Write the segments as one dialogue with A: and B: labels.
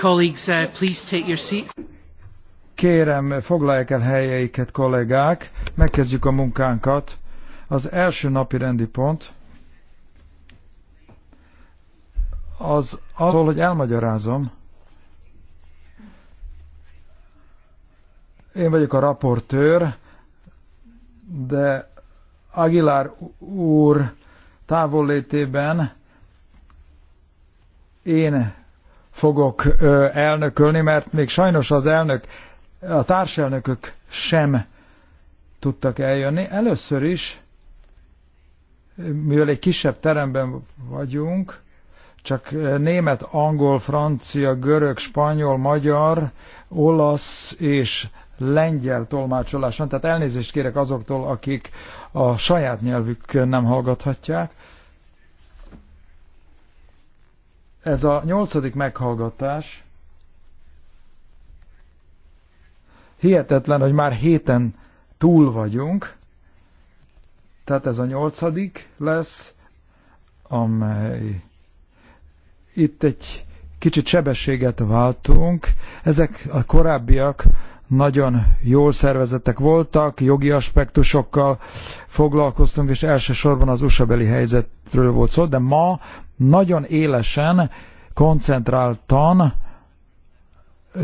A: Colleagues, uh, please take
B: your seats. Kérem, foglalják el helyeiket, kollégák. Megkezdjük a munkánkat. Az első napi rendi pont az attól, hogy elmagyarázom. Én vagyok a raportőr, de Aguilar úr távollétében én fogok elnökölni, mert még sajnos az elnök, a társelnökök sem tudtak eljönni. Először is, mivel egy kisebb teremben vagyunk, csak német, angol, francia, görög, spanyol, magyar, olasz és lengyel tolmácsolás van, tehát elnézést kérek azoktól, akik a saját nyelvükön nem hallgathatják. Ez a nyolcadik meghallgatás hihetetlen, hogy már héten túl vagyunk, tehát ez a nyolcadik lesz, amely itt egy kicsit sebességet váltunk. Ezek a korábbiak nagyon jól szervezettek voltak, jogi aspektusokkal foglalkoztunk, és elsősorban az USA-beli helyzetről volt szó, de ma nagyon élesen, koncentráltan,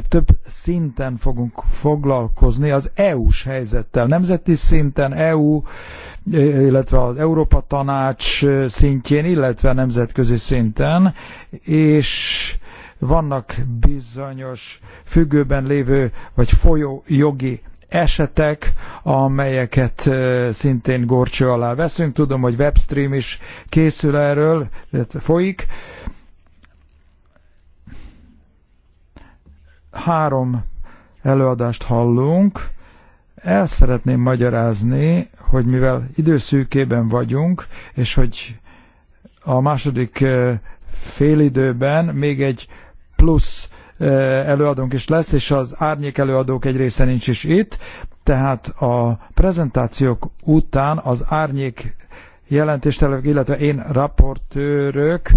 B: több szinten fogunk foglalkozni az EU-s helyzettel. Nemzeti szinten, EU, illetve az Európa Tanács szintjén, illetve nemzetközi szinten, és vannak bizonyos függőben lévő vagy folyó jogi esetek, amelyeket szintén gorcső alá veszünk. Tudom, hogy webstream is készül erről, illetve folyik. Három előadást hallunk. El szeretném magyarázni, hogy mivel időszűkében vagyunk, és hogy a második félidőben még egy plusz előadónk is lesz, és az árnyék előadók egy része nincs is itt, tehát a prezentációk után az árnyék jelentéstelők, illetve én raportőrök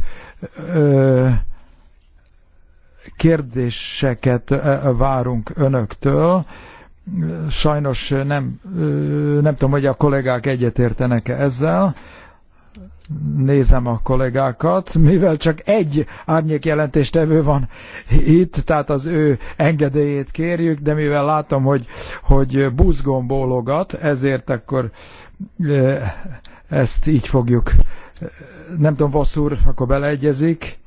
B: kérdéseket várunk önöktől. Sajnos nem, nem tudom, hogy a kollégák egyetértenek -e ezzel nézem a kollégákat, mivel csak egy árnyék jelentéstevő van itt, tehát az ő engedélyét kérjük, de mivel látom, hogy, hogy bólogat, ezért akkor ezt így fogjuk. Nem tudom, Vossz úr, akkor beleegyezik.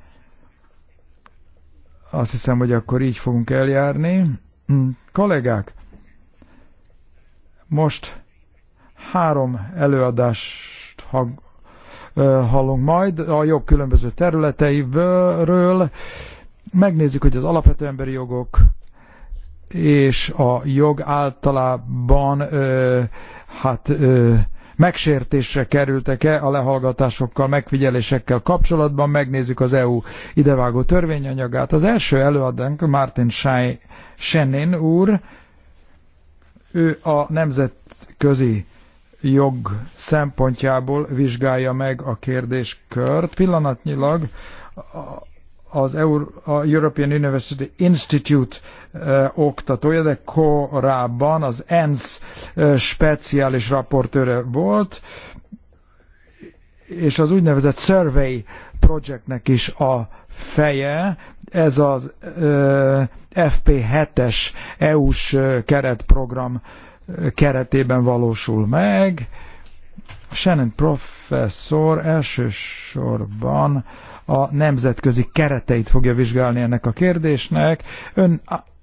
B: Azt hiszem, hogy akkor így fogunk eljárni. Hm, kollégák, most három előadást hallunk majd a jog különböző területeiről. Megnézzük, hogy az alapvető emberi jogok és a jog általában hát megsértésre kerültek-e a lehallgatásokkal, megfigyelésekkel kapcsolatban. Megnézzük az EU idevágó törvényanyagát. Az első előadónk Martin Scheinin úr, ő a nemzetközi jog szempontjából vizsgálja meg a kérdéskört. Pillanatnyilag az European University Institute eh, oktatója, de korábban az ENSZ eh, speciális raportőre volt, és az úgynevezett Survey Projectnek is a feje, ez az eh, FP7-es EU-s keretprogram keretében valósul meg. Shannon professzor elsősorban a nemzetközi kereteit fogja vizsgálni ennek a kérdésnek. Ön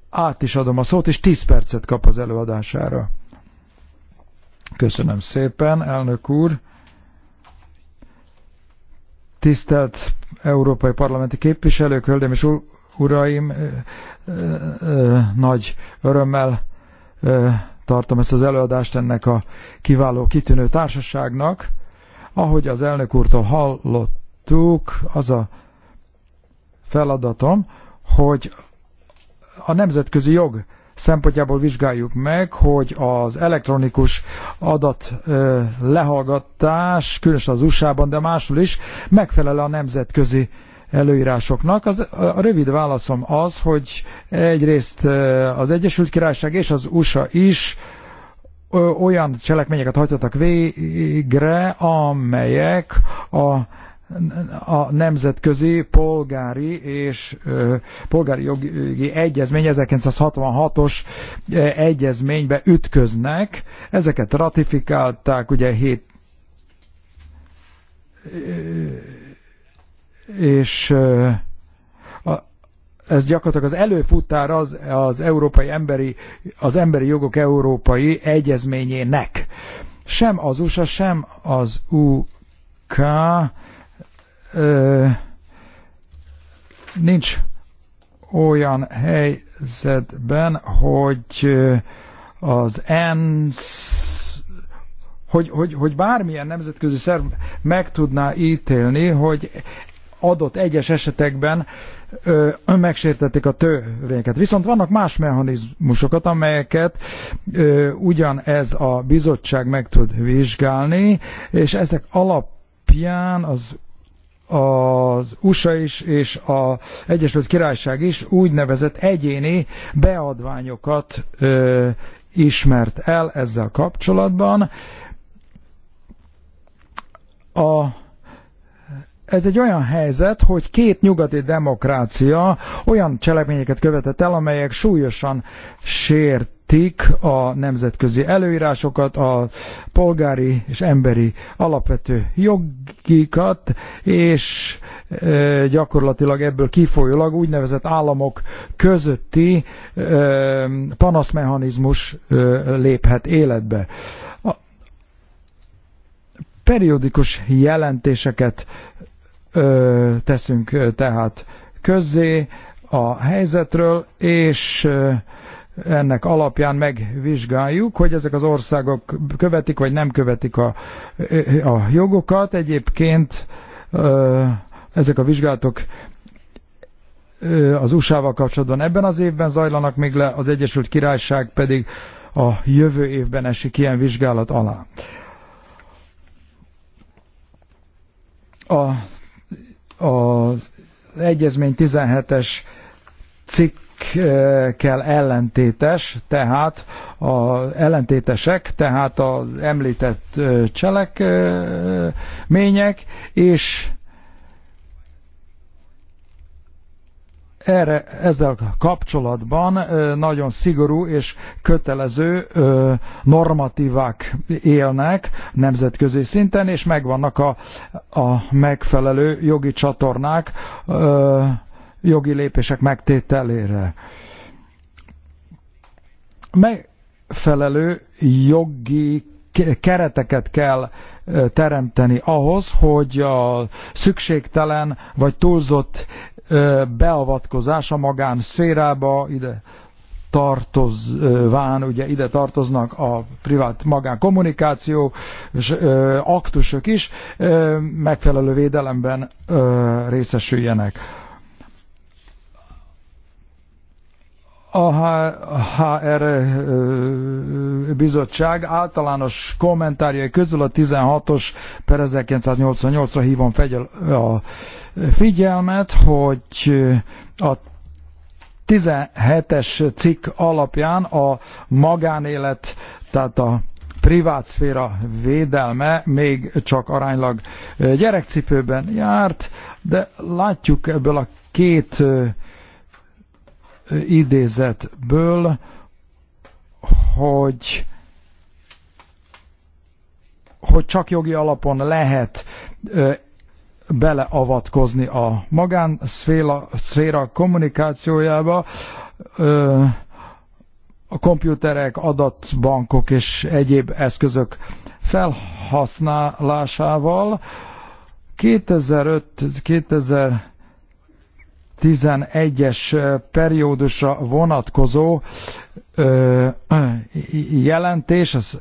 B: át is adom a szót, és 10 percet kap az előadására. Köszönöm szépen, elnök úr. Tisztelt európai parlamenti képviselők, hölgyeim és uraim, nagy örömmel tartom ezt az előadást ennek a kiváló, kitűnő társaságnak. Ahogy az elnök úrtól hallottuk, az a feladatom, hogy a nemzetközi jog szempontjából vizsgáljuk meg, hogy az elektronikus adat lehallgatás, különösen az USA-ban, de máshol is megfelel a nemzetközi előírásoknak. Az, a rövid válaszom az, hogy egyrészt az Egyesült Királyság és az USA is olyan cselekményeket hajtottak végre, amelyek a a nemzetközi polgári és polgári jogi egyezmény 1966-os egyezménybe ütköznek. Ezeket ratifikálták ugye 7 és ez gyakorlatilag az előfutár az, az európai emberi, az emberi jogok európai egyezményének. Sem az USA, sem az UK ö, nincs olyan helyzetben, hogy az ENSZ hogy, hogy, hogy bármilyen nemzetközi szerv meg tudná ítélni, hogy adott egyes esetekben ö, megsértették a törvényeket. Viszont vannak más mechanizmusokat, amelyeket ö, ugyanez a bizottság meg tud vizsgálni, és ezek alapján az az USA is és az Egyesült Királyság is úgynevezett egyéni beadványokat ö, ismert el ezzel kapcsolatban. A ez egy olyan helyzet, hogy két nyugati demokrácia olyan cselekményeket követett el, amelyek súlyosan sért a nemzetközi előírásokat, a polgári és emberi alapvető jogikat, és e, gyakorlatilag ebből kifolyólag úgynevezett államok közötti e, panaszmechanizmus e, léphet életbe. A periódikus jelentéseket ö, teszünk tehát közzé a helyzetről, és ö, ennek alapján megvizsgáljuk, hogy ezek az országok követik vagy nem követik a, a jogokat. Egyébként ö, ezek a vizsgálatok az USA-val kapcsolatban ebben az évben zajlanak még le, az Egyesült Királyság pedig a jövő évben esik ilyen vizsgálat alá. A az egyezmény 17-es cikkkel ellentétes, tehát a ellentétesek, tehát az említett cselekmények, és erre, ezzel kapcsolatban nagyon szigorú és kötelező normatívák élnek nemzetközi szinten, és megvannak a, a megfelelő jogi csatornák jogi lépések megtételére. Megfelelő jogi kereteket kell teremteni ahhoz, hogy a szükségtelen vagy túlzott beavatkozás a magán szférába, ide tartozván, ugye ide tartoznak a privát magánkommunikáció és ö, aktusok is, ö, megfelelő védelemben ö, részesüljenek. a HR bizottság általános kommentárjai közül a 16-os per 1988-ra hívom fegyel, a figyelmet, hogy a 17-es cikk alapján a magánélet, tehát a privátszféra védelme még csak aránylag gyerekcipőben járt, de látjuk ebből a két idézetből, hogy hogy csak jogi alapon lehet ö, beleavatkozni a magánszféra kommunikációjába, ö, a komputerek, adatbankok és egyéb eszközök felhasználásával. 2005-2000 11-es periódusra vonatkozó jelentés az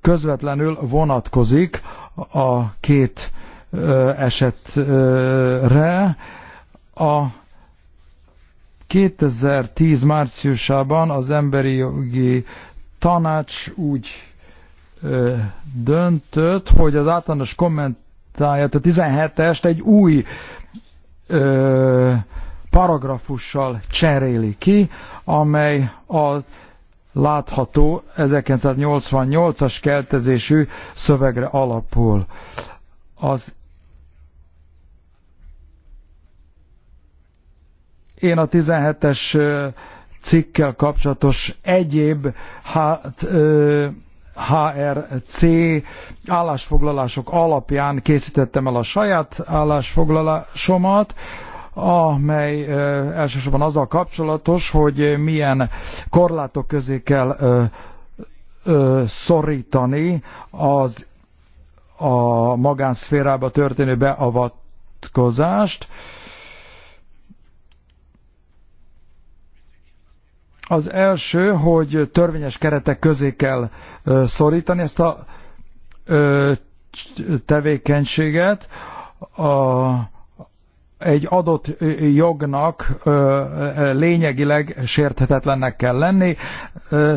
B: közvetlenül vonatkozik a két esetre. A 2010 márciusában az emberi jogi tanács úgy döntött, hogy az általános komment tehát a 17-est egy új ö, paragrafussal cseréli ki, amely az látható 1988-as keltezésű szövegre alapul. Az én a 17-es cikkel kapcsolatos egyéb hát, ö, HRC állásfoglalások alapján készítettem el a saját állásfoglalásomat, amely elsősorban azzal kapcsolatos, hogy milyen korlátok közé kell szorítani az a magánszférába történő beavatkozást, Az első, hogy törvényes keretek közé kell szorítani ezt a tevékenységet. A, egy adott jognak lényegileg sérthetetlennek kell lenni.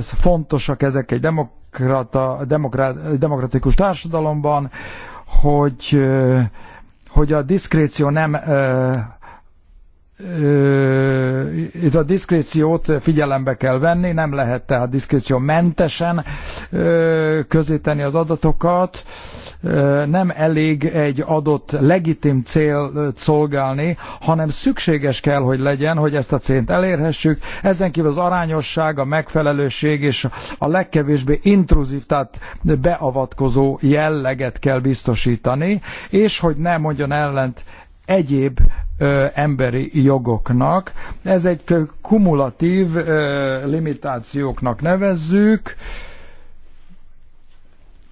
B: Fontosak ezek egy demokrata, demokrat, demokratikus társadalomban, hogy, hogy a diszkréció nem itt a diszkréciót figyelembe kell venni, nem lehet tehát diszkréció mentesen közíteni az adatokat, nem elég egy adott legitim cél szolgálni, hanem szükséges kell, hogy legyen, hogy ezt a célt elérhessük. Ezen kívül az arányosság, a megfelelőség és a legkevésbé intruzív, tehát beavatkozó jelleget kell biztosítani, és hogy ne mondjon ellent egyéb ö, emberi jogoknak. Ez egy kumulatív ö, limitációknak nevezzük,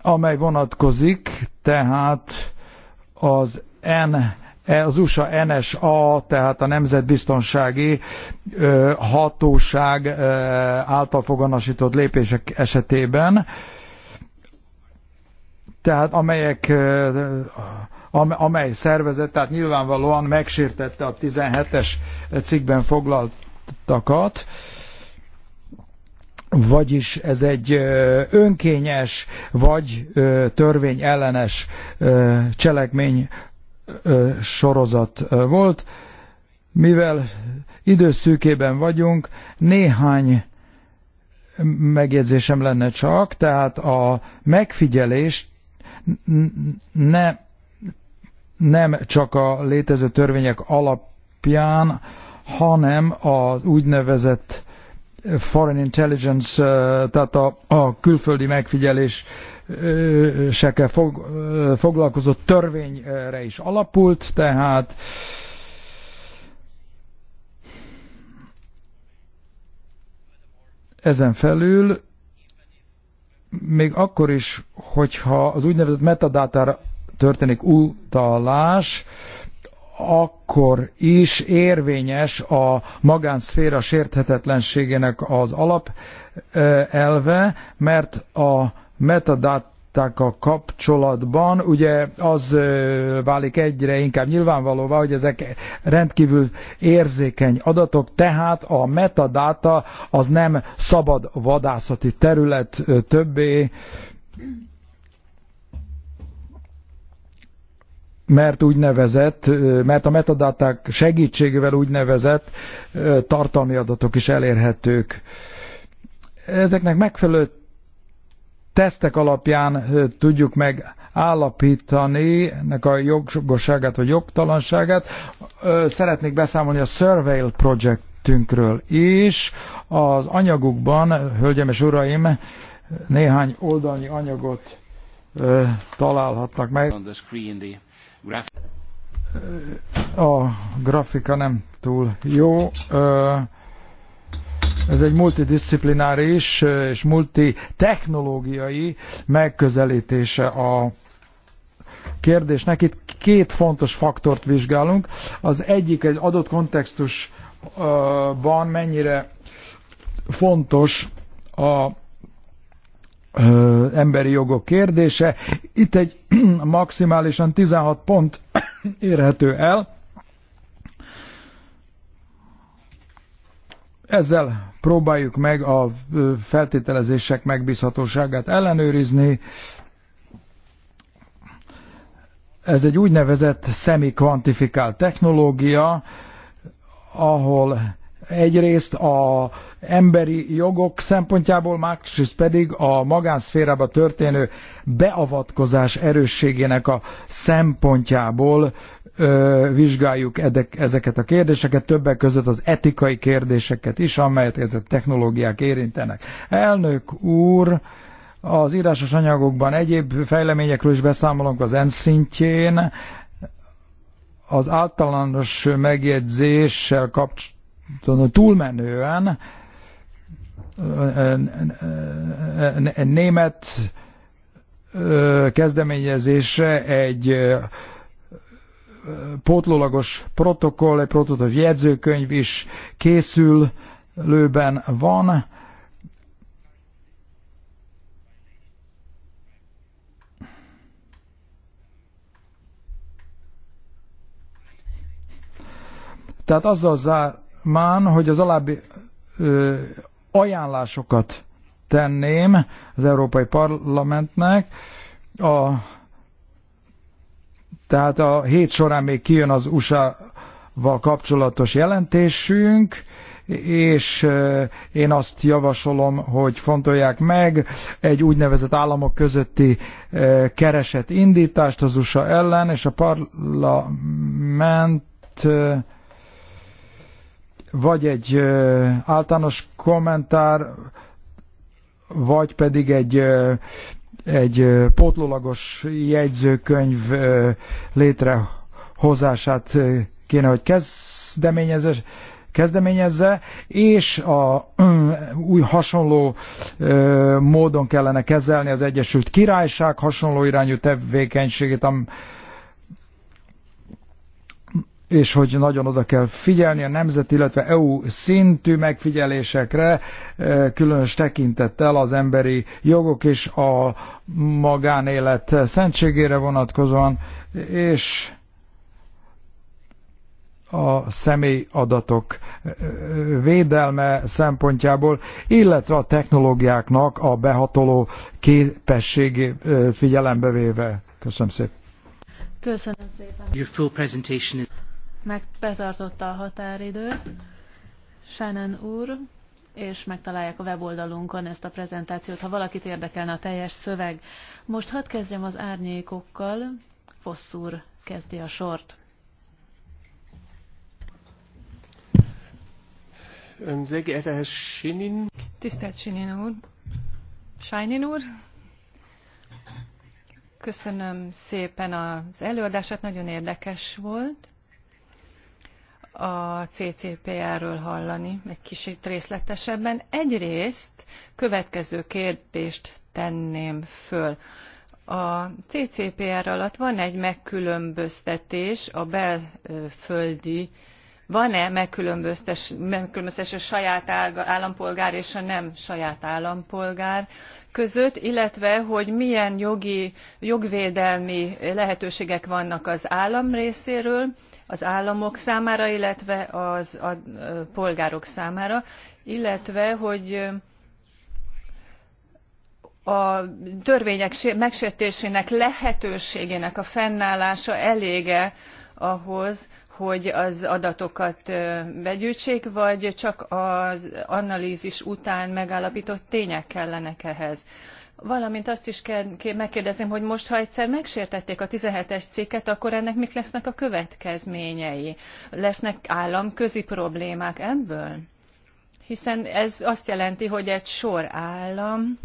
B: amely vonatkozik tehát az N az USA NSA, tehát a Nemzetbiztonsági Hatóság által foganasított lépések esetében tehát amelyek, amely szervezet, tehát nyilvánvalóan megsértette a 17-es cikkben foglaltakat, vagyis ez egy önkényes vagy törvényellenes cselekmény sorozat volt. Mivel időszűkében vagyunk, néhány megjegyzésem lenne csak, tehát a megfigyelést ne, nem csak a létező törvények alapján, hanem az úgynevezett foreign intelligence, tehát a, a külföldi megfigyelés seke fog, foglalkozó törvényre is alapult, tehát ezen felül még akkor is, hogyha az úgynevezett metadátára történik utalás, akkor is érvényes a magánszféra sérthetetlenségének az alapelve, mert a metadata a kapcsolatban, ugye az válik egyre inkább nyilvánvalóvá, hogy ezek rendkívül érzékeny adatok, tehát a metadata az nem szabad vadászati terület többé, mert úgynevezett, mert a metadaták segítségével úgynevezett tartalmi adatok is elérhetők. Ezeknek megfelelő tesztek alapján tudjuk meg állapítani ennek a jogosságát vagy jogtalanságát. Szeretnék beszámolni a Surveil projektünkről is. Az anyagukban, hölgyem és uraim, néhány oldalnyi anyagot találhatnak meg. A grafika nem túl jó. Ez egy multidisciplináris és multitechnológiai megközelítése a kérdésnek. Itt két fontos faktort vizsgálunk. Az egyik egy adott kontextusban mennyire fontos a emberi jogok kérdése. Itt egy maximálisan 16 pont érhető el. Ezzel próbáljuk meg a feltételezések megbízhatóságát ellenőrizni. Ez egy úgynevezett szemi-kvantifikált technológia, ahol egyrészt a emberi jogok szempontjából, másrészt pedig a magánszférába történő beavatkozás erősségének a szempontjából ö, vizsgáljuk edek, ezeket a kérdéseket, többek között az etikai kérdéseket is, amelyet ezek technológiák érintenek. Elnök úr, az írásos anyagokban egyéb fejleményekről is beszámolunk az ENSZ szintjén, az általános megjegyzéssel kapcsolatban túlmenően német kezdeményezésre egy pótlólagos protokoll, egy prototóf jegyzőkönyv is készül, lőben van. Tehát azzal zár, Mán, hogy az alábbi ö, ajánlásokat tenném az Európai Parlamentnek. A, tehát a hét során még kijön az USA-val kapcsolatos jelentésünk, és én azt javasolom, hogy fontolják meg egy úgynevezett államok közötti keresett indítást az USA ellen, és a parlament vagy egy általános kommentár, vagy pedig egy, egy pótlólagos jegyzőkönyv létrehozását kéne, hogy kezdeményezze, kezdeményezze és a új hasonló módon kellene kezelni az Egyesült Királyság hasonló irányú tevékenységét, am, és hogy nagyon oda kell figyelni a nemzet, illetve EU szintű megfigyelésekre, e, különös tekintettel az emberi jogok és a magánélet szentségére vonatkozóan, és a személyadatok e, védelme szempontjából, illetve a technológiáknak a behatoló képességi e, figyelembe véve. Köszönöm szépen. Köszönöm szépen
C: meg betartotta a határidőt. Shannon úr, és megtalálják a weboldalunkon ezt a prezentációt, ha valakit érdekelne a teljes szöveg. Most hadd kezdjem az árnyékokkal. Fosszúr kezdi a sort.
A: Sehr geehrter Sinin.
C: Tisztelt Sinin úr.
A: Sajnin úr. Köszönöm szépen az előadását, nagyon érdekes volt a CCPR-ről hallani egy kicsit részletesebben. Egyrészt következő kérdést tenném föl. A CCPR alatt van egy megkülönböztetés a belföldi, van-e megkülönböztetés, megkülönböztetés a saját állampolgár és a nem saját állampolgár között, illetve hogy milyen jogi, jogvédelmi lehetőségek vannak az állam részéről, az államok számára, illetve az, a, polgárok számára, illetve hogy a törvények megsértésének lehetőségének a fennállása elége ahhoz, hogy az adatokat begyűjtsék, vagy csak az analízis után megállapított tények kellenek ehhez valamint azt is kell megkérdezném, hogy most, ha egyszer megsértették a 17-es cikket, akkor ennek mik lesznek a következményei? Lesznek államközi problémák ebből? Hiszen ez azt jelenti, hogy egy sor állam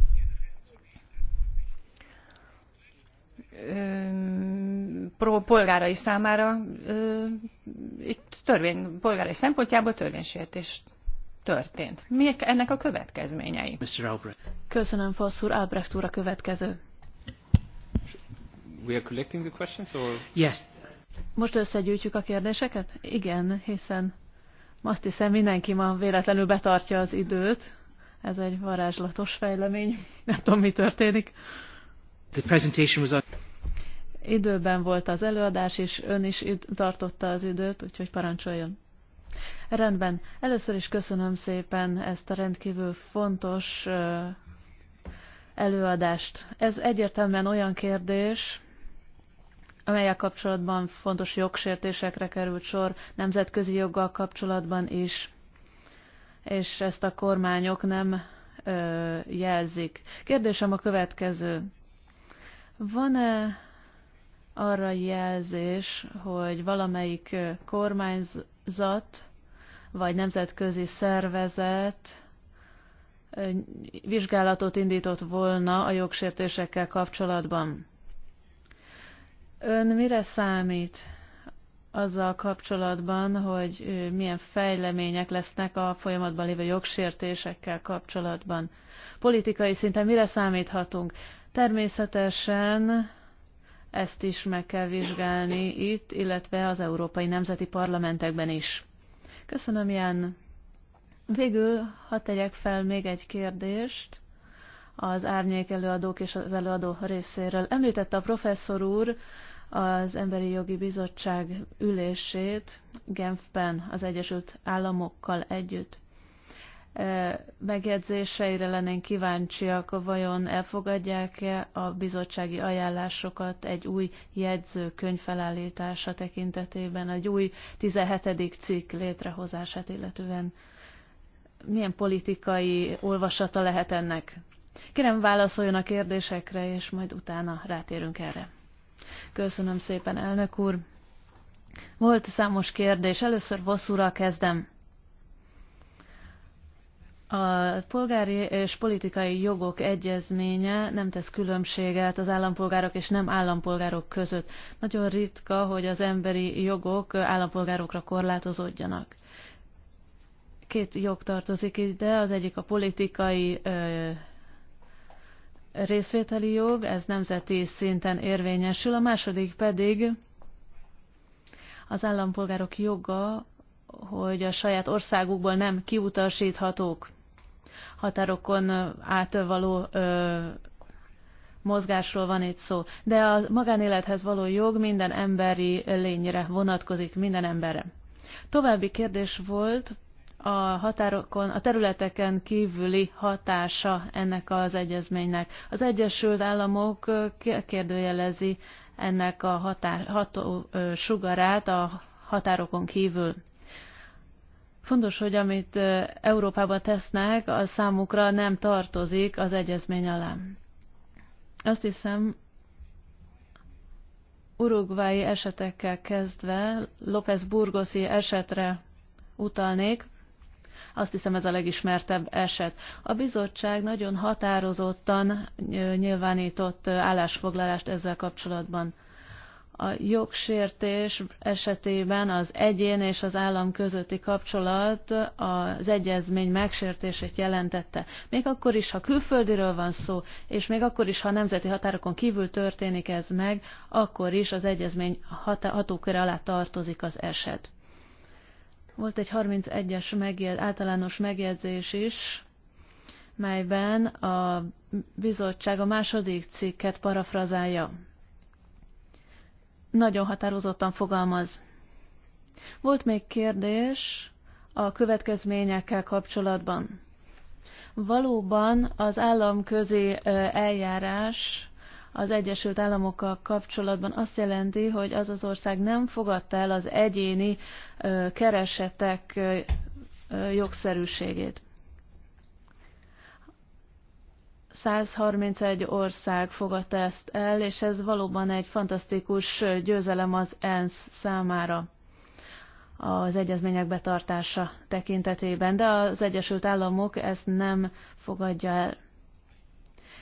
A: polgárai számára itt törvény, polgárai szempontjából törvénysértést történt? Miek ennek a következményei? Mr. Albrecht.
C: Köszönöm, Fosszúr. Albrecht úr a következő.
D: We are collecting the
C: questions
A: or... Yes.
C: Most összegyűjtjük a kérdéseket? Igen, hiszen azt hiszem mindenki ma véletlenül betartja az időt. Ez egy varázslatos fejlemény. Nem tudom, mi történik.
B: The presentation was
C: Időben volt az előadás, és ön is tartotta az időt, úgyhogy parancsoljon. Rendben. Először is köszönöm szépen ezt a rendkívül fontos előadást. Ez egyértelműen olyan kérdés, amelyek kapcsolatban fontos jogsértésekre került sor, nemzetközi joggal kapcsolatban is, és ezt a kormányok nem ö, jelzik. Kérdésem a következő. Van-e arra jelzés, hogy valamelyik kormányzat vagy nemzetközi szervezet vizsgálatot indított volna a jogsértésekkel kapcsolatban. Ön mire számít azzal kapcsolatban, hogy milyen fejlemények lesznek a folyamatban lévő jogsértésekkel kapcsolatban? Politikai szinten mire számíthatunk? Természetesen ezt is meg kell vizsgálni itt, illetve az európai nemzeti parlamentekben is. Köszönöm, Ján. Végül, ha tegyek fel még egy kérdést az árnyék előadók és az előadó részéről. Említette a professzor úr az Emberi Jogi Bizottság ülését Genfben az Egyesült Államokkal együtt megjegyzéseire lennénk kíváncsiak, vajon elfogadják-e a bizottsági ajánlásokat egy új jegyzőkönyv felállítása tekintetében, egy új 17. cikk létrehozását illetően. Milyen politikai olvasata lehet ennek? Kérem válaszoljon a kérdésekre, és majd utána rátérünk erre. Köszönöm szépen, elnök úr. Volt számos kérdés. Először hosszúra kezdem. A polgári és politikai jogok egyezménye nem tesz különbséget az állampolgárok és nem állampolgárok között. Nagyon ritka, hogy az emberi jogok állampolgárokra korlátozódjanak. Két jog tartozik ide, az egyik a politikai ö, részvételi jog, ez nemzeti szinten érvényesül, a második pedig az állampolgárok joga, hogy a saját országukból nem kiutasíthatók határokon átvaló mozgásról van itt szó. De a magánélethez való jog minden emberi lényre vonatkozik, minden emberre. További kérdés volt a határokon, a területeken kívüli hatása ennek az egyezménynek. Az Egyesült Államok kérdőjelezi ennek a hatá- ható sugarát a határokon kívül. Fontos, hogy amit Európában tesznek, az számukra nem tartozik az egyezmény alá. Azt hiszem, urugvái esetekkel kezdve López Burgoszi esetre utalnék. Azt hiszem ez a legismertebb eset. A bizottság nagyon határozottan nyilvánított állásfoglalást ezzel kapcsolatban. A jogsértés esetében az egyén és az állam közötti kapcsolat az egyezmény megsértését jelentette. Még akkor is, ha külföldiről van szó, és még akkor is, ha nemzeti határokon kívül történik ez meg, akkor is az egyezmény hatóköre alá tartozik az eset. Volt egy 31-es megjel, általános megjegyzés is, melyben a bizottság a második cikket parafrazálja nagyon határozottan fogalmaz. Volt még kérdés a következményekkel kapcsolatban. Valóban az államközi eljárás az Egyesült Államokkal kapcsolatban azt jelenti, hogy az az ország nem fogadta el az egyéni keresetek jogszerűségét. 131 ország fogadta ezt el, és ez valóban egy fantasztikus győzelem az ENSZ számára az egyezmények betartása tekintetében, de az Egyesült Államok ezt nem fogadja el.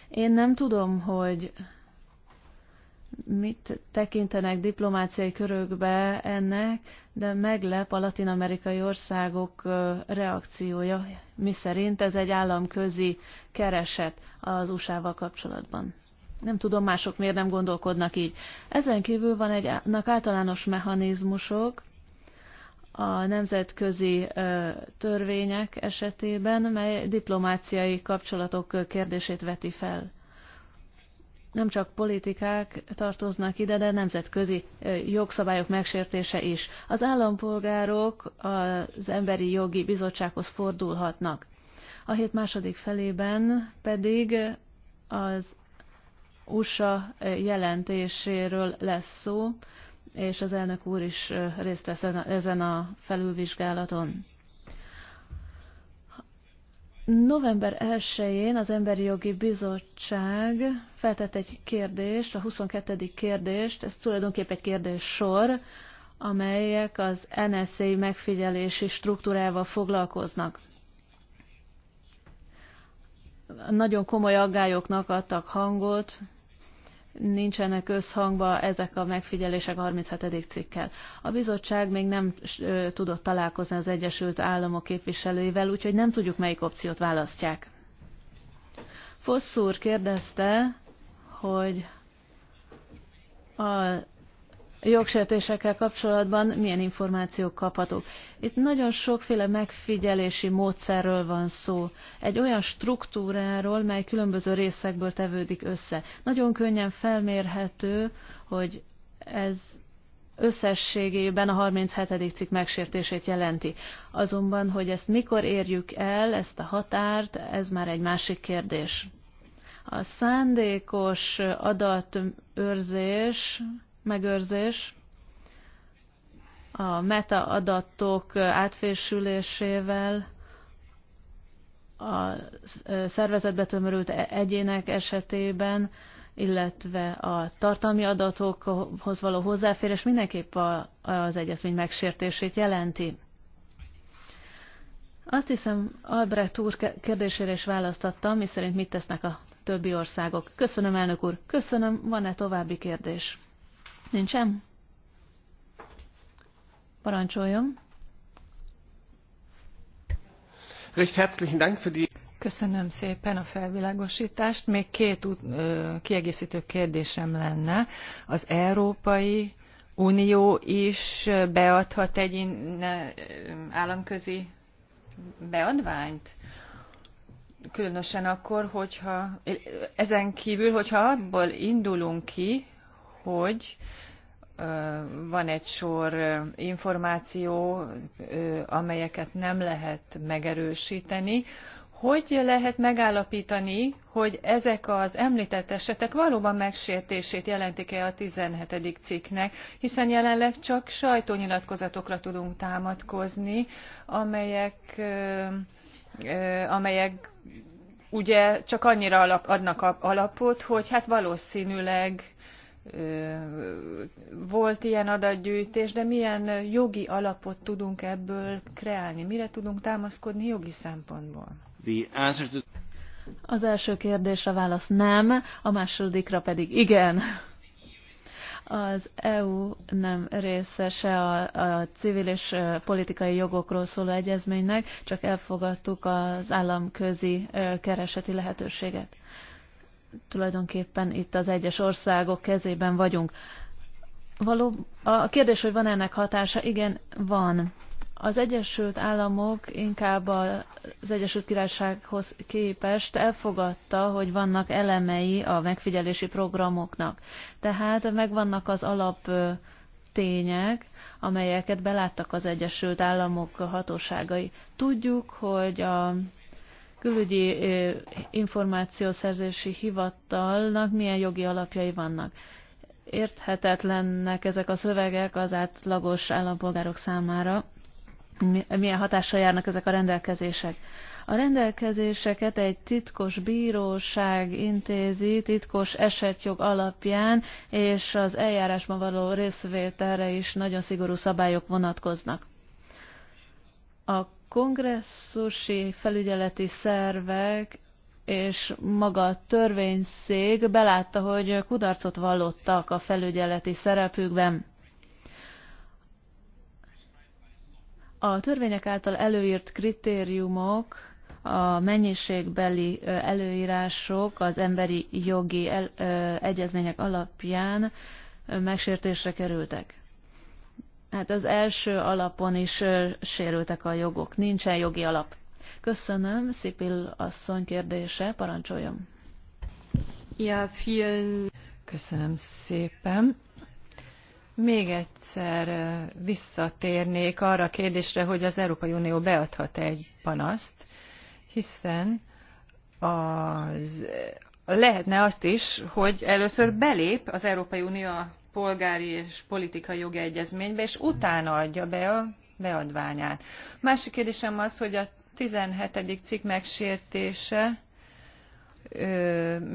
C: Én nem tudom, hogy mit tekintenek diplomáciai körökbe ennek, de meglep a latinamerikai országok reakciója, mi szerint ez egy államközi kereset az USA-val kapcsolatban. Nem tudom, mások miért nem gondolkodnak így. Ezen kívül van egy általános mechanizmusok, a nemzetközi törvények esetében, mely diplomáciai kapcsolatok kérdését veti fel nem csak politikák tartoznak ide, de nemzetközi jogszabályok megsértése is. Az állampolgárok az Emberi Jogi Bizottsághoz fordulhatnak. A hét második felében pedig az USA jelentéséről lesz szó, és az elnök úr is részt vesz ezen a felülvizsgálaton. November 1-én az Emberi Jogi Bizottság feltett egy kérdést, a 22. kérdést, ez tulajdonképp egy kérdés sor, amelyek az NSA megfigyelési struktúrával foglalkoznak. Nagyon komoly aggályoknak adtak hangot, nincsenek összhangba ezek a megfigyelések a 37. cikkel. A bizottság még nem tudott találkozni az Egyesült Államok képviselőivel, úgyhogy nem tudjuk, melyik opciót választják. Fosszúr kérdezte, hogy a jogsértésekkel kapcsolatban milyen információk kaphatók. Itt nagyon sokféle megfigyelési módszerről van szó. Egy olyan struktúráról, mely különböző részekből tevődik össze. Nagyon könnyen felmérhető, hogy ez összességében a 37. cikk megsértését jelenti. Azonban, hogy ezt mikor érjük el, ezt a határt, ez már egy másik kérdés. A szándékos adatőrzés megőrzés a metaadatok átfésülésével a szervezetbe tömörült egyének esetében, illetve a tartalmi adatokhoz való hozzáférés mindenképp a, az egyezmény megsértését jelenti. Azt hiszem, Albrecht úr kérdésére is választattam, miszerint mit tesznek a többi országok. Köszönöm, elnök úr. Köszönöm, van-e további kérdés? Nincsen? Parancsoljon.
A: Recht herzlichen Dank für die Köszönöm szépen a felvilágosítást. Még két ö, kiegészítő kérdésem lenne. Az Európai Unió is beadhat egy államközi beadványt? Különösen akkor, hogyha ezen kívül, hogyha abból indulunk ki, hogy van egy sor információ, amelyeket nem lehet megerősíteni. Hogy lehet megállapítani, hogy ezek az említett esetek valóban megsértését jelentik-e a 17. cikknek, hiszen jelenleg csak sajtónyilatkozatokra tudunk támadkozni, amelyek, amelyek ugye csak annyira alap, adnak alapot, hogy hát valószínűleg volt ilyen adatgyűjtés, de milyen jogi alapot tudunk ebből kreálni? Mire
C: tudunk támaszkodni jogi szempontból? Az első kérdésre válasz nem, a másodikra pedig igen. Az EU nem részese a, a civil és politikai jogokról szóló egyezménynek, csak elfogadtuk az államközi kereseti lehetőséget tulajdonképpen itt az egyes országok kezében vagyunk. Való, a kérdés, hogy van ennek hatása, igen, van. Az Egyesült Államok inkább az Egyesült Királysághoz képest elfogadta, hogy vannak elemei a megfigyelési programoknak. Tehát megvannak az alap tények, amelyeket beláttak az Egyesült Államok hatóságai. Tudjuk, hogy a külügyi információszerzési hivatalnak milyen jogi alapjai vannak. Érthetetlennek ezek a szövegek az átlagos állampolgárok számára, milyen hatással járnak ezek a rendelkezések. A rendelkezéseket egy titkos bíróság intézi titkos esetjog alapján, és az eljárásban való részvételre is nagyon szigorú szabályok vonatkoznak. A kongresszusi felügyeleti szervek és maga a törvényszék belátta, hogy kudarcot vallottak a felügyeleti szerepükben. A törvények által előírt kritériumok, a mennyiségbeli előírások az emberi jogi egyezmények alapján megsértésre kerültek. Hát az első alapon is sérültek a jogok. Nincsen jogi alap. Köszönöm. Szipil asszony kérdése. Parancsoljon. Ja,
A: vielen. Köszönöm szépen. Még egyszer visszatérnék arra a kérdésre, hogy az Európai Unió beadhat -e egy panaszt, hiszen az, lehetne azt is, hogy először belép az Európai Unió a polgári és politikai jogi egyezménybe, és utána adja be a beadványát. Másik kérdésem az, hogy a 17. cikk megsértése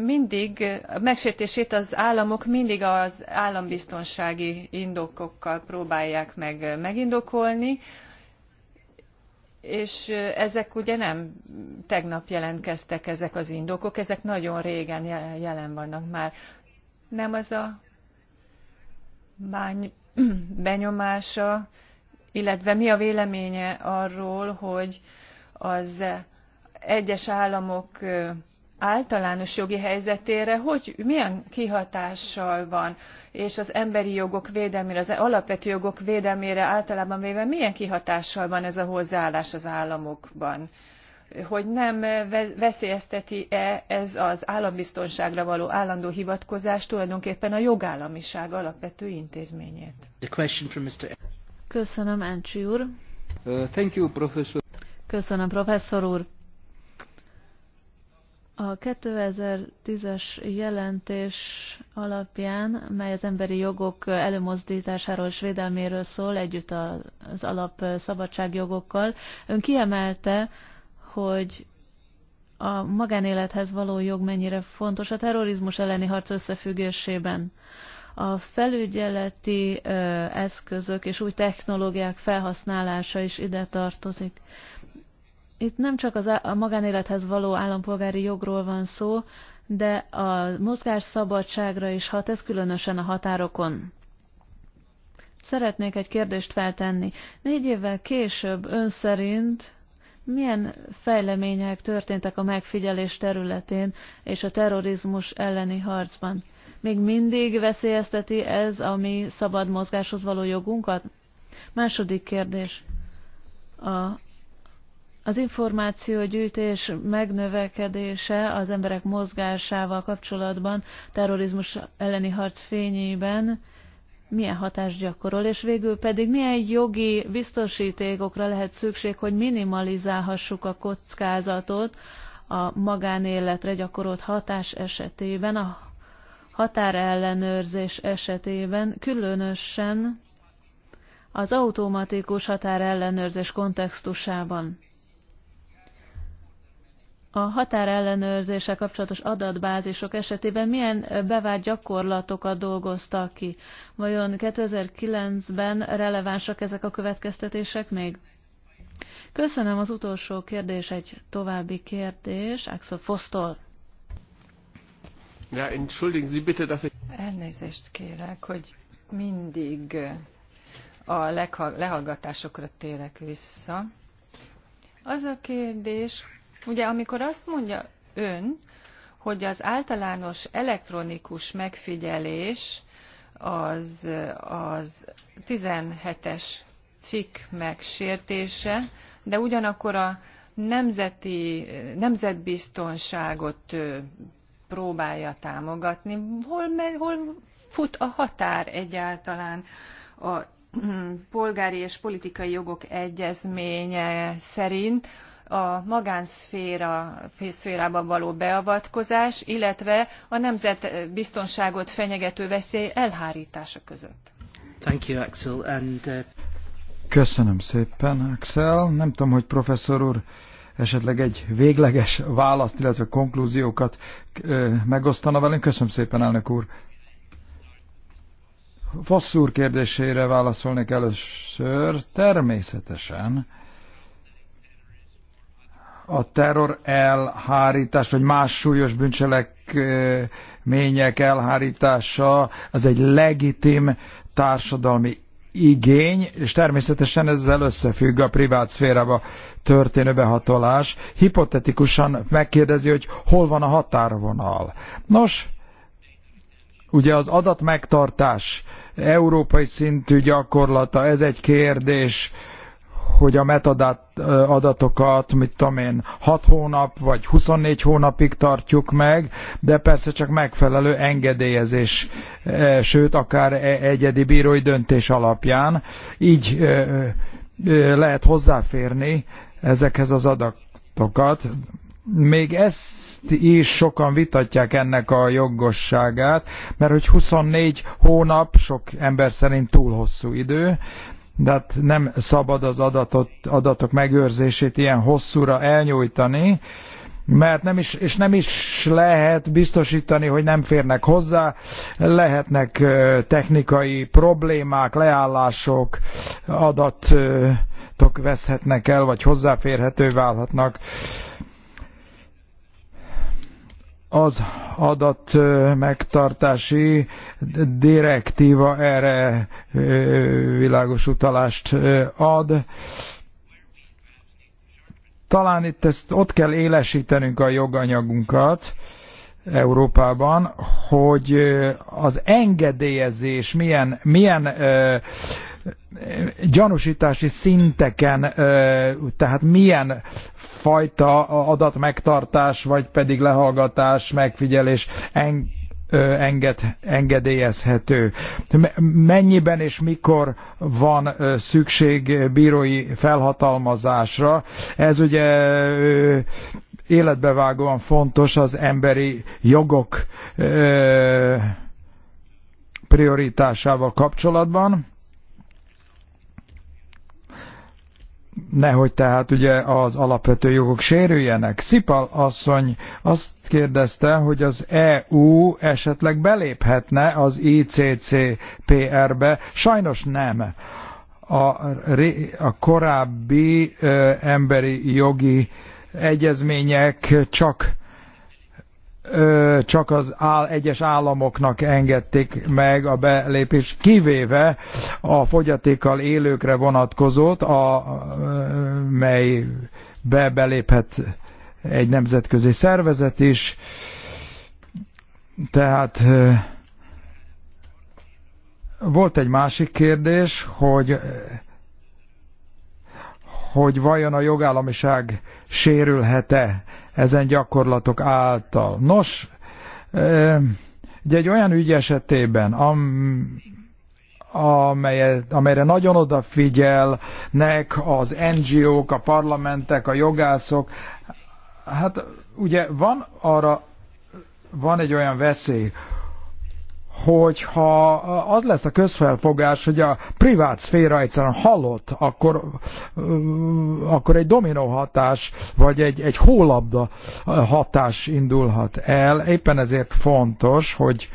A: mindig, a megsértését az államok mindig az állambiztonsági indokokkal próbálják meg megindokolni, és ezek ugye nem tegnap jelentkeztek ezek az indokok, ezek nagyon régen jelen vannak már. Nem az a bány, benyomása, illetve mi a véleménye arról, hogy az egyes államok általános jogi helyzetére, hogy milyen kihatással van, és az emberi jogok védelmére, az alapvető jogok védelmére általában véve milyen kihatással van ez a hozzáállás az államokban hogy nem veszélyezteti-e ez az állambiztonságra való állandó hivatkozás tulajdonképpen a jogállamiság alapvető intézményét.
C: Köszönöm, Encsi úr.
B: Uh, thank you, professor.
C: Köszönöm, professzor úr. A 2010-es jelentés alapján, mely az emberi jogok előmozdításáról és védelméről szól, együtt az alap szabadságjogokkal, ön kiemelte, hogy a magánélethez való jog mennyire fontos a terrorizmus elleni harc összefüggésében. A felügyeleti ö, eszközök és új technológiák felhasználása is ide tartozik. Itt nem csak az a magánélethez való állampolgári jogról van szó, de a mozgás szabadságra is hat, ez különösen a határokon. Szeretnék egy kérdést feltenni. Négy évvel később ön szerint milyen fejlemények történtek a megfigyelés területén és a terrorizmus elleni harcban? Még mindig veszélyezteti ez a mi szabad mozgáshoz való jogunkat? Második kérdés. A, az információgyűjtés megnövekedése az emberek mozgásával kapcsolatban, terrorizmus elleni harc fényében milyen hatást gyakorol, és végül pedig milyen jogi biztosítékokra lehet szükség, hogy minimalizálhassuk a kockázatot a magánéletre gyakorolt hatás esetében, a határellenőrzés esetében, különösen az automatikus határellenőrzés kontextusában a határellenőrzéssel kapcsolatos adatbázisok esetében milyen bevált gyakorlatokat dolgoztak ki? Vajon 2009-ben relevánsak ezek a következtetések még? Köszönöm az utolsó kérdés, egy további kérdés, Axel Fosztol.
A: Ja, entschuldigen Sie bitte, dass ich...
C: Elnézést kérek, hogy mindig
A: a lehallgatásokra térek vissza. Az a kérdés, Ugye amikor azt mondja ön, hogy az általános elektronikus megfigyelés az, az 17-es cikk megsértése, de ugyanakkor a nemzeti, nemzetbiztonságot próbálja támogatni. Hol, hol fut a határ egyáltalán a polgári és politikai jogok egyezménye szerint? a magánszférába való beavatkozás, illetve a nemzetbiztonságot fenyegető veszély elhárítása között.
B: Thank you, Axel. And, uh... Köszönöm szépen, Axel. Nem tudom, hogy professzor úr esetleg egy végleges választ, illetve konklúziókat megosztana velünk. Köszönöm szépen, elnök úr. Fossz úr kérdésére válaszolnék először. Természetesen a terror elhárítás, vagy más súlyos bűncselekmények elhárítása, az egy legitim társadalmi igény, és természetesen ezzel összefügg a privát szférába történő behatolás. Hipotetikusan megkérdezi, hogy hol van a határvonal. Nos, Ugye az adatmegtartás európai szintű gyakorlata, ez egy kérdés, hogy a metadatokat, mit tudom én, 6 hónap vagy 24 hónapig tartjuk meg, de persze csak megfelelő engedélyezés, sőt, akár e, egyedi bírói döntés alapján. Így lehet hozzáférni ezekhez az adatokat. Még ezt is sokan vitatják ennek a jogosságát, mert hogy 24 hónap sok ember szerint túl hosszú idő, de hát nem szabad az adatot, adatok megőrzését ilyen hosszúra elnyújtani, mert nem is, és nem is lehet biztosítani, hogy nem férnek hozzá, lehetnek technikai problémák, leállások, adatok veszhetnek el, vagy hozzáférhető válhatnak az adat megtartási direktíva erre világos utalást ad. Talán itt ezt ott kell élesítenünk a joganyagunkat Európában, hogy az engedélyezés milyen, milyen gyanúsítási szinteken, tehát milyen fajta adatmegtartás, vagy pedig lehallgatás, megfigyelés enged, engedélyezhető. Mennyiben és mikor van szükség bírói felhatalmazásra? Ez ugye életbevágóan fontos az emberi jogok prioritásával kapcsolatban nehogy tehát ugye az alapvető jogok sérüljenek. Szipal asszony azt kérdezte, hogy az EU esetleg beléphetne az ICCPR-be. Sajnos nem. A, a korábbi ö, emberi jogi egyezmények csak csak az áll, egyes államoknak engedték meg a belépés, kivéve a fogyatékkal élőkre vonatkozót, a, mely be beléphet egy nemzetközi szervezet is. Tehát volt egy másik kérdés, hogy hogy vajon a jogállamiság sérülhet-e ezen gyakorlatok által. Nos, egy olyan ügy esetében, am, amelyet, amelyre nagyon odafigyelnek az NGO-k, a parlamentek, a jogászok, hát ugye van arra, van egy olyan veszély, hogyha az lesz a közfelfogás, hogy a privát szféra egyszerűen halott, akkor, akkor egy dominó hatás, vagy egy, egy hólabda hatás indulhat el. Éppen ezért fontos, hogy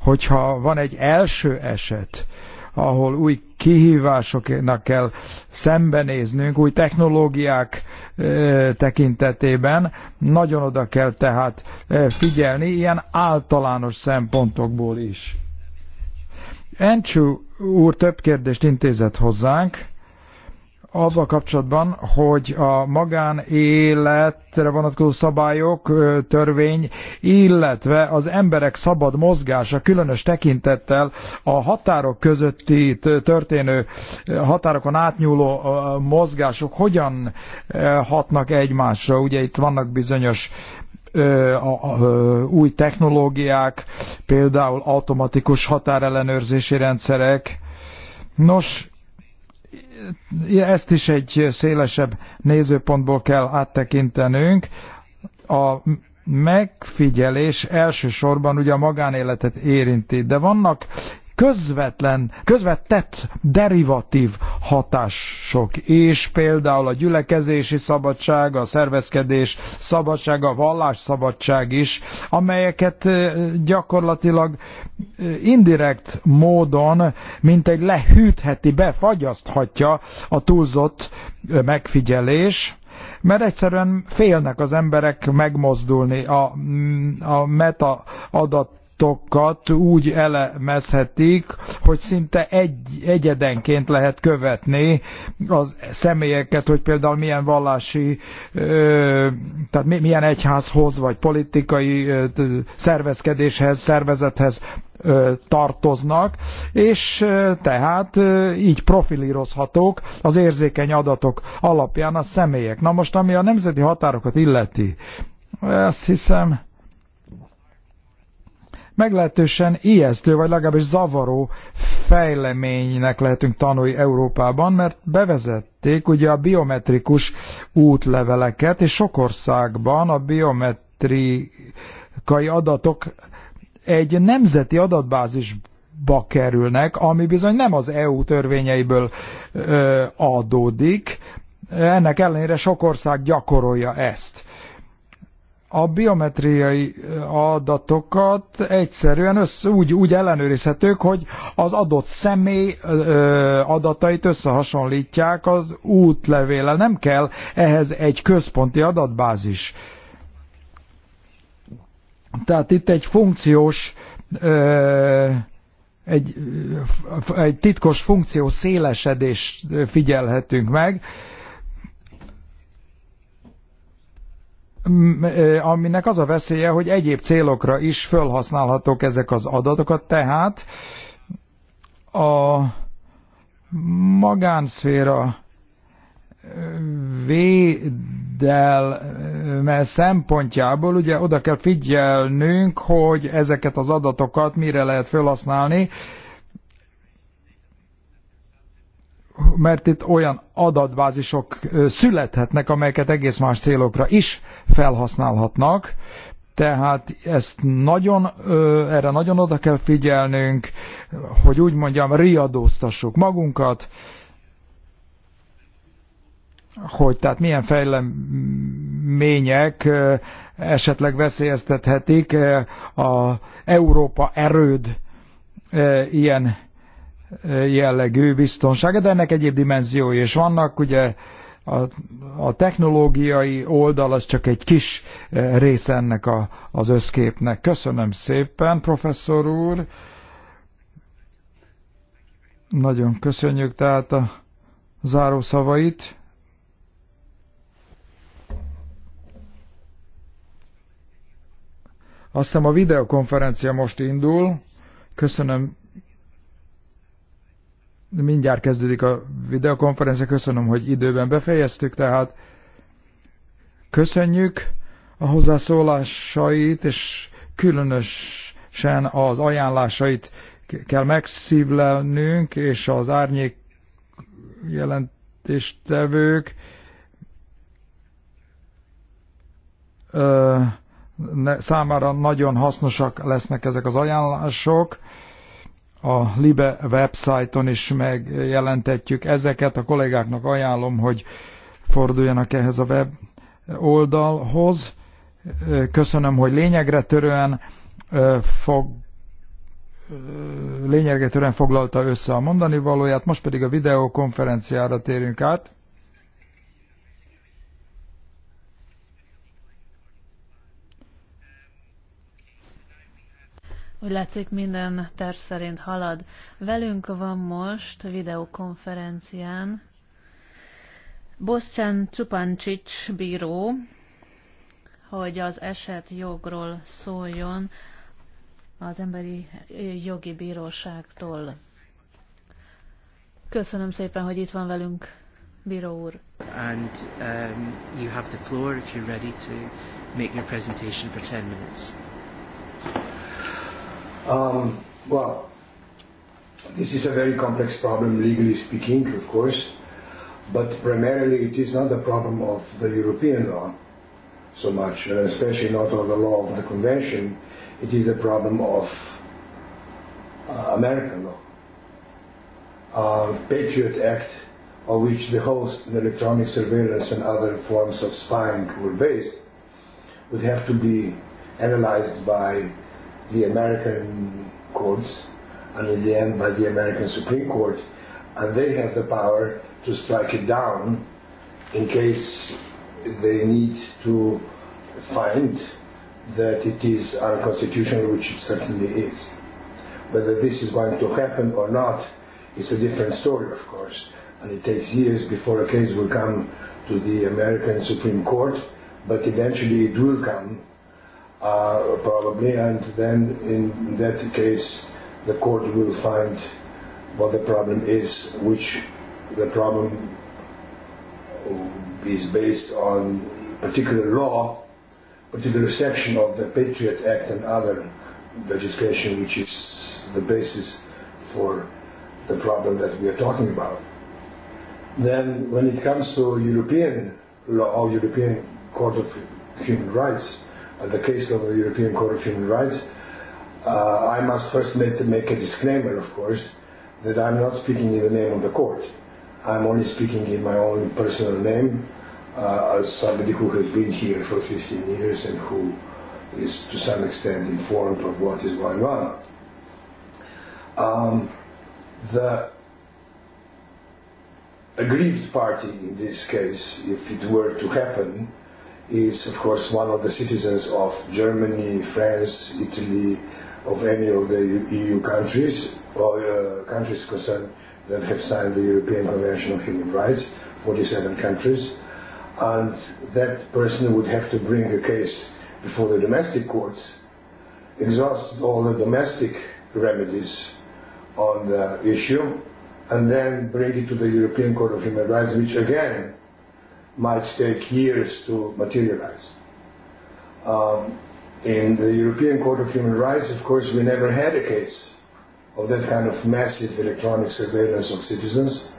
B: hogyha van egy első eset, ahol új kihívásoknak kell szembenéznünk, új technológiák tekintetében. Nagyon oda kell tehát figyelni, ilyen általános szempontokból is. Encsú úr több kérdést intézett hozzánk azzal kapcsolatban, hogy a magánéletre vonatkozó szabályok, törvény, illetve az emberek szabad mozgása különös tekintettel a határok közötti történő határokon átnyúló mozgások hogyan hatnak egymásra. Ugye itt vannak bizonyos a, a, új technológiák, például automatikus határellenőrzési rendszerek. Nos, ezt is egy szélesebb nézőpontból kell áttekintenünk. A megfigyelés elsősorban ugye a magánéletet érinti, de vannak közvetlen, közvetett derivatív hatások és például a gyülekezési szabadság, a szervezkedés szabadság, a vallás szabadság is, amelyeket gyakorlatilag indirekt módon, mint egy lehűtheti, befagyaszthatja a túlzott megfigyelés, mert egyszerűen félnek az emberek megmozdulni a, mm, a meta adat adatokat úgy elemezhetik, hogy szinte egy, egyedenként lehet követni az személyeket, hogy például milyen vallási, tehát milyen egyházhoz, vagy politikai szervezkedéshez, szervezethez tartoznak, és tehát így profilírozhatók az érzékeny adatok alapján a személyek. Na most, ami a nemzeti határokat illeti, azt hiszem, meglehetősen ijesztő, vagy legalábbis zavaró fejleménynek lehetünk tanulni Európában, mert bevezették ugye a biometrikus útleveleket, és sok országban a biometrikai adatok egy nemzeti adatbázisba kerülnek, ami bizony nem az EU törvényeiből ö, adódik, ennek ellenére sok ország gyakorolja ezt a biometriai adatokat egyszerűen össze, úgy, úgy ellenőrizhetők, hogy az adott személy adatait összehasonlítják az útlevéle. Nem kell ehhez egy központi adatbázis. Tehát itt egy funkciós, egy, egy titkos funkció szélesedést figyelhetünk meg, aminek az a veszélye, hogy egyéb célokra is felhasználhatók ezek az adatokat, tehát a magánszféra védelme szempontjából ugye oda kell figyelnünk, hogy ezeket az adatokat mire lehet felhasználni, mert itt olyan adatbázisok születhetnek, amelyeket egész más célokra is felhasználhatnak. Tehát ezt nagyon, erre nagyon oda kell figyelnünk, hogy úgy mondjam, riadóztassuk magunkat, hogy tehát milyen fejlemények esetleg veszélyeztethetik a Európa erőd ilyen jellegű biztonsága, de ennek egyéb dimenziói is vannak, ugye a, a technológiai oldal az csak egy kis eh, része ennek a, az összképnek. Köszönöm szépen, professzor úr. Nagyon köszönjük tehát a záró szavait. Azt hiszem a videokonferencia most indul. Köszönöm Mindjárt kezdődik a videokonferencia, köszönöm, hogy időben befejeztük, tehát köszönjük a hozzászólásait, és különösen az ajánlásait kell megszívlelnünk, és az árnyék jelentéstevők számára nagyon hasznosak lesznek ezek az ajánlások a Libe websájton is megjelentetjük ezeket. A kollégáknak ajánlom, hogy forduljanak ehhez a web oldalhoz. Köszönöm, hogy lényegre törően fog lényegre törően foglalta össze a mondani valóját, most pedig a videokonferenciára térünk át.
C: Úgy látszik, minden terv szerint halad. Velünk van most videokonferencián Boszcsán Csupancsics bíró, hogy az eset jogról szóljon az Emberi Jogi Bíróságtól. Köszönöm szépen, hogy itt van velünk, bíró úr.
A: And um, you have the floor if you're ready to make your presentation for 10 minutes.
D: Um, well, this is a very complex problem, legally speaking, of course, but primarily it is not the problem of the European law so much, uh, especially not of the law of the convention. It is a problem of uh, American law. Uh, Patriot Act, on which the host and electronic surveillance and other forms of spying were based, would have to be analyzed by the American courts and in the end by the American Supreme Court, and they have the power to strike it down in case they need to find that it is unconstitutional, which it certainly is. Whether this is going to happen or not is a different story, of course, and it takes years before a case will come to the American Supreme Court, but eventually it will come uh, probably, and then in that case the court will find what the problem is, which the problem is based on particular law, particular section of the Patriot Act and other legislation, which is the basis for the problem that we are talking about. Then, when it comes to European law, or European Court of Human Rights, at the case of the European Court of Human Rights, uh, I must first make, make a disclaimer, of course, that I'm not speaking in the name of the court. I'm only speaking in my own personal name uh, as somebody who has been here for 15 years and who is to some extent informed of what is going on. Um, the aggrieved party in this case, if it were to happen, is, of course, one of the citizens of Germany, France, Italy, of any of the EU e countries or uh, countries concerned that have signed the European Convention on Human Rights, 47 countries, and that person would have to bring a case before the domestic courts, exhaust all the domestic remedies on the issue, and then bring it to the European Court of Human Rights, which again might take years to materialize. Um, in the European Court of Human Rights, of course, we never had a case of that kind of massive electronic surveillance of citizens.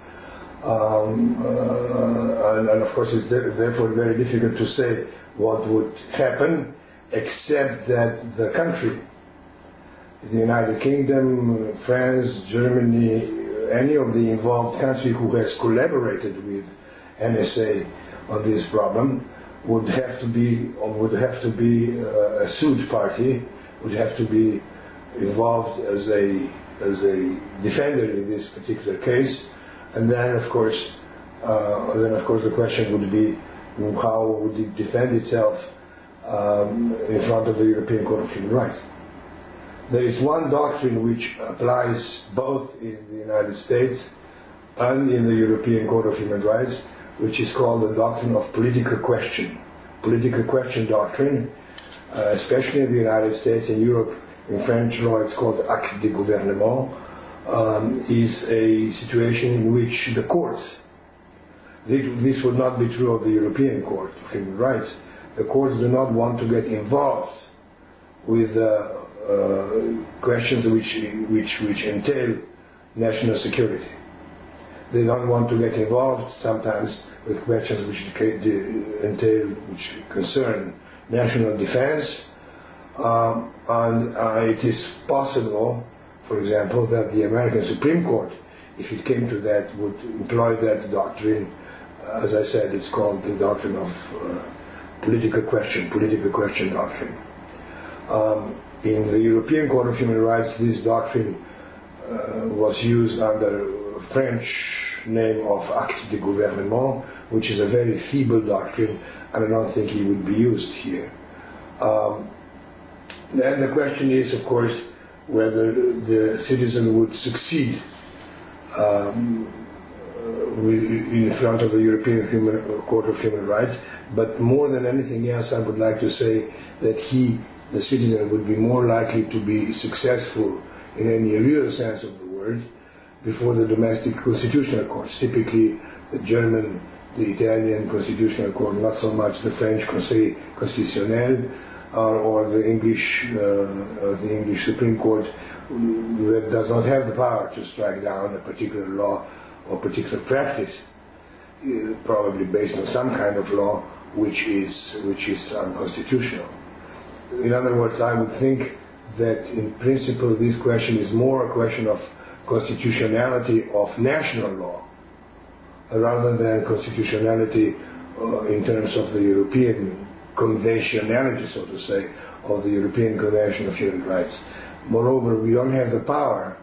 D: Um, uh, and, and of course, it's de- therefore very difficult to say what would happen, except that the country, the United Kingdom, France, Germany, any of the involved country who has collaborated with NSA on this problem would have to be would have to be uh, a sued party would have to be involved as a as a defender in this particular case, and then of course uh, then of course the question would be how would it defend itself um, in front of the European Court of Human Rights. There is one doctrine which applies both in the United States and in the European Court of Human Rights, which is called the doctrine of political question. Political question doctrine, uh, especially in the United States and Europe, in French law it's called acte de gouvernement, um, is a situation in which the courts, this would not be true of the European Court of Human Rights, the courts do not want to get involved with uh, uh, questions which, which, which entail national security they don't want to get involved sometimes with questions which entail, which concern national defense. Um, and uh, it is possible, for example, that the American Supreme Court, if it came to that, would employ that doctrine. Uh, as I said, it's called the doctrine of uh, political question, political question doctrine. Um, in the European Court of Human Rights, this doctrine uh, was used under French name of Act de Gouvernement, which is a very feeble doctrine, and I don't think it would be used here. Um, then the question is, of course, whether the citizen would succeed um, uh, with, in front of the European Human, Court of Human Rights. But more than anything else, I would like to say that he, the citizen, would be more likely to be successful in any real sense of the word before the domestic constitutional courts, typically the German, the Italian constitutional court, not so much the French Conseil Constitutionnel or, uh, or the English, uh, or the English Supreme Court, that does not have the power to strike down a particular law or particular practice, uh, probably based on some kind of law which is which is unconstitutional. In other words, I would think that in principle this question is more a question of constitutionality of national law rather than constitutionality uh, in terms of the European conventionality, so to say, of the European Convention of Human Rights. Moreover, we don't have the power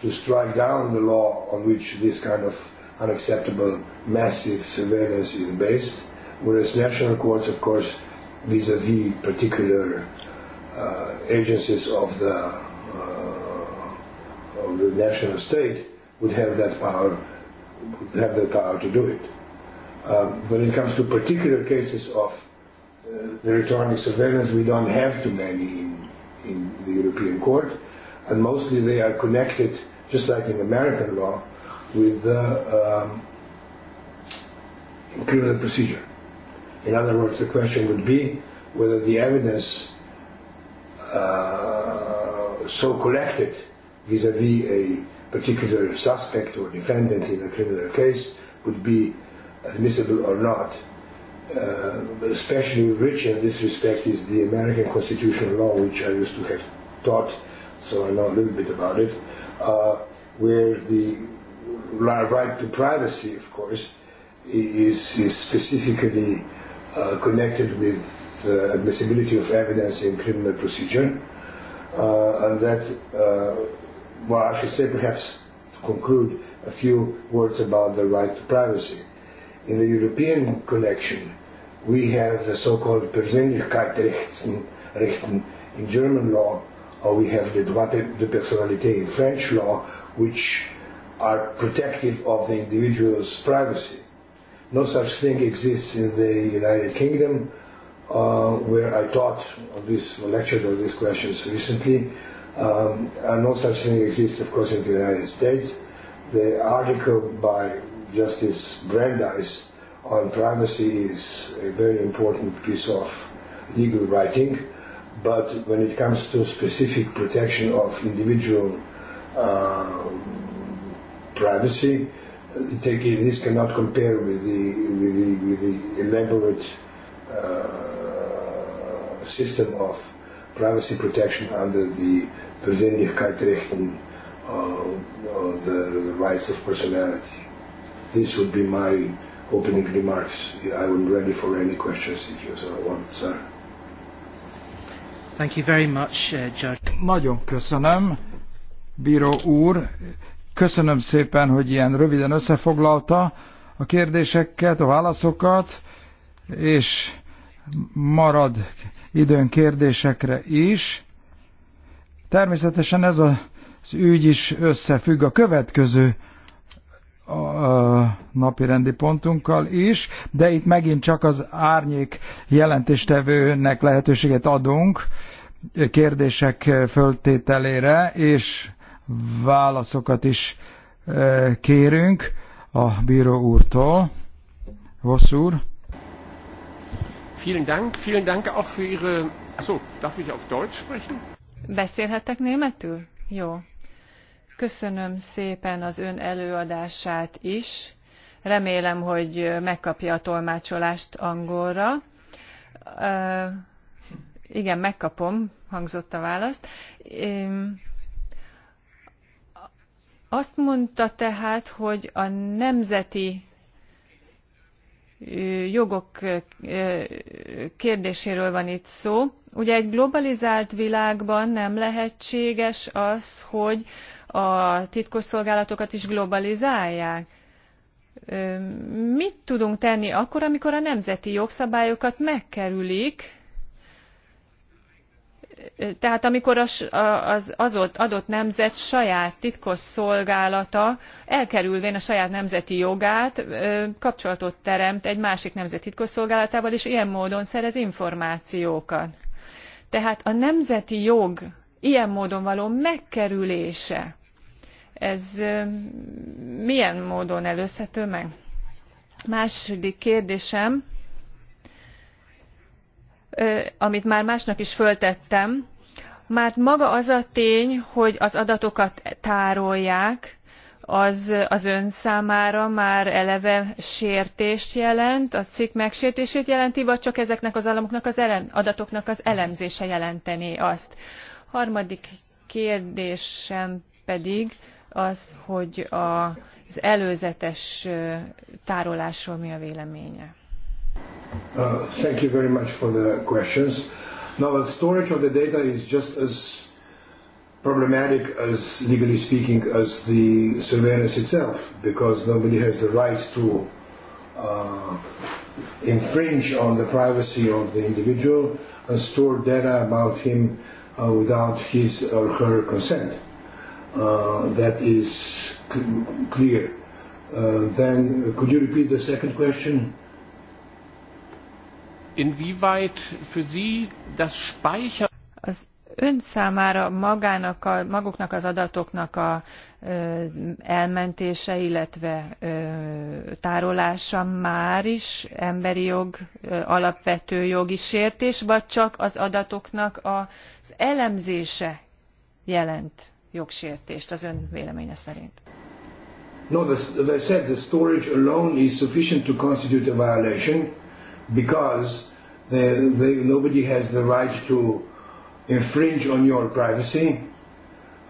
D: to strike down the law on which this kind of unacceptable massive surveillance is based, whereas national courts, of course, vis-à-vis -vis particular uh, agencies of the of the national state would have that power, would have the power to do it. Um, when it comes to particular cases of uh, electronic surveillance, we don't have too many in, in the European Court, and mostly they are connected, just like in American law, with uh, um, criminal procedure. In other words, the question would be whether the evidence uh, so collected vis-a-vis a particular suspect or defendant in a criminal case would be admissible or not. Uh, especially rich in this respect is the American constitutional law, which I used to have taught, so I know a little bit about it, uh, where the right to privacy, of course, is, is specifically uh, connected with the admissibility of evidence in criminal procedure, uh, and that uh, well, I should say perhaps to conclude a few words about the right to privacy. In the European connection, we have the so-called Persönlichkeitsrechten in German law, or we have the droit de personnalité in French law, which are protective of the individual's privacy. No such thing exists in the United Kingdom, uh, where I taught on this lecture on these questions recently. Um, no such thing exists, of course, in the United States. The article by Justice Brandeis on privacy is a very important piece of legal writing, but when it comes to specific protection of individual uh, privacy, take it, this cannot compare with the with the, with the elaborate uh, system of privacy protection under the Persönlichkeitsrechten uh, the, the rights of personality. This would be my opening remarks. I am ready for any questions if you want, sir.
B: Thank you very much, uh, Judge. Nagyon köszönöm, Bíró úr. Köszönöm szépen, hogy ilyen röviden összefoglalta a kérdéseket, a válaszokat, és marad időn kérdésekre is. Természetesen ez az ügy is összefügg a következő a napi rendi pontunkkal is, de itt megint csak az árnyék jelentéstevőnek lehetőséget adunk kérdések föltételére, és válaszokat is eh, kérünk a bíró úrtól. Vossz úr?
A: Vielen Dank, vielen Dank auch für Ihre. Achso, darf ich auf Deutsch sprechen? Beszélhetek németül? Jó. Köszönöm szépen az ön előadását is. Remélem, hogy megkapja a tolmácsolást angolra. Uh, igen, megkapom, hangzott a választ. Um, azt mondta tehát, hogy a nemzeti jogok kérdéséről van itt szó. Ugye egy globalizált világban nem lehetséges az, hogy a titkosszolgálatokat is globalizálják. Mit tudunk tenni akkor, amikor a nemzeti jogszabályokat megkerülik, tehát amikor az, az, az adott nemzet saját titkosszolgálata elkerülvén a saját nemzeti jogát kapcsolatot teremt egy másik nemzet titkosszolgálatával és ilyen módon szerez információkat. tehát a nemzeti jog ilyen módon való megkerülése ez milyen módon előzhető meg? második kérdésem amit már másnak is föltettem, már maga az a tény, hogy az adatokat tárolják, az az ön számára már eleve sértést jelent, a cikk megsértését jelenti, vagy csak ezeknek az államoknak az elem, adatoknak az elemzése jelenteni azt. Harmadik kérdésem pedig az, hogy az előzetes tárolásról mi a véleménye.
D: Uh, thank you very much for the questions. Now, the storage of the data is just as problematic as, legally speaking, as the surveillance itself, because nobody has the right to uh, infringe on the privacy of the individual and store data about him uh, without his or her consent. Uh, that is cl- clear. Uh, then, could you repeat the second question?
A: inwieweit für Sie das Speichern az ön számára magának a, maguknak az adatoknak a elmentése, illetve tárolása már is emberi jog, alapvető jogi sértés, vagy csak az adatoknak az elemzése jelent jogsértést az ön véleménye szerint?
D: No, as I said, the storage alone is sufficient to constitute a violation because they, they, nobody has the right to infringe on your privacy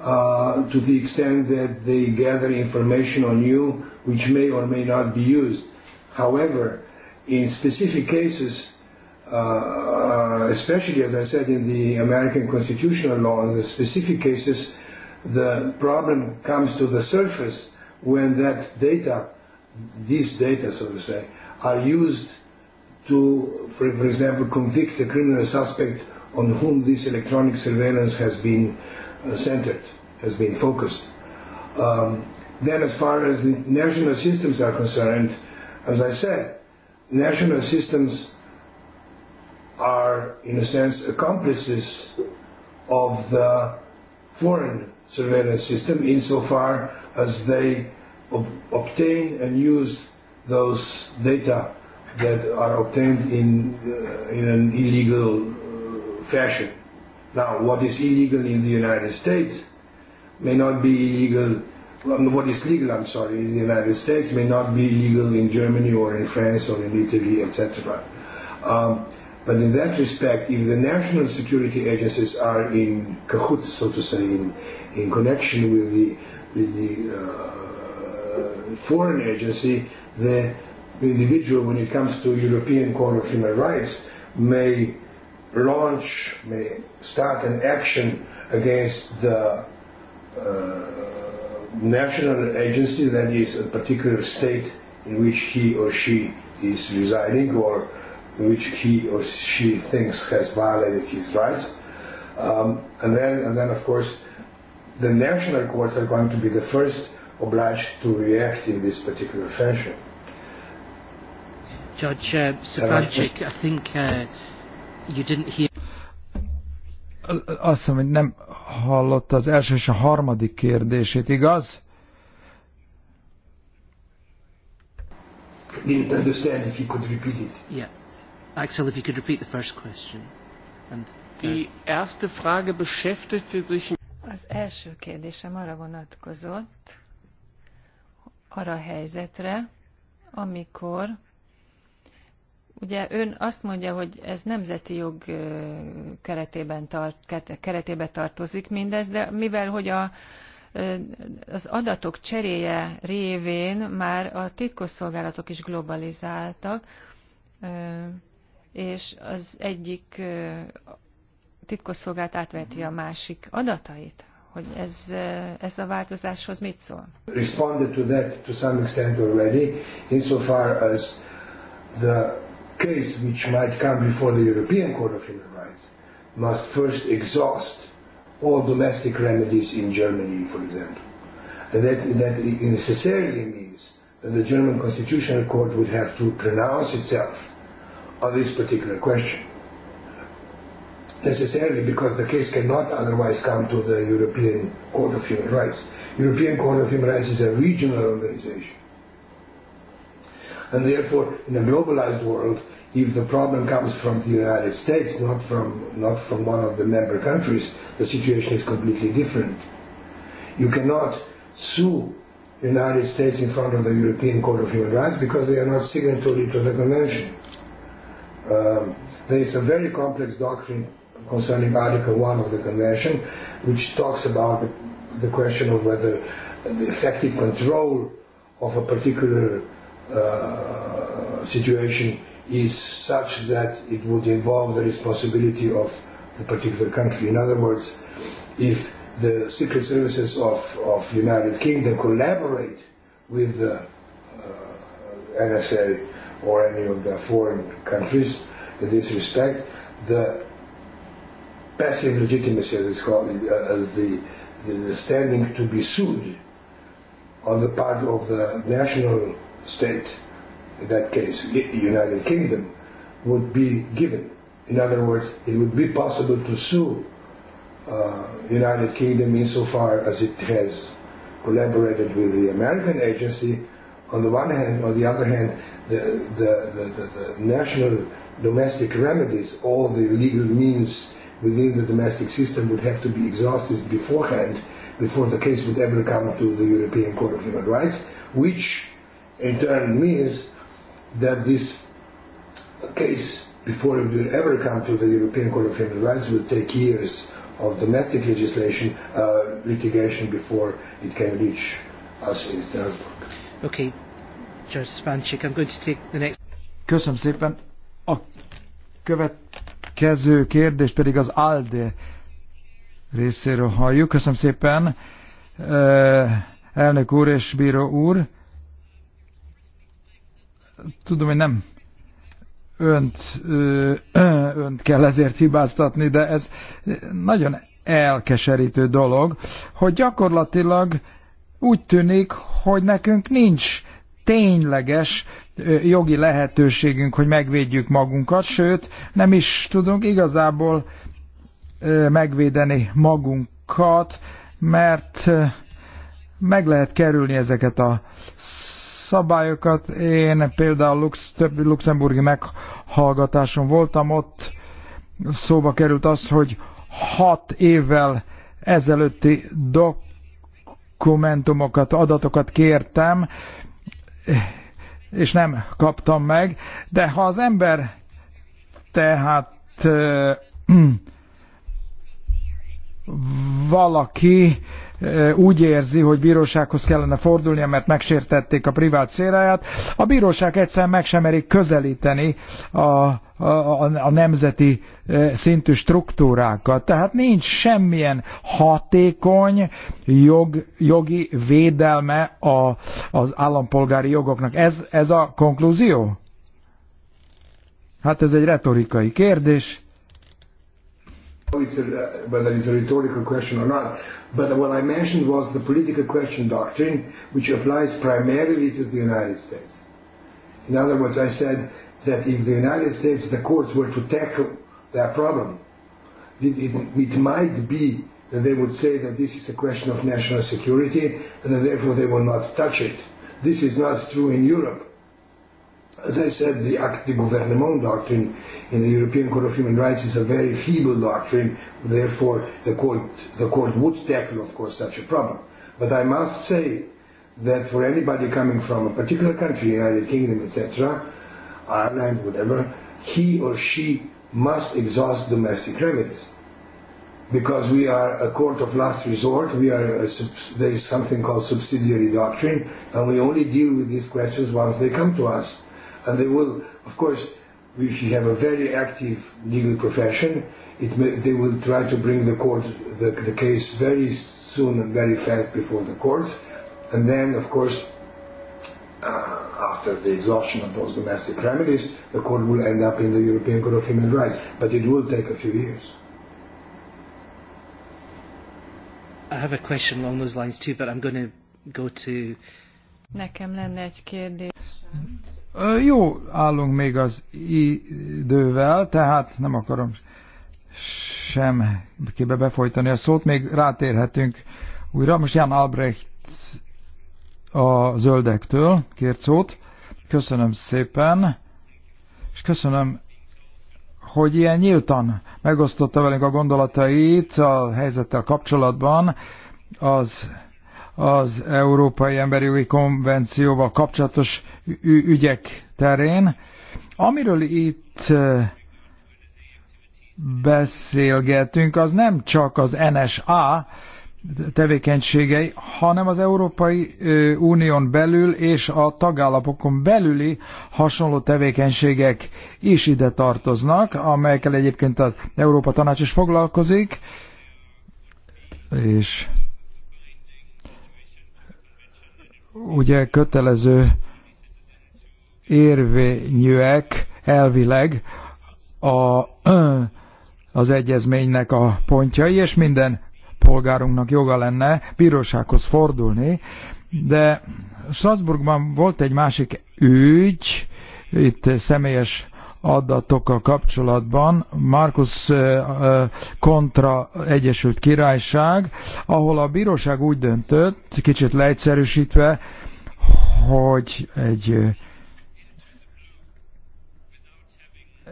D: uh, to the extent that they gather information on you which may or may not be used. However, in specific cases, uh, uh especially as I said in the American constitutional law, in the specific cases, the problem comes to the surface when that data, these data, so to say, are used to, for, for example, convict a criminal suspect on whom this electronic surveillance has been uh, centered, has been focused. Um, then as far as the national systems are concerned, as I said, national systems are, in a sense, accomplices of the foreign surveillance system insofar as they ob obtain and use those data that are obtained in, uh, in an illegal uh, fashion. Now, what is illegal in the United States may not be illegal, what is legal, I'm sorry, in the United States may not be legal in Germany or in France or in Italy, etc. Um, but in that respect, if the national security agencies are in cahoots, so to say, in, in connection with the, with the uh, foreign agency, the the individual, when it comes to European Court of Human Rights, may launch, may start an action against the uh, national agency, that is a particular state in which he or she is residing or in which he or she thinks has violated his rights. Um, and then, and then of course, the national courts are going to be the first obliged to react in this particular fashion.
B: Judge uh, I think uh, you didn't hear... Azt hiszem, hogy nem hallotta az első és a harmadik kérdését, igaz?
D: Didn't understand if you could repeat it.
C: Yeah. Axel, if you could repeat the first question. And Die
A: erste Frage beschäftigte sich... Az első kérdésem arra vonatkozott, arra a helyzetre, amikor Ugye ön azt mondja, hogy ez nemzeti jog keretében tart, keretébe tartozik mindez, de mivel hogy a, az adatok cseréje révén már a titkosszolgálatok is globalizáltak, és az egyik titkosszolgált átveti a másik adatait, hogy ez, ez a változáshoz mit szól? Responded
D: to that to some extent already, insofar as the case which might come before the European Court of Human Rights must first exhaust all domestic remedies in Germany, for example. And that, that necessarily means that the German Constitutional Court would have to pronounce itself on this particular question. Necessarily because the case cannot otherwise come to the European Court of Human Rights. European Court of Human Rights is a regional organization And therefore, in a globalized world, if the problem comes from the United States, not from, not from one of the member countries, the situation is completely different. You cannot sue the United States in front of the European Court of Human Rights because they are not signatory to the convention. Um, there is a very complex doctrine concerning Article 1 of the convention, which talks about the, the question of whether the effective control of a particular Uh, situation is such that it would involve the responsibility of the particular country. In other words, if the secret services of, of United Kingdom collaborate with the uh, NSA or any of the foreign countries in this respect, the passive legitimacy, as it's called, uh, as the, the, the standing to be sued on the part of the national state, in that case, United Kingdom, would be given. In other words, it would be possible to sue uh, United Kingdom insofar as it has collaborated with the American agency on the one hand, on the other hand, the, the, the, the, national domestic remedies, all the legal means within the domestic system would have to be exhausted beforehand before the case would ever come to the European Court of Human Rights, which in turn means that this case, before it will ever come to the European Court of Human Rights, will take years of domestic legislation, uh, litigation before it can reach us in Strasbourg.
B: Okay, Judge Spanchik, I'm going to take the next... Köszönöm szépen. A következő kérdés pedig az ALDE részéről halljuk. Köszönöm szépen, elnök úr és bíró úr tudom, hogy nem önt, ö, önt kell ezért hibáztatni, de ez nagyon elkeserítő dolog, hogy gyakorlatilag úgy tűnik, hogy nekünk nincs tényleges jogi lehetőségünk, hogy megvédjük magunkat, sőt, nem is tudunk igazából megvédeni magunkat, mert meg lehet kerülni ezeket a szabályokat. Én például Lux, több luxemburgi meghallgatáson voltam, ott szóba került az, hogy hat évvel ezelőtti dokumentumokat, adatokat kértem, és nem kaptam meg, de ha az ember tehát valaki úgy érzi, hogy bírósághoz kellene fordulnia, mert megsértették a privát szféráját, a bíróság egyszerűen meg sem merik közelíteni a, a, a, a nemzeti szintű struktúrákat. Tehát nincs semmilyen hatékony jog, jogi védelme a, az állampolgári jogoknak. Ez, ez a konklúzió? Hát ez egy retorikai kérdés.
D: It's a, whether it's a rhetorical question or not, but what I mentioned was the political question doctrine, which applies primarily to the United States. In other words, I said that if the United States, the courts were to tackle that problem, it, it, it might be that they would say that this is a question of national security and that therefore they will not touch it. This is not true in Europe As I said, the, act, the gouvernement doctrine in the European Court of Human Rights is a very feeble doctrine. Therefore, the court, the court would tackle, of course, such a problem. But I must say that for anybody coming from a particular country, United Kingdom, etc., Ireland, whatever, he or she must exhaust domestic remedies. Because we are a court of last resort, we are a, there is something called subsidiary doctrine, and we only deal with these questions once they come to us and they will, of course, if you have a very active legal profession, it may, they will try to bring the court the, the case very soon and very fast before the courts, and then, of course, uh, after the exhaustion of those domestic remedies, the court will end up in the European Court of Human Rights, but it will take a few years.
C: I have a question along those lines too, but I'm going to go to.
A: Nekem lenne egy kérdés.
B: Jó állunk még az idővel, tehát nem akarom sem kibe befolytani a szót, még rátérhetünk újra. Most Jan Albrecht a zöldektől kért szót. Köszönöm szépen, és köszönöm, hogy ilyen nyíltan megosztotta velünk a gondolatait a helyzettel kapcsolatban. Az az Európai Emberi Jogi Konvencióval kapcsolatos ügyek terén. Amiről itt beszélgetünk, az nem csak az NSA tevékenységei, hanem az Európai Unión belül és a tagállapokon belüli hasonló tevékenységek is ide tartoznak, amelyekkel egyébként az Európa Tanács is foglalkozik, és ugye kötelező érvényűek elvileg a, az egyezménynek a pontjai, és minden polgárunknak joga lenne bírósághoz fordulni, de Strasbourgban volt egy másik ügy, itt személyes adatokkal kapcsolatban, Markus eh, eh, kontra Egyesült Királyság, ahol a bíróság úgy döntött, kicsit leegyszerűsítve, hogy egy eh,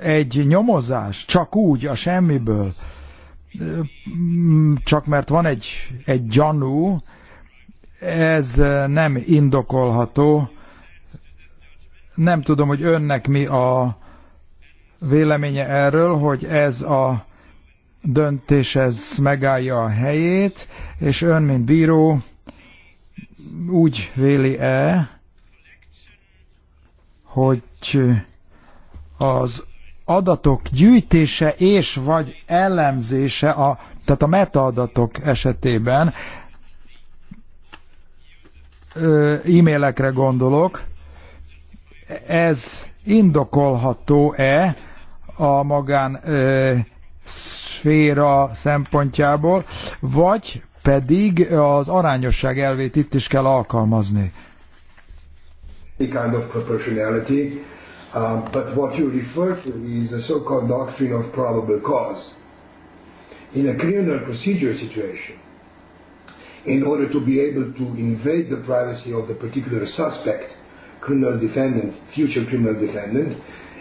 B: egy nyomozás csak úgy a semmiből, csak mert van egy, egy gyanú, ez nem indokolható. Nem tudom, hogy önnek mi a véleménye erről, hogy ez a döntés ez megállja a helyét, és ön, mint bíró, úgy véli-e, hogy az adatok gyűjtése és vagy elemzése, a, tehát a metaadatok esetében, e-mailekre gondolok, ez indokolható-e, a magán ö, szféra szempontjából, vagy pedig az arányosság elvét itt is kell alkalmazni.
D: kind of proportionality, uh, but what you refer to is the so-called doctrine of probable cause. In a criminal procedure situation, in order to be able to invade the privacy of the particular suspect, criminal defendant, future criminal defendant,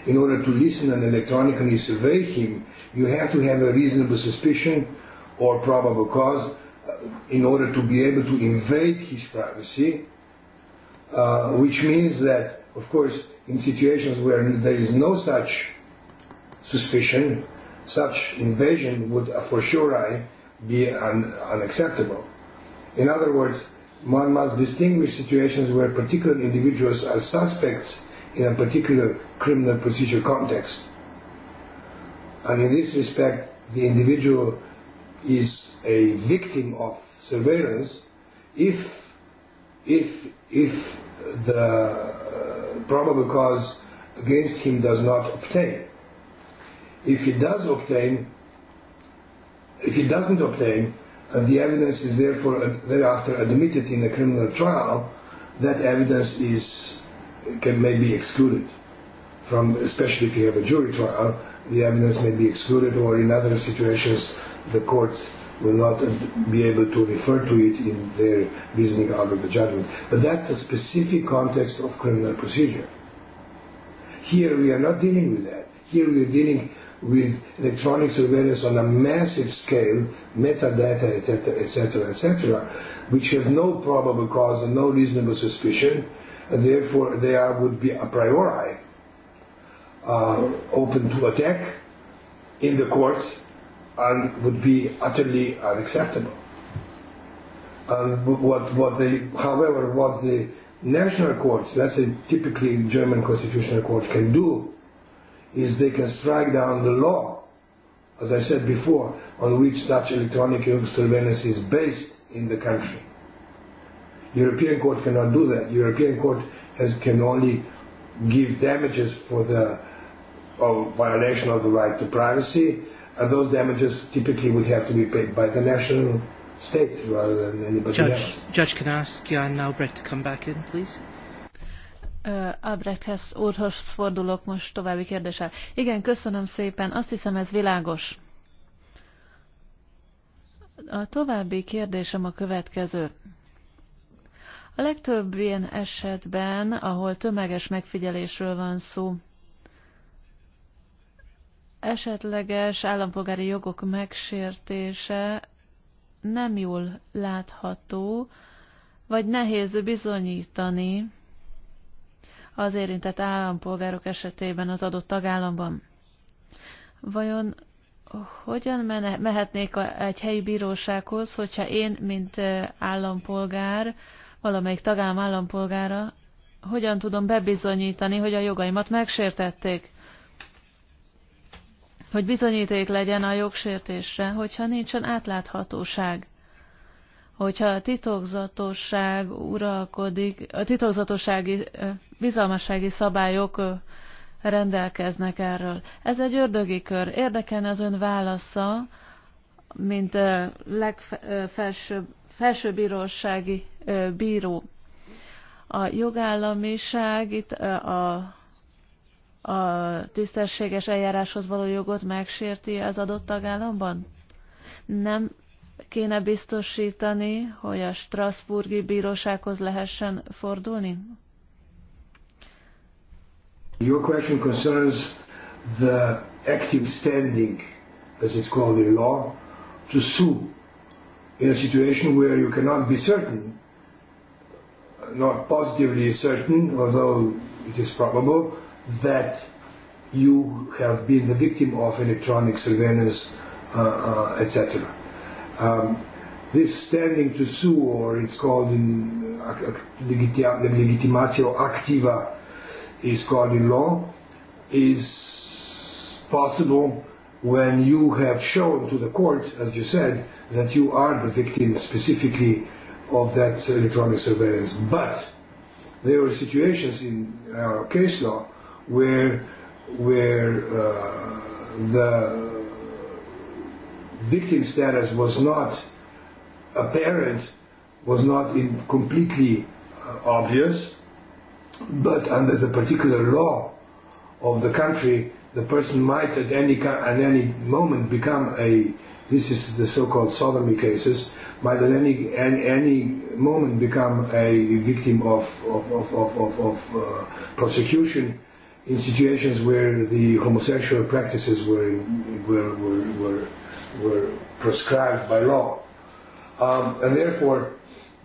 D: in order to listen and electronically survey him, you have to have a reasonable suspicion or probable cause uh, in order to be able to invade his privacy, uh, which means that, of course, in situations where there is no such suspicion, such invasion would uh, for sure I be un unacceptable. In other words, one must distinguish situations where particular individuals are suspects in a particular criminal procedure context. And in this respect, the individual is a victim of surveillance if, if, if the uh, probable cause against him does not obtain. If he does obtain, if he doesn't obtain, and the evidence is therefore thereafter admitted in a criminal trial, that evidence is can may be excluded from, especially if you have a jury trial, the evidence may be excluded, or in other situations, the courts will not be able to refer to it in their reasoning out of the judgment. But that's a specific context of criminal procedure. Here we are not dealing with that. Here we are dealing with electronic surveillance on a massive scale, metadata, etc., etc., etc., which have no probable cause and no reasonable suspicion, therefore they are, would be a priori uh, open to attack in the courts and would be utterly unacceptable. And what, what they, however, what the national courts, let's say typically German constitutional court can do, is they can strike down the law, as I said before, on which such electronic surveillance is based in the country. European court cannot do that. European court has, can only give damages for the of violation of the right to privacy, and those damages typically would have to be paid by the national state rather than anybody Judge, else.
C: Judge, can I ask Jan Albrecht to come back in, please? Uh, Albrechthez úrhoz fordulok most további kérdéssel. Igen, köszönöm szépen, azt hiszem ez világos. A további kérdésem a következő. A legtöbb ilyen esetben, ahol tömeges megfigyelésről van szó, esetleges állampolgári jogok megsértése nem jól látható, vagy nehéz bizonyítani az érintett állampolgárok esetében az adott tagállamban. Vajon hogyan mehetnék egy helyi bírósághoz, hogyha én, mint eh, állampolgár, valamelyik tagállam állampolgára, hogyan tudom bebizonyítani, hogy a jogaimat megsértették. Hogy bizonyíték legyen a jogsértésre, hogyha nincsen átláthatóság. Hogyha a titokzatosság uralkodik, a titokzatossági, bizalmassági szabályok rendelkeznek erről. Ez egy ördögi kör. Érdekelne az ön válasza, mint legfelsőbb felsőbírósági bíró. A jogállamiság itt a a tisztességes eljáráshoz való jogot megsérti az adott tagállamban? Nem kéne biztosítani, hogy a Strasburgi bírósághoz lehessen fordulni?
D: Your question concerns the active standing, as it's called in law, to sue in a situation where you cannot be certain not positively certain, although it is probable, that you have been the victim of electronic surveillance, uh, uh, etc. Um, this standing to sue, or it's called in uh, legitimatio activa, is called in law, is possible when you have shown to the court, as you said, that you are the victim specifically of that electronic surveillance. But there are situations in our uh, case law where where uh, the victim status was not apparent, was not in completely uh, obvious, but under the particular law of the country, the person might at any at any moment become a this is the so-called sodomy cases might at any, any, any moment become a victim of, of, of, of, of, of uh, prosecution in situations where the homosexual practices were, were, were, were, were prescribed by law. Um, and therefore,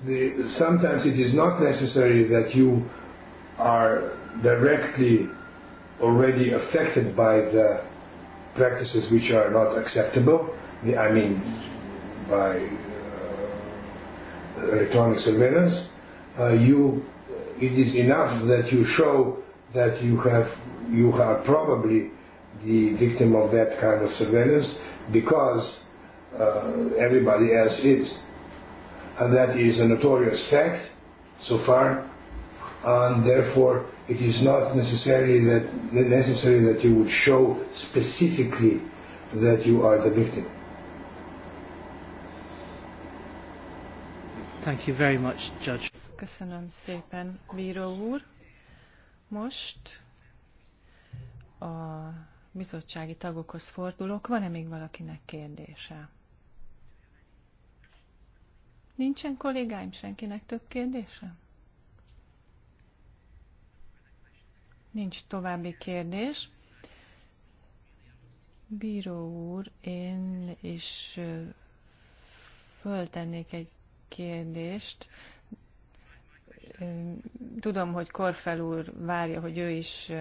D: the, sometimes it is not necessary that you are directly already affected by the practices which are not acceptable. I mean, by electronic surveillance, uh, you uh, it is enough that you show that you have you are probably the victim of that kind of surveillance because uh, everybody else is, and that is a notorious fact so far, and therefore it is not necessarily that necessary that you would show specifically that you are the victim.
C: Thank you very much, Judge.
A: Köszönöm szépen, bíró úr. Most a bizottsági tagokhoz fordulok. Van-e még valakinek kérdése? Nincsen kollégáim senkinek több kérdése? Nincs további kérdés. Bíró úr, én is föltennék egy kérdést. Tudom, hogy Korfel úr várja, hogy ő is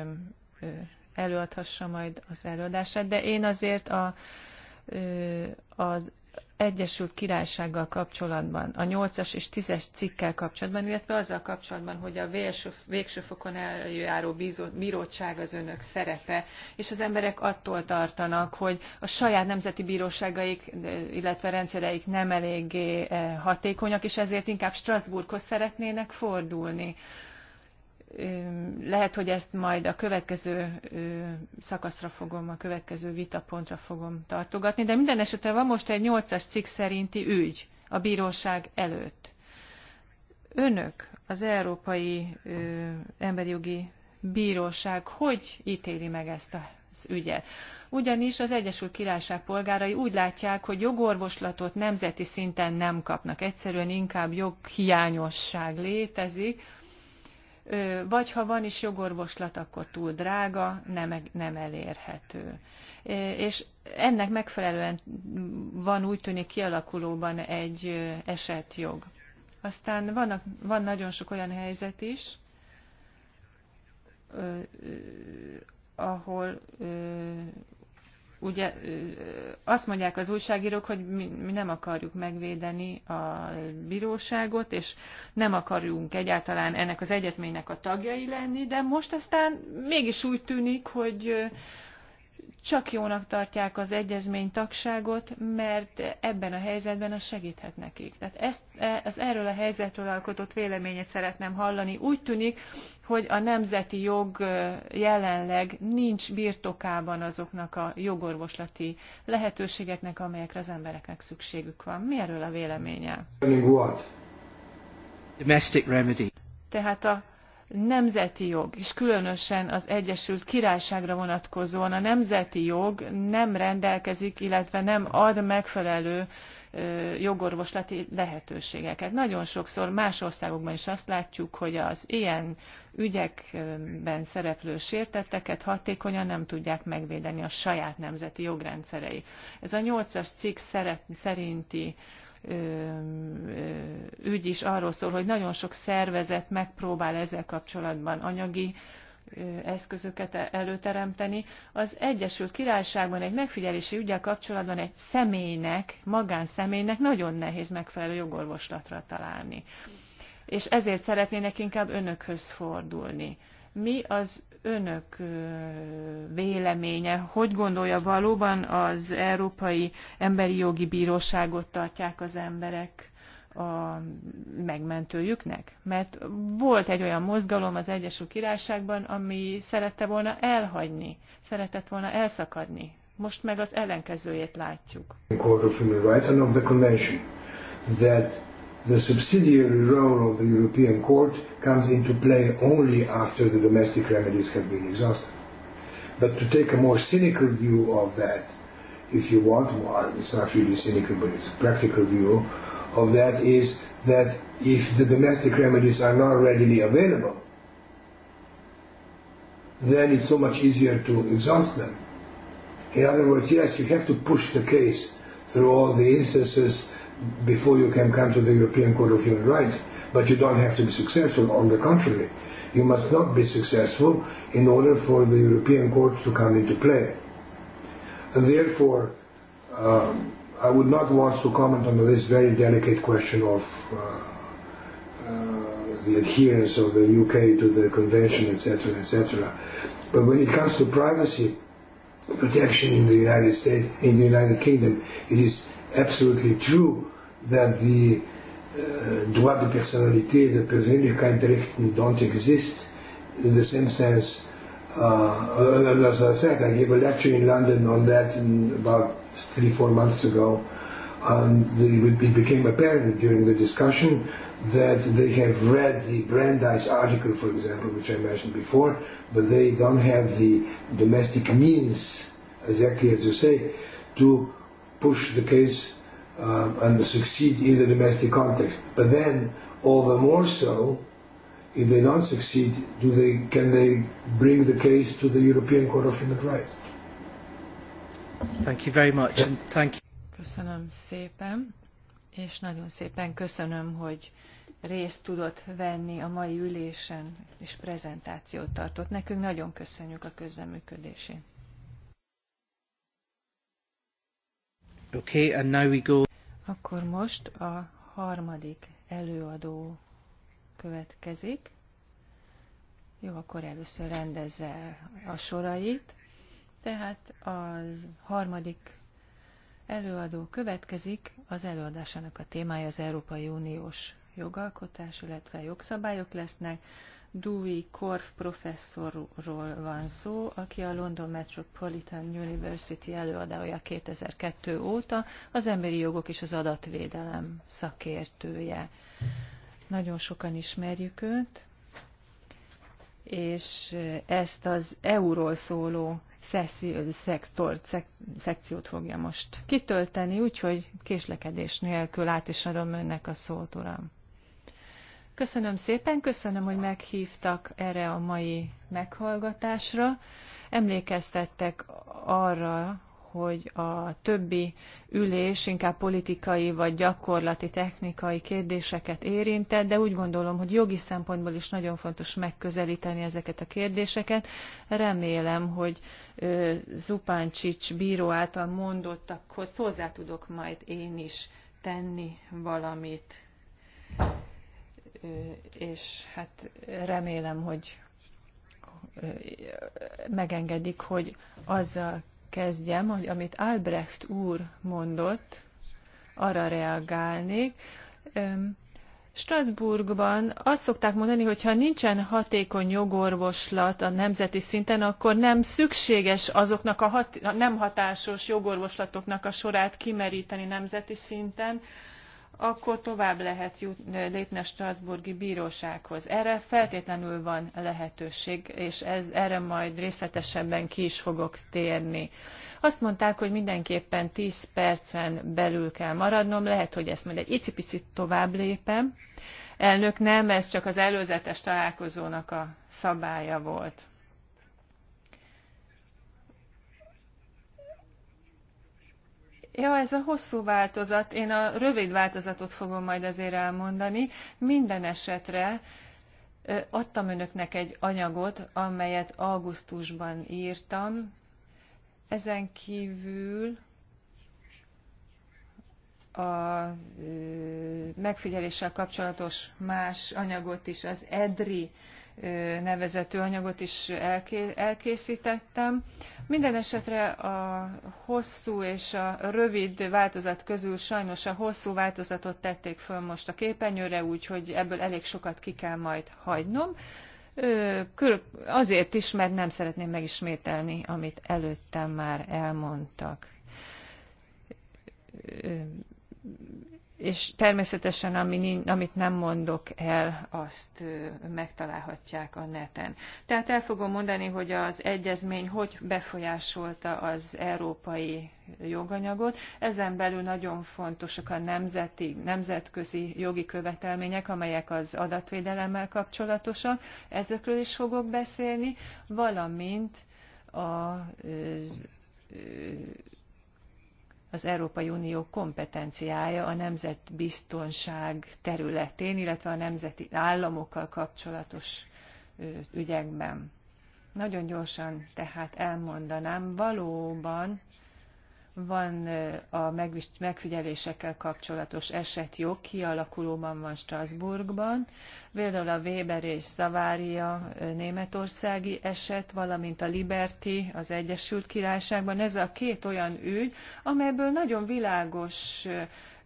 A: előadhassa majd az előadását, de én azért a, az Egyesült Királysággal kapcsolatban, a 8-as és 10-es cikkel kapcsolatban, illetve azzal kapcsolatban, hogy a végső, végső fokon eljáró bízó, bíróság az önök szerepe, és az emberek attól tartanak, hogy a saját nemzeti bíróságaik, illetve rendszereik nem eléggé eh, hatékonyak, és ezért inkább Strasbourghoz szeretnének fordulni lehet, hogy ezt majd a következő szakaszra fogom, a következő vitapontra fogom tartogatni, de minden esetre van most egy 8-as cikk szerinti ügy a bíróság előtt. Önök, az Európai Emberi Jogi Bíróság hogy ítéli meg ezt az ügyet? Ugyanis az Egyesült Királyság polgárai úgy látják, hogy jogorvoslatot nemzeti szinten nem kapnak. Egyszerűen inkább joghiányosság létezik, vagy ha van is jogorvoslat, akkor túl drága, nem, e-, nem elérhető. És ennek megfelelően van úgy tűnik kialakulóban egy esetjog. Aztán vannak, van nagyon sok olyan helyzet is, ahol ugye azt mondják az újságírók, hogy mi, mi nem akarjuk megvédeni a bíróságot, és nem akarjunk egyáltalán ennek az egyezménynek a tagjai lenni, de most aztán mégis úgy tűnik, hogy csak jónak tartják az egyezmény tagságot, mert ebben a helyzetben az segíthet nekik. Tehát ezt, e, az erről a helyzetről alkotott véleményet szeretném hallani. Úgy tűnik, hogy a nemzeti jog jelenleg nincs birtokában azoknak a jogorvoslati lehetőségeknek, amelyekre az embereknek szükségük van. Mi erről a véleménye? Domestic remedy. Tehát a nemzeti jog, és különösen az Egyesült Királyságra vonatkozóan a nemzeti jog nem rendelkezik, illetve nem ad megfelelő jogorvoslati lehetőségeket. Nagyon sokszor más országokban is azt látjuk, hogy az ilyen ügyekben szereplő sértetteket hatékonyan nem tudják megvédeni a saját nemzeti jogrendszerei. Ez a 8-as cikk szerinti ügy is arról szól, hogy nagyon sok szervezet megpróbál ezzel kapcsolatban anyagi eszközöket előteremteni. Az Egyesült Királyságban egy megfigyelési ügyel kapcsolatban egy személynek, magánszemélynek nagyon nehéz megfelelő jogorvoslatra találni. És ezért szeretnének inkább önökhöz fordulni. Mi az önök véleménye? Hogy gondolja valóban az Európai Emberi Jogi Bíróságot tartják az emberek a megmentőjüknek? Mert volt egy olyan mozgalom az Egyesült Királyságban, ami szerette volna elhagyni, szeretett volna elszakadni. Most meg az ellenkezőjét látjuk.
D: Court of Human Rights and of the Convention that the subsidiary role of the European Court comes into play only after the domestic remedies have been exhausted. But to take a more cynical view of that, if you want well, it's not really cynical, but it's a practical view of that, is that if the domestic remedies are not readily available, then it's so much easier to exhaust them. In other words, yes, you have to push the case through all the instances before you can come to the European Court of Human Rights, but you don't have to be successful. On the contrary, you must not be successful in order for the European Court to come into play. And therefore, uh, I would not want to comment on this very delicate question of uh, uh, the adherence of the UK to the convention, etc., etc. But when it comes to privacy protection in the United States, in the United Kingdom, it is absolutely true that the uh, droit de personnalité, the personnalité directly don't exist in the same sense. Uh, uh, as I said, I gave a lecture in London on that in about three, four months ago, and it became apparent during the discussion that they have read the Brandeis article, for example, which I mentioned before, but they don't have the domestic means, exactly as you say, to push the case um, and succeed in the domestic context. But then, all the more so, if they don't succeed, do they can they bring the case to the European Court of Human Rights?
B: Thank you very much, Yeah. and thank you.
A: Köszönöm szépen, és nagyon szépen köszönöm, hogy részt tudott venni a mai ülésen, és prezentációt tartott. Nekünk nagyon köszönjük a közleműködését. Okay, and now we go. Akkor most a harmadik előadó következik. Jó, akkor először rendezze a sorait. Tehát az harmadik előadó következik. Az előadásának a témája az Európai Uniós jogalkotás, illetve jogszabályok lesznek. Dewey Korf professzorról van szó, aki a London Metropolitan University előadója 2002 óta, az emberi jogok és az adatvédelem szakértője. Nagyon sokan ismerjük őt, és ezt az EU-ról szóló szektor, szek, szekciót fogja most kitölteni, úgyhogy késlekedés nélkül át is adom önnek a szót, uram. Köszönöm szépen, köszönöm, hogy meghívtak erre a mai meghallgatásra. Emlékeztettek arra, hogy a többi ülés inkább politikai vagy gyakorlati technikai kérdéseket érintett, de úgy gondolom, hogy jogi szempontból is nagyon fontos megközelíteni ezeket a kérdéseket. Remélem, hogy Zupáncsics bíró által mondottakhoz hozzá tudok majd én is tenni valamit és hát remélem, hogy megengedik, hogy azzal kezdjem, hogy amit Albrecht úr mondott, arra reagálnék. Strasbourgban azt szokták mondani, hogy ha nincsen hatékony jogorvoslat a nemzeti szinten, akkor nem szükséges azoknak a, hat, a nem hatásos jogorvoslatoknak a sorát kimeríteni nemzeti szinten, akkor tovább lehet jut, lépni a Strasburgi Bírósághoz. Erre feltétlenül van lehetőség, és ez, erre majd részletesebben ki is fogok térni. Azt mondták, hogy mindenképpen 10 percen belül kell maradnom, lehet, hogy ezt majd egy icipicit tovább lépem. Elnök nem, ez csak az előzetes találkozónak a szabálya volt. Ja, ez a hosszú változat, én a rövid változatot fogom majd azért elmondani. Minden esetre adtam önöknek egy anyagot, amelyet augusztusban írtam. Ezen kívül a megfigyeléssel kapcsolatos más anyagot is, az EDRI nevezető anyagot is elkészítettem. Minden esetre a hosszú és a rövid változat közül sajnos a hosszú változatot tették föl most a képenyőre, úgyhogy ebből elég sokat ki kell majd hagynom. Azért is, mert nem szeretném megismételni, amit előttem már elmondtak és természetesen ami, amit nem mondok el, azt megtalálhatják a neten. Tehát el fogom mondani, hogy az egyezmény hogy befolyásolta az európai joganyagot. Ezen belül nagyon fontosak a nemzeti, nemzetközi jogi követelmények, amelyek az adatvédelemmel kapcsolatosak. Ezekről is fogok beszélni, valamint az az Európai Unió kompetenciája a nemzetbiztonság területén, illetve a nemzeti államokkal kapcsolatos ügyekben. Nagyon gyorsan tehát elmondanám, valóban van a megfigyelésekkel kapcsolatos jog kialakulóban van Strasbourgban, például a Weber és Zavária németországi eset, valamint a Liberty az Egyesült Királyságban. Ez a két olyan ügy, amelyből nagyon világos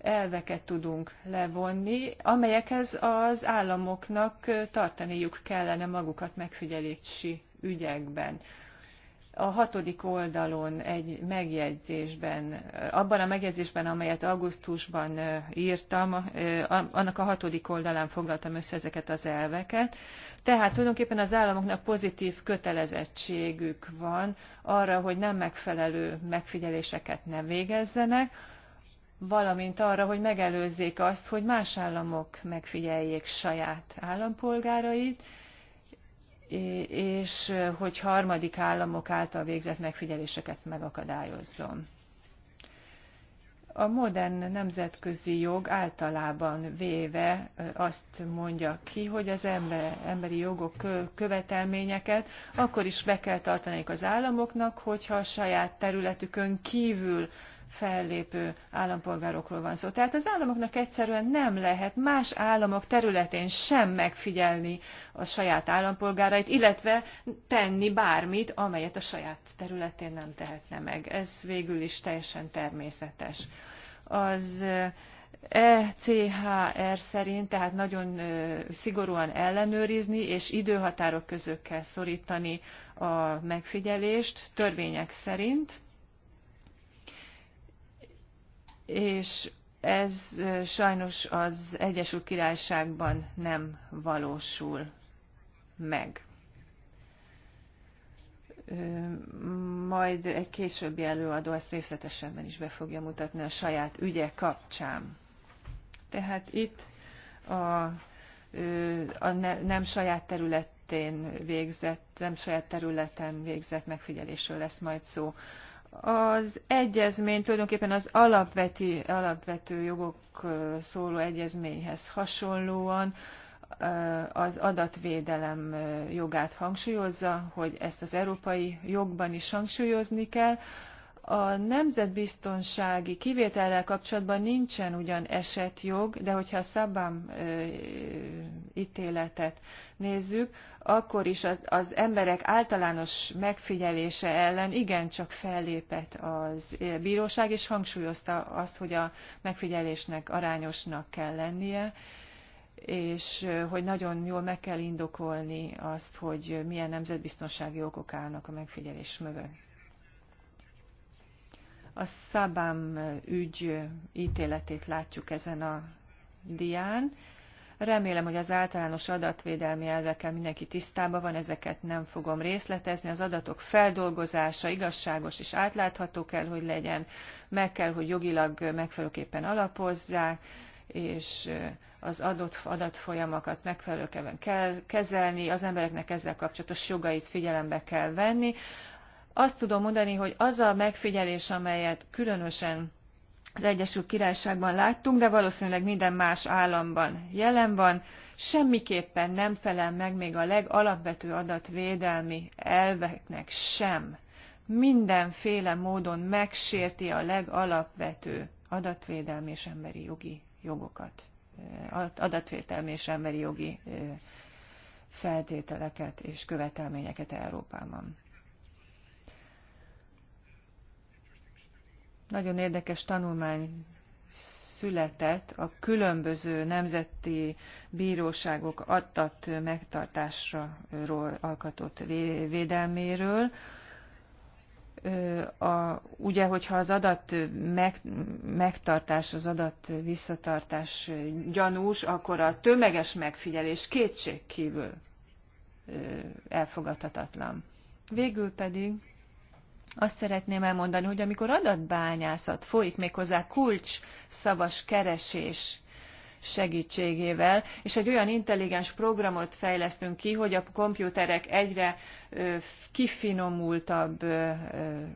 A: elveket tudunk levonni, amelyekhez az államoknak tartaniuk kellene magukat megfigyelési ügyekben a hatodik oldalon egy megjegyzésben, abban a megjegyzésben, amelyet augusztusban írtam, annak a hatodik oldalán foglaltam össze ezeket az elveket. Tehát tulajdonképpen az államoknak pozitív kötelezettségük van arra, hogy nem megfelelő megfigyeléseket ne végezzenek, valamint arra, hogy megelőzzék azt, hogy más államok megfigyeljék saját állampolgárait, és hogy harmadik államok által végzett megfigyeléseket megakadályozzon. A modern nemzetközi jog általában véve azt mondja ki, hogy az emberi jogok követelményeket akkor is be kell tartaniuk az államoknak, hogyha a saját területükön kívül fellépő állampolgárokról van szó. Tehát az államoknak egyszerűen nem lehet más államok területén sem megfigyelni a saját állampolgárait, illetve tenni bármit, amelyet a saját területén nem tehetne meg. Ez végül is teljesen természetes. Az ECHR eh, e szerint tehát nagyon eh, szigorúan ellenőrizni és időhatárok között kell szorítani a megfigyelést törvények szerint és ez sajnos az Egyesült Királyságban nem valósul meg. Majd egy későbbi előadó ezt részletesebben is be fogja mutatni a saját ügye kapcsán. Tehát itt a, a ne, nem saját területén végzett, nem saját területen végzett megfigyelésről lesz majd szó. Az egyezmény tulajdonképpen az alapveti, alapvető jogok szóló egyezményhez hasonlóan az adatvédelem jogát hangsúlyozza, hogy ezt az európai jogban is hangsúlyozni kell, a nemzetbiztonsági kivétellel kapcsolatban nincsen ugyan esetjog, de hogyha a szabám ítéletet nézzük, akkor is az, az emberek általános megfigyelése ellen igencsak fellépett az bíróság, és hangsúlyozta azt, hogy a megfigyelésnek arányosnak kell lennie és hogy nagyon jól meg kell indokolni azt, hogy milyen nemzetbiztonsági okok állnak a megfigyelés mögött. A Szabám ügy ítéletét látjuk ezen a dián. Remélem, hogy az általános adatvédelmi elvekkel mindenki tisztában van, ezeket nem fogom részletezni. Az adatok feldolgozása igazságos és átlátható kell, hogy legyen, meg kell, hogy jogilag megfelelőképpen alapozzák, és az adott adatfolyamokat megfelelőképpen kell kezelni, az embereknek ezzel kapcsolatos jogait figyelembe kell venni. Azt tudom mondani, hogy az a megfigyelés, amelyet különösen az Egyesült Királyságban láttunk, de valószínűleg minden más államban jelen van, semmiképpen nem felel meg még a legalapvető adatvédelmi elveknek sem. Mindenféle módon megsérti a legalapvető adatvédelmi és emberi jogi jogokat, eh, adatvédelmi és emberi jogi eh, feltételeket és követelményeket Európában. Nagyon érdekes tanulmány született a különböző nemzeti bíróságok adtat megtartásra alkatott védelméről. A, ugye, hogyha az adat meg, megtartás, az adat visszatartás gyanús, akkor a tömeges megfigyelés kétségkívül elfogadhatatlan. Végül pedig azt szeretném elmondani, hogy amikor adatbányászat folyik méghozzá kulcs szavas keresés segítségével, és egy olyan intelligens programot fejlesztünk ki, hogy a komputerek egyre kifinomultabb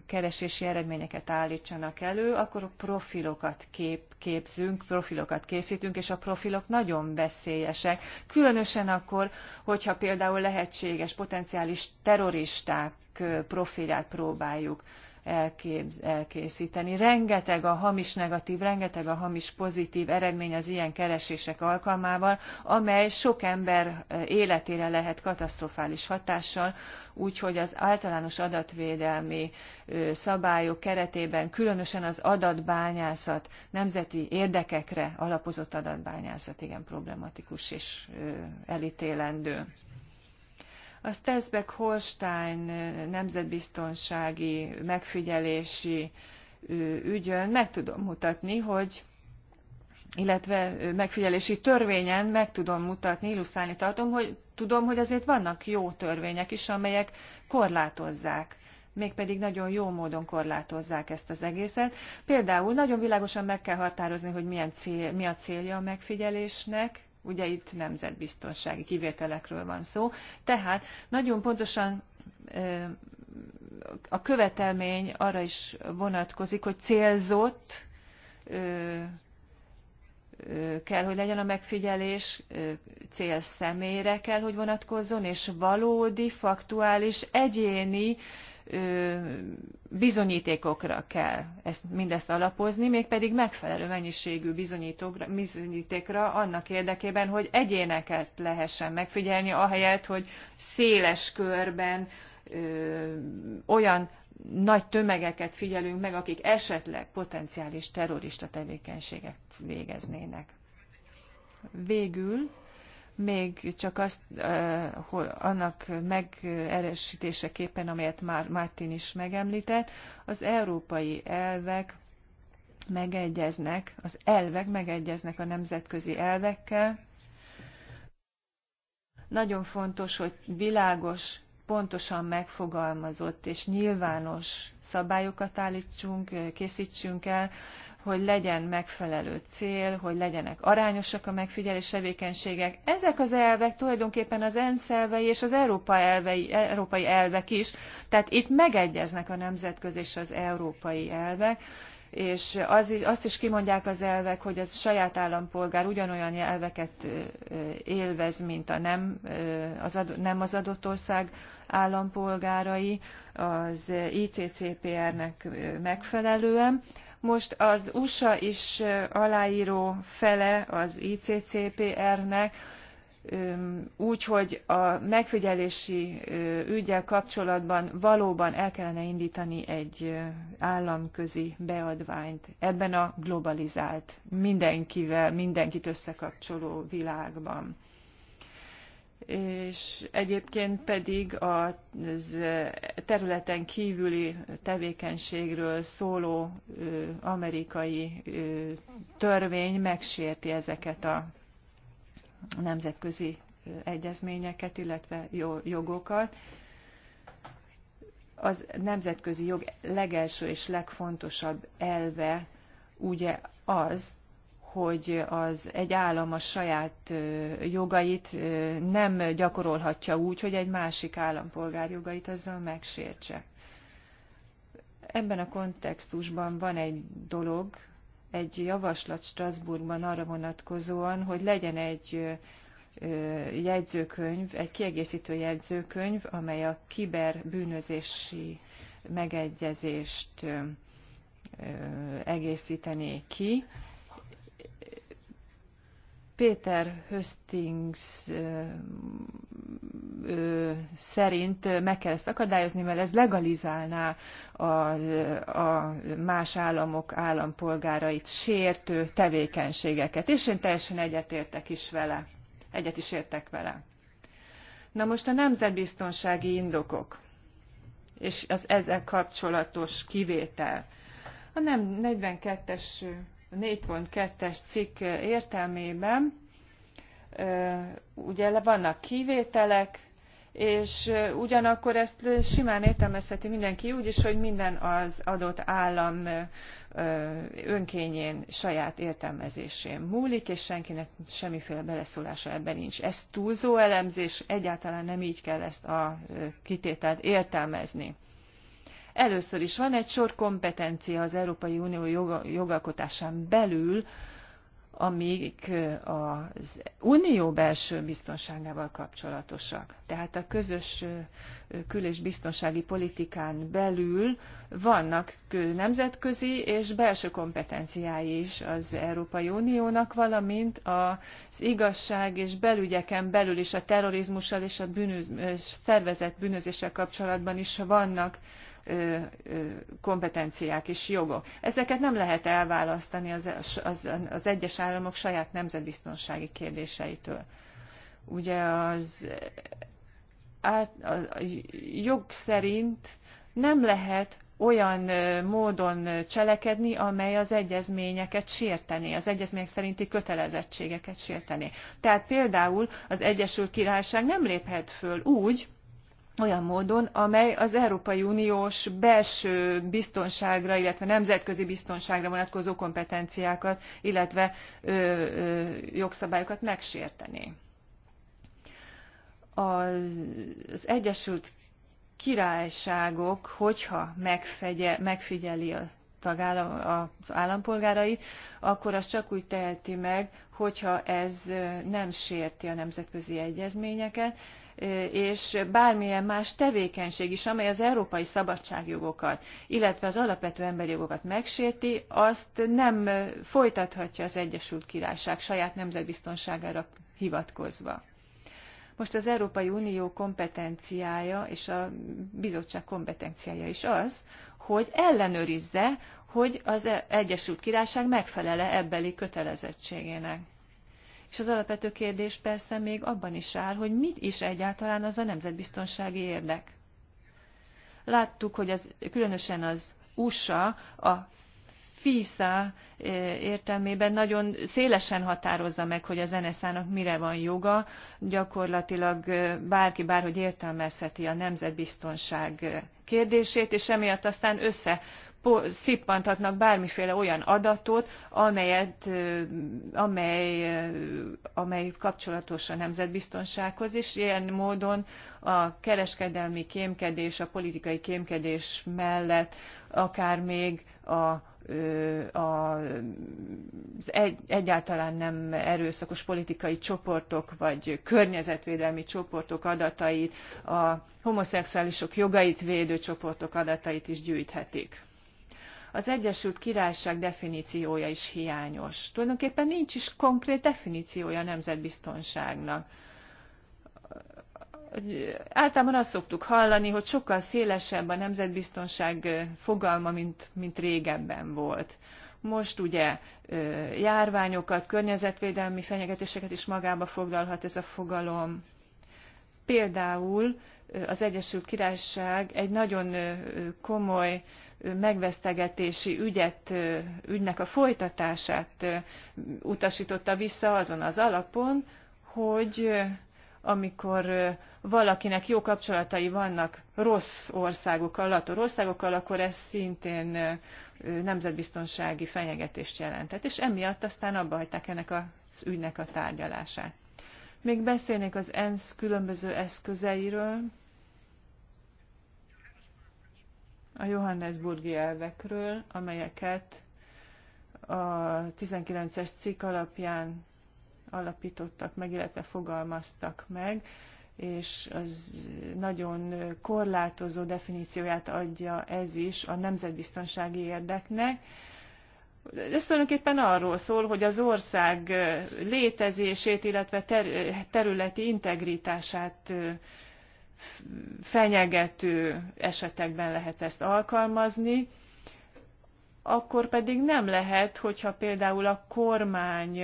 A: keresési eredményeket állítsanak elő, akkor profilokat kép, képzünk, profilokat készítünk, és a profilok nagyon veszélyesek. Különösen akkor, hogyha például lehetséges potenciális terroristák profilját próbáljuk elképz, elkészíteni. Rengeteg a hamis negatív, rengeteg a hamis pozitív eredmény az ilyen keresések alkalmával, amely sok ember életére lehet katasztrofális hatással, úgyhogy az általános adatvédelmi szabályok keretében különösen az adatbányászat, nemzeti érdekekre alapozott adatbányászat igen problematikus és elítélendő. A Stelsbeck-Holstein nemzetbiztonsági megfigyelési ügyön meg tudom mutatni, hogy illetve megfigyelési törvényen meg tudom mutatni, illusztrálni tartom, hogy tudom, hogy azért vannak jó törvények is, amelyek korlátozzák mégpedig nagyon jó módon korlátozzák ezt az egészet. Például nagyon világosan meg kell határozni, hogy milyen cél, mi a célja a megfigyelésnek, Ugye itt nemzetbiztonsági kivételekről van szó. Tehát nagyon pontosan a követelmény arra is vonatkozik, hogy célzott kell, hogy legyen a megfigyelés, személyre kell, hogy vonatkozzon, és valódi, faktuális, egyéni bizonyítékokra kell ezt, mindezt alapozni, mégpedig megfelelő mennyiségű bizonyítékra annak érdekében, hogy egyéneket lehessen megfigyelni, ahelyett, hogy széles körben ö, olyan nagy tömegeket figyelünk meg, akik esetleg potenciális terrorista tevékenységet végeznének. Végül még csak azt, annak megerősítéseképpen, amelyet már Martin is megemlített, az európai elvek megegyeznek, az elvek megegyeznek a nemzetközi elvekkel. Nagyon fontos, hogy világos, pontosan megfogalmazott és nyilvános szabályokat állítsunk, készítsünk el, hogy legyen megfelelő cél, hogy legyenek arányosak a megfigyelés tevékenységek. Ezek az elvek tulajdonképpen az ENSZ elvei és az Európa elvei, európai elvek is, tehát itt megegyeznek a nemzetközi és az európai elvek és az, azt is kimondják az elvek, hogy a saját állampolgár ugyanolyan elveket élvez, mint a nem az, adott, nem az adott ország állampolgárai az ICCPR-nek megfelelően, most az USA is aláíró fele az ICCPR-nek, úgy, hogy a megfigyelési ügyel kapcsolatban valóban el kellene indítani egy államközi beadványt ebben a globalizált, mindenkivel, mindenkit összekapcsoló világban és egyébként pedig a területen kívüli tevékenységről szóló amerikai törvény megsérti ezeket a nemzetközi egyezményeket, illetve jogokat. Az nemzetközi jog legelső és legfontosabb elve ugye az, hogy az egy állam a saját jogait nem gyakorolhatja úgy, hogy egy másik állampolgár jogait azzal megsértse. Ebben a kontextusban van egy dolog, egy javaslat Strasbourgban arra vonatkozóan, hogy legyen egy jegyzőkönyv, egy kiegészítő jegyzőkönyv, amely a kiberbűnözési megegyezést egészítené ki, Péter Höstings ö, ö, szerint meg kell ezt akadályozni, mert ez legalizálná a, a más államok állampolgárait sértő tevékenységeket, és én teljesen egyetértek is vele. Egyet is értek vele. Na most a nemzetbiztonsági indokok, és az ezzel kapcsolatos kivétel. A nem 42-es 4.2-es cikk értelmében ugye vannak kivételek, és ugyanakkor ezt simán értelmezheti mindenki úgy is, hogy minden az adott állam önkényén, saját értelmezésén múlik, és senkinek semmiféle beleszólása ebben nincs. Ez túlzó elemzés, egyáltalán nem így kell ezt a kitételt értelmezni. Először is van egy sor kompetencia az Európai Unió joga, jogalkotásán belül, amik az unió belső biztonságával kapcsolatosak. Tehát a közös kül- és biztonsági politikán belül vannak nemzetközi és belső kompetenciái is az Európai Uniónak, valamint az igazság és belügyeken belül is a terrorizmussal és a bűnöz, szervezett bűnözéssel kapcsolatban is vannak kompetenciák és jogok. Ezeket nem lehet elválasztani az, az, az egyes államok saját nemzetbiztonsági kérdéseitől. Ugye az át, a, a jog szerint nem lehet olyan módon cselekedni, amely az egyezményeket sértené, az egyezmények szerinti kötelezettségeket sértené. Tehát például az Egyesült Királyság nem léphet föl úgy, olyan módon, amely az Európai Uniós belső biztonságra, illetve nemzetközi biztonságra vonatkozó kompetenciákat, illetve ö, ö, jogszabályokat megsértené. Az, az Egyesült Királyságok, hogyha megfegye, megfigyeli a tagállam, az állampolgárait, akkor azt csak úgy teheti meg, hogyha ez nem sérti a nemzetközi egyezményeket, és bármilyen más tevékenység is, amely az európai szabadságjogokat, illetve az alapvető emberi jogokat megsérti, azt nem folytathatja az Egyesült Királyság saját nemzetbiztonságára hivatkozva. Most az Európai Unió kompetenciája és a bizottság kompetenciája is az, hogy ellenőrizze, hogy az Egyesült Királyság megfelele ebbeli kötelezettségének. És az alapvető kérdés persze még abban is áll, hogy mit is egyáltalán az a nemzetbiztonsági érdek. Láttuk, hogy az, különösen az USA a FISA eh, értelmében nagyon szélesen határozza meg, hogy az NSZ-nak mire van joga, gyakorlatilag eh, bárki bárhogy értelmezheti a nemzetbiztonság eh, kérdését, és emiatt aztán össze szippantatnak bármiféle olyan adatot, amelyet, amely, amely kapcsolatos a nemzetbiztonsághoz, és ilyen módon a kereskedelmi kémkedés, a politikai kémkedés mellett akár még a az egy, egyáltalán nem erőszakos politikai csoportok vagy környezetvédelmi csoportok adatait, a homoszexuálisok jogait védő csoportok adatait is gyűjthetik az Egyesült Királyság definíciója is hiányos. Tulajdonképpen nincs is konkrét definíciója a nemzetbiztonságnak általában azt szoktuk hallani, hogy sokkal szélesebb a nemzetbiztonság fogalma, mint, mint régebben volt. Most ugye járványokat, környezetvédelmi fenyegetéseket is magába foglalhat ez a fogalom. Például az Egyesült Királyság egy nagyon komoly megvesztegetési ügyet, ügynek a folytatását utasította vissza azon az alapon, hogy amikor valakinek jó kapcsolatai vannak rossz országokkal, lator országokkal, akkor ez szintén nemzetbiztonsági fenyegetést jelentett, és emiatt aztán abba hagyták ennek az ügynek a tárgyalását. Még beszélnék az ENSZ különböző eszközeiről, a Johannesburgi elvekről, amelyeket a 19-es cikk alapján alapítottak meg, illetve fogalmaztak meg, és az nagyon korlátozó definícióját adja ez is a nemzetbiztonsági érdeknek. Ez tulajdonképpen arról szól, hogy az ország létezését, illetve ter- területi integritását fenyegető esetekben lehet ezt alkalmazni, akkor pedig nem lehet, hogyha például a kormány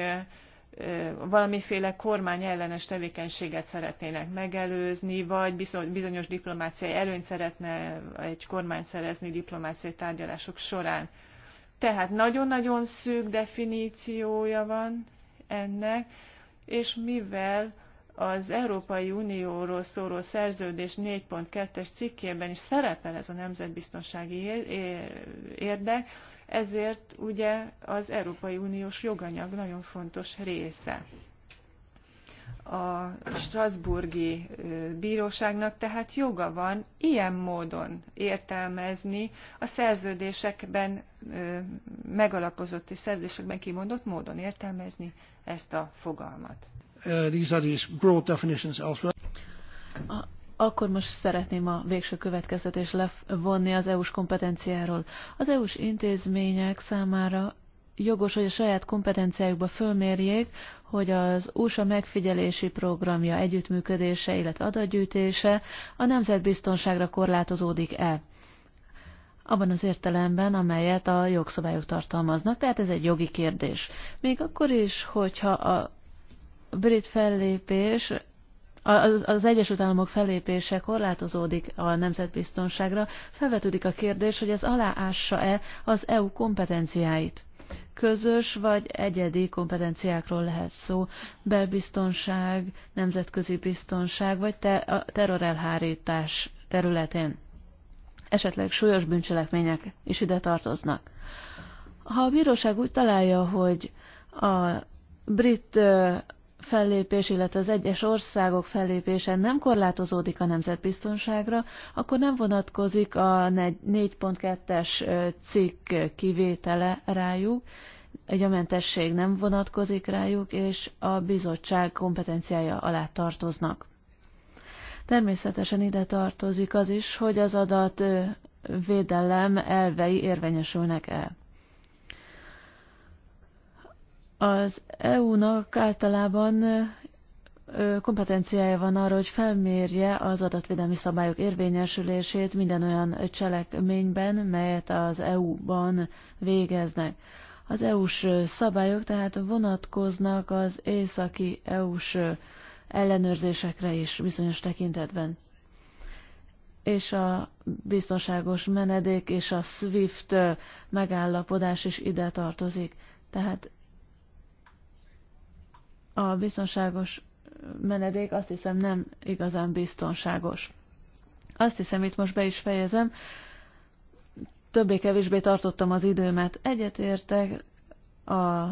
A: valamiféle kormány ellenes tevékenységet szeretnének megelőzni, vagy bizonyos diplomáciai előnyt szeretne egy kormány szerezni diplomáciai tárgyalások során. Tehát nagyon-nagyon szűk definíciója van ennek, és mivel az Európai Unióról szóló szerződés 4.2-es cikkében is szerepel ez a nemzetbiztonsági érdek, ezért ugye az Európai Uniós joganyag nagyon fontos része. A Strasburgi Bíróságnak tehát joga van ilyen módon értelmezni a szerződésekben megalapozott és szerződésekben kimondott módon értelmezni ezt a
C: fogalmat.
D: Uh, these are these broad definitions elsewhere.
C: akkor most szeretném a végső következtetés levonni az EU-s kompetenciáról. Az EU-s intézmények számára jogos, hogy a saját kompetenciájukba fölmérjék, hogy az USA megfigyelési programja együttműködése, illetve adatgyűjtése a nemzetbiztonságra korlátozódik-e. Abban az értelemben, amelyet a jogszabályok tartalmaznak, tehát ez egy jogi kérdés. Még akkor is, hogyha a brit fellépés, az, az Egyesült Államok fellépése korlátozódik a nemzetbiztonságra, felvetődik a kérdés, hogy ez aláássa-e az EU kompetenciáit. Közös vagy egyedi kompetenciákról lehet szó, belbiztonság, nemzetközi biztonság vagy te, a terrorelhárítás területén. Esetleg súlyos bűncselekmények is ide tartoznak. Ha a bíróság úgy találja, hogy a brit fellépés, illetve az egyes országok fellépése nem korlátozódik a nemzetbiztonságra, akkor nem vonatkozik a 4.2-es cikk kivétele rájuk, egy a mentesség nem vonatkozik rájuk, és a bizottság kompetenciája alá tartoznak. Természetesen ide tartozik az is, hogy az adat védelem elvei érvényesülnek-e. Az EU-nak általában kompetenciája van arra, hogy felmérje az adatvédelmi szabályok érvényesülését minden olyan cselekményben, melyet az EU-ban végeznek. Az EU-s szabályok tehát vonatkoznak az északi EU-s ellenőrzésekre is bizonyos tekintetben. És a biztonságos menedék és a SWIFT megállapodás is ide tartozik. Tehát a biztonságos menedék azt hiszem nem igazán biztonságos. Azt hiszem, itt most be is fejezem, többé-kevésbé tartottam az időmet. Egyetértek a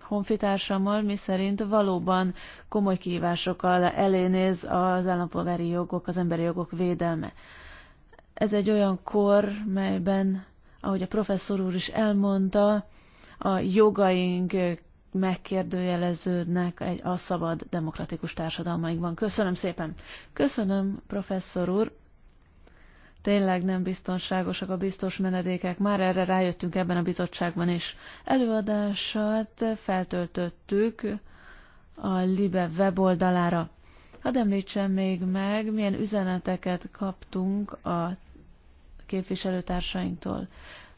C: honfitársammal, mi szerint valóban komoly kihívásokkal elénéz az állampolgári jogok, az emberi jogok védelme. Ez egy olyan kor, melyben, ahogy a professzor úr is elmondta, a jogaink megkérdőjeleződnek egy, a szabad demokratikus társadalmaikban. Köszönöm szépen. Köszönöm, professzor úr. Tényleg nem biztonságosak a biztos menedékek, már erre rájöttünk ebben a bizottságban is. Előadását feltöltöttük a Libe weboldalára. Hadd említsem még meg, milyen üzeneteket kaptunk a képviselőtársainktól.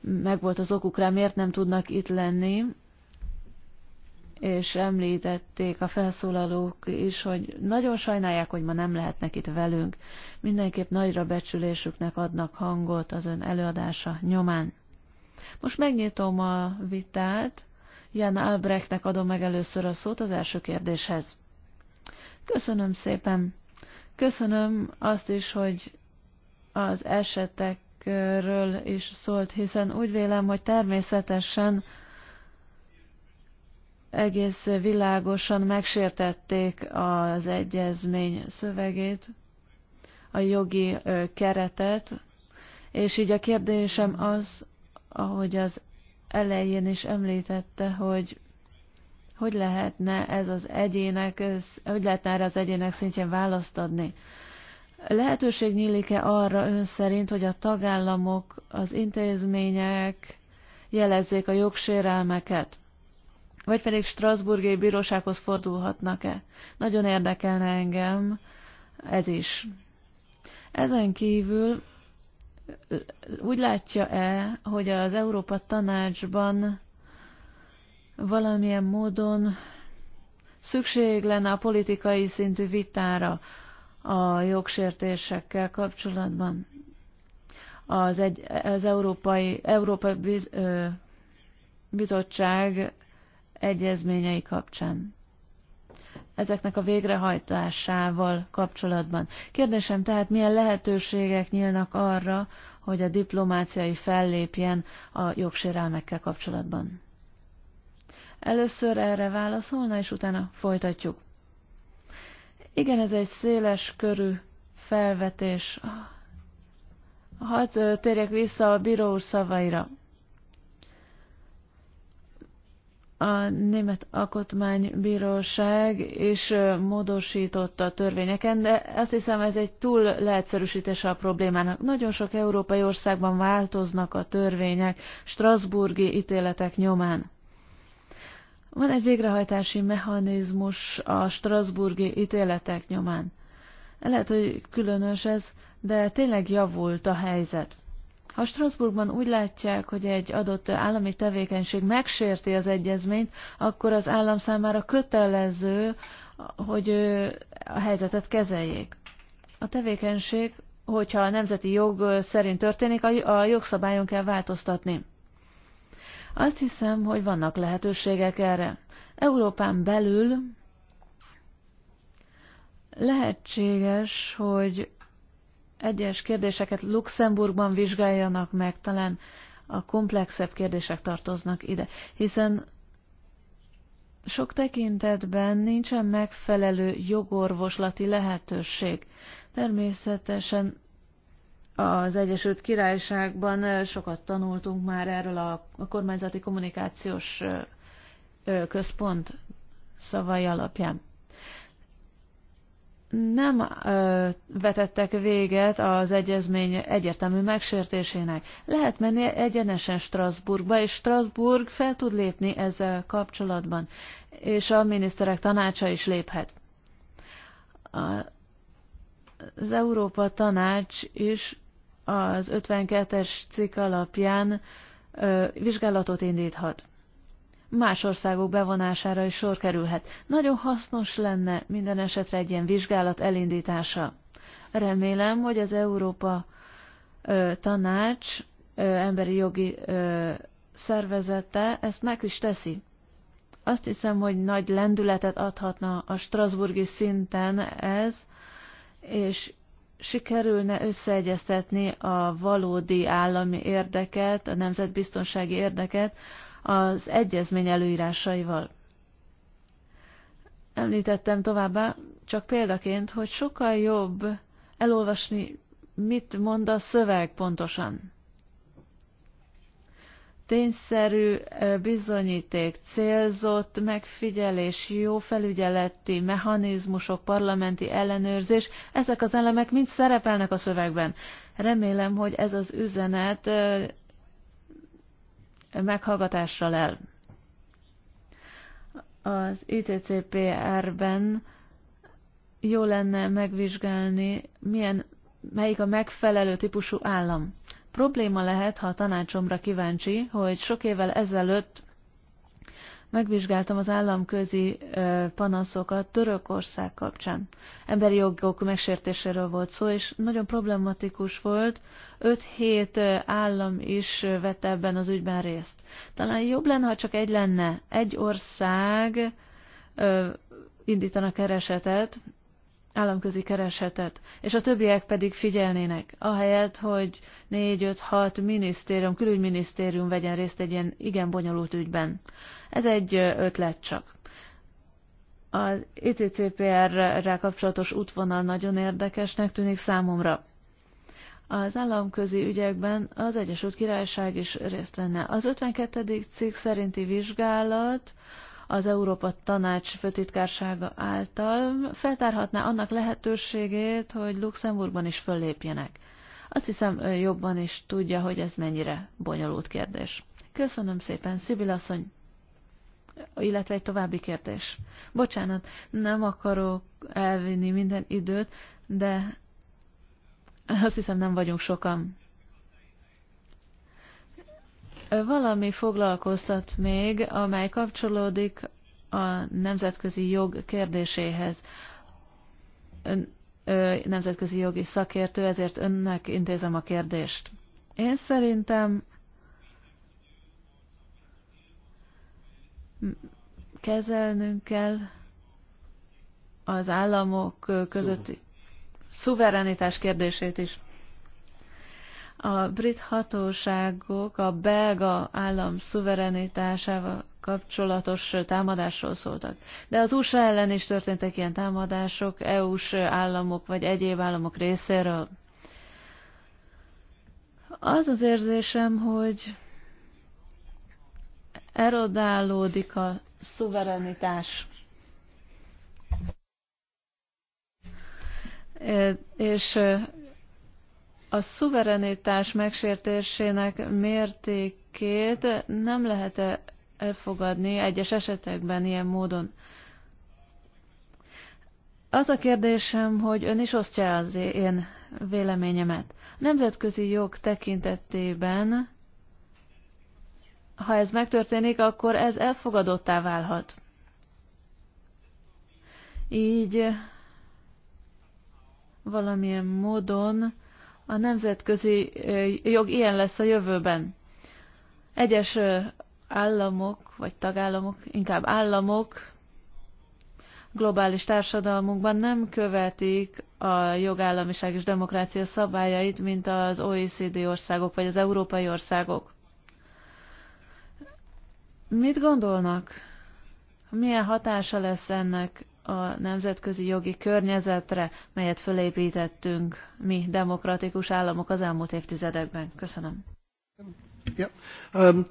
C: Megvolt az okuk rá, miért nem tudnak itt lenni, és említették a felszólalók is, hogy nagyon sajnálják, hogy ma nem lehetnek itt velünk. Mindenképp nagyra becsülésüknek adnak hangot az ön előadása nyomán. Most megnyitom a vitát. Jan Albrechtnek adom meg először a szót az első kérdéshez. Köszönöm szépen. Köszönöm azt is, hogy az esetekről is szólt, hiszen úgy vélem, hogy természetesen egész világosan megsértették az egyezmény szövegét, a jogi keretet, és így a kérdésem az, ahogy az elején is említette, hogy hogy lehetne ez az egyének, hogy lehetne erre az egyének szintjén választ adni. Lehetőség nyílik-e arra ön szerint, hogy a tagállamok, az intézmények jelezzék a jogsérelmeket? vagy pedig Strasburgi bírósághoz fordulhatnak-e. Nagyon érdekelne engem ez is. Ezen kívül úgy látja-e, hogy az Európa Tanácsban valamilyen módon szükség lenne a politikai szintű vitára a jogsértésekkel kapcsolatban? Az, egy, az Európai, Európai Biz, ö, Bizottság egyezményei kapcsán ezeknek a végrehajtásával kapcsolatban. Kérdésem tehát, milyen lehetőségek nyílnak arra, hogy a diplomáciai fellépjen a jogsérelmekkel kapcsolatban? Először erre válaszolna, és utána folytatjuk. Igen, ez egy széles körű felvetés. Hadd térjek vissza a bíró úr szavaira. a Német Alkotmánybíróság is módosította a törvényeken, de azt hiszem ez egy túl leegyszerűsítése a problémának. Nagyon sok európai országban változnak a törvények Strasburgi ítéletek nyomán. Van egy végrehajtási mechanizmus a Strasburgi ítéletek nyomán. Lehet, hogy különös ez, de tényleg javult a helyzet. Ha Strasbourgban úgy látják, hogy egy adott állami tevékenység megsérti az egyezményt, akkor az állam számára kötelező, hogy a helyzetet kezeljék. A tevékenység, hogyha a nemzeti jog szerint történik, a jogszabályon kell változtatni. Azt hiszem, hogy vannak lehetőségek erre. Európán belül lehetséges, hogy egyes kérdéseket Luxemburgban vizsgáljanak meg, talán a komplexebb kérdések tartoznak ide, hiszen sok tekintetben nincsen megfelelő jogorvoslati lehetőség. Természetesen az Egyesült Királyságban sokat tanultunk már erről a kormányzati kommunikációs központ szavai alapján nem ö, vetettek véget az egyezmény egyértelmű megsértésének. Lehet menni egyenesen Strasbourgba, és Strasbourg fel tud lépni ezzel kapcsolatban, és a miniszterek tanácsa is léphet. A, az Európa Tanács is az 52-es cikk alapján ö, vizsgálatot indíthat más országok bevonására is sor kerülhet. Nagyon hasznos lenne minden esetre egy ilyen vizsgálat elindítása. Remélem, hogy az Európa ö, Tanács ö, emberi jogi ö, szervezete ezt meg is teszi. Azt hiszem, hogy nagy lendületet adhatna a Strasburgi szinten ez, és sikerülne összeegyeztetni a valódi állami érdeket, a nemzetbiztonsági érdeket az egyezmény előírásaival. Említettem továbbá, csak példaként, hogy sokkal jobb elolvasni, mit mond a szöveg pontosan. Tényszerű bizonyíték, célzott megfigyelés, jó felügyeleti mechanizmusok, parlamenti ellenőrzés, ezek az elemek mind szerepelnek a szövegben. Remélem, hogy ez az üzenet meghallgatással el. Az ICCPR-ben jó lenne megvizsgálni, milyen, melyik a megfelelő típusú állam. Probléma lehet, ha a tanácsomra kíváncsi, hogy sok évvel ezelőtt megvizsgáltam az államközi panaszokat Törökország kapcsán. Emberi jogok megsértéséről volt szó, és nagyon problematikus volt, 5-7 állam is vette ebben az ügyben részt. Talán jobb lenne, ha csak egy lenne, egy ország indítanak keresetet, államközi keresetet, és a többiek pedig figyelnének, ahelyett, hogy négy, öt, hat minisztérium, külügyminisztérium vegyen részt egy ilyen igen bonyolult ügyben. Ez egy ötlet csak. Az ICCPR-rel kapcsolatos útvonal nagyon érdekesnek tűnik számomra. Az államközi ügyekben az Egyesült Királyság is részt venne. Az 52. cikk szerinti vizsgálat az Európa Tanács főtitkársága által feltárhatná annak lehetőségét, hogy Luxemburgban is föllépjenek. Azt hiszem, ő jobban is tudja, hogy ez mennyire bonyolult kérdés. Köszönöm szépen, Szibil asszony. Illetve egy további kérdés. Bocsánat, nem akarok elvinni minden időt, de azt hiszem nem vagyunk sokan valami foglalkoztat még, amely kapcsolódik a nemzetközi jog kérdéséhez. Ön, ö, nemzetközi jogi szakértő, ezért önnek intézem a kérdést. Én szerintem kezelnünk kell az államok közötti szuverenitás kérdését is. A brit hatóságok a belga állam szuverenitásával kapcsolatos támadásról szóltak. De az USA ellen is történtek ilyen támadások, EU-s államok vagy egyéb államok részéről. Az az érzésem, hogy erodálódik a szuverenitás. És a szuverenitás megsértésének mértékét nem lehet -e elfogadni egyes esetekben ilyen módon. Az a kérdésem, hogy ön is osztja az én véleményemet. Nemzetközi jog tekintetében, ha ez megtörténik, akkor ez elfogadottá válhat. Így valamilyen módon a nemzetközi jog ilyen lesz a jövőben. Egyes államok, vagy tagállamok, inkább államok globális társadalmunkban nem követik a jogállamiság és demokrácia szabályait, mint az OECD országok, vagy az európai országok. Mit gondolnak? Milyen hatása lesz ennek a nemzetközi jogi környezetre, melyet fölépítettünk mi demokratikus államok az elmúlt évtizedekben. Köszönöm.
D: Um,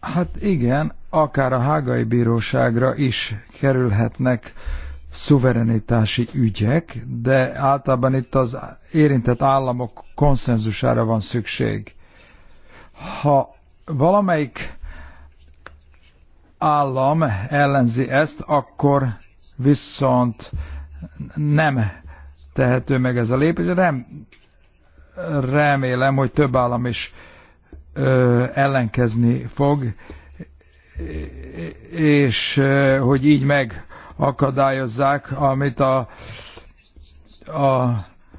B: hát igen, akár a hágai bíróságra is kerülhetnek szuverenitási ügyek, de általában itt az érintett államok konszenzusára van szükség. Ha valamelyik állam ellenzi ezt, akkor viszont nem tehető meg ez a lépés. Rem, remélem, hogy több állam is ö, ellenkezni fog, és ö, hogy így megakadályozzák, amit a, a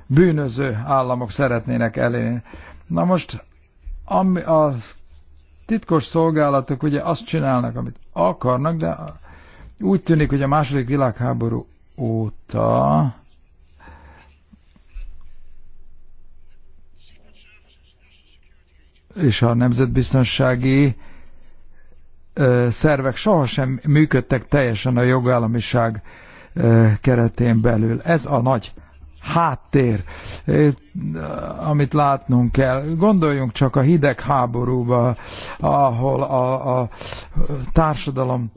B: bűnöző államok szeretnének elérni. Na most ami a titkos szolgálatok ugye azt csinálnak, amit akarnak, de úgy tűnik, hogy a második világháború óta és a nemzetbiztonsági szervek sohasem működtek teljesen a jogállamiság keretén belül. Ez a nagy háttér, eh, amit látnunk kell. Gondoljunk csak a hidegháborúba, ahol a, a társadalom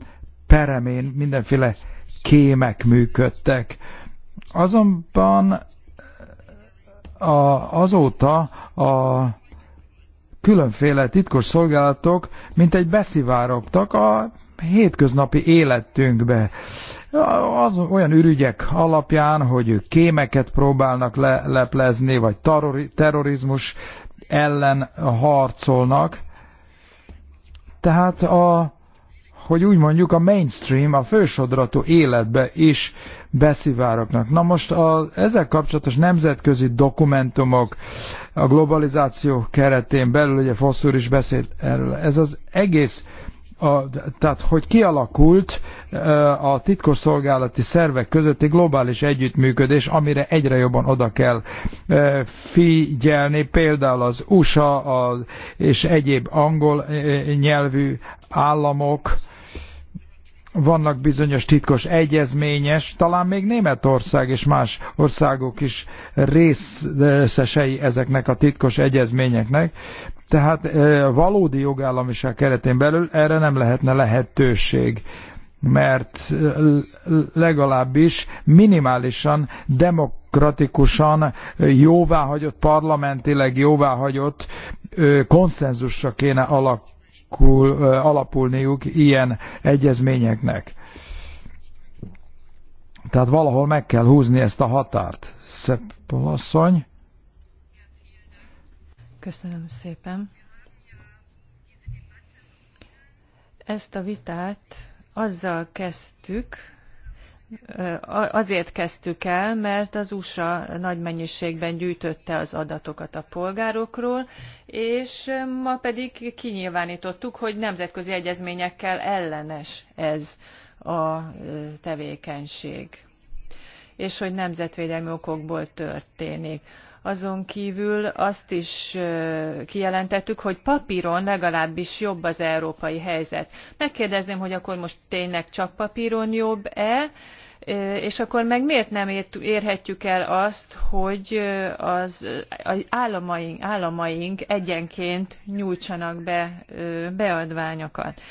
B: peremén mindenféle kémek működtek. Azonban eh, a, azóta a különféle titkos szolgálatok mint egy beszivárogtak a hétköznapi életünkbe az olyan ürügyek alapján, hogy ők kémeket próbálnak le, leplezni, vagy terrori, terrorizmus ellen harcolnak. Tehát a, hogy úgy mondjuk a mainstream, a fősodratú életbe is beszivárognak. Na most a, ezzel kapcsolatos nemzetközi dokumentumok a globalizáció keretén belül, ugye Fosszúr is beszélt erről, ez az egész a, tehát hogy kialakult eh, a titkosszolgálati szervek közötti globális együttműködés, amire egyre jobban oda kell eh, figyelni, például az USA az, és egyéb angol eh, nyelvű államok, vannak bizonyos titkos egyezményes, talán még Németország és más országok is részesei ezeknek a titkos egyezményeknek, tehát valódi jogállamiság keretén belül erre nem lehetne lehetőség mert legalábbis minimálisan demokratikusan jóváhagyott, parlamentileg jóváhagyott konszenzusra kéne alak alakul, alapulniuk ilyen egyezményeknek. Tehát valahol meg kell húzni ezt a határt. Szép asszony.
A: Köszönöm szépen. Ezt a vitát azzal kezdtük, Azért kezdtük el, mert az USA nagy mennyiségben gyűjtötte az adatokat a polgárokról, és ma pedig kinyilvánítottuk, hogy nemzetközi egyezményekkel ellenes ez a tevékenység, és hogy nemzetvédelmi okokból történik. Azon kívül azt is kijelentettük, hogy papíron legalábbis jobb az európai helyzet. Megkérdezném, hogy akkor most tényleg csak papíron jobb-e, és akkor meg miért nem érhetjük el azt, hogy az, államaink, államaink egyenként nyújtsanak be beadványokat?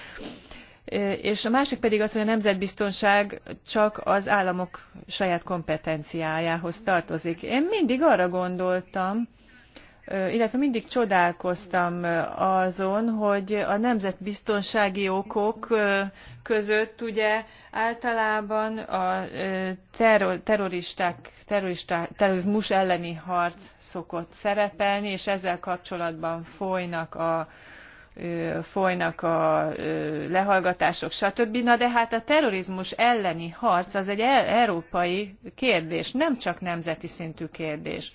A: És a másik pedig az, hogy a nemzetbiztonság csak az államok saját kompetenciájához tartozik. Én mindig arra gondoltam, illetve mindig csodálkoztam azon, hogy a nemzetbiztonsági okok között ugye általában a terroristák, terroristák, terrorizmus elleni harc szokott szerepelni, és ezzel kapcsolatban folynak a folynak a lehallgatások, stb. Na de hát a terrorizmus elleni harc az egy e-, európai kérdés, nem csak nemzeti szintű kérdés.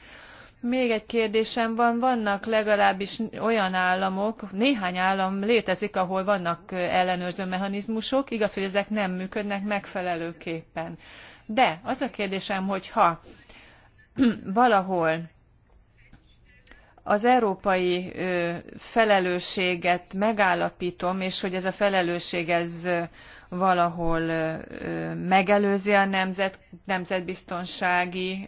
A: Még egy kérdésem van, vannak legalábbis olyan államok, néhány állam létezik, ahol vannak ellenőrző mechanizmusok, igaz, hogy ezek nem működnek megfelelőképpen. De az a kérdésem, hogy ha valahol az európai felelősséget megállapítom, és hogy ez a felelősség ez valahol megelőzi a nemzet, nemzetbiztonsági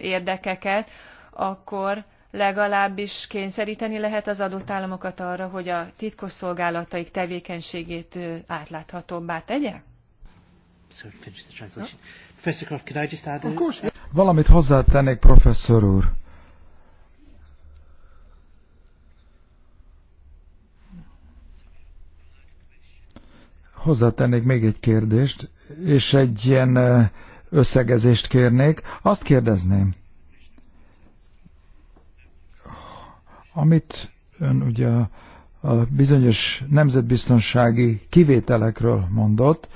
A: érdekeket, akkor legalábbis kényszeríteni lehet az adott államokat arra, hogy a titkosszolgálataik tevékenységét átláthatóbbá tegye?
B: Valamit hozzátennék, professzor úr. Hozzátennék még egy kérdést, és egy ilyen összegezést kérnék. Azt kérdezném, Amit ön ugye a bizonyos nemzetbiztonsági kivételekről mondott,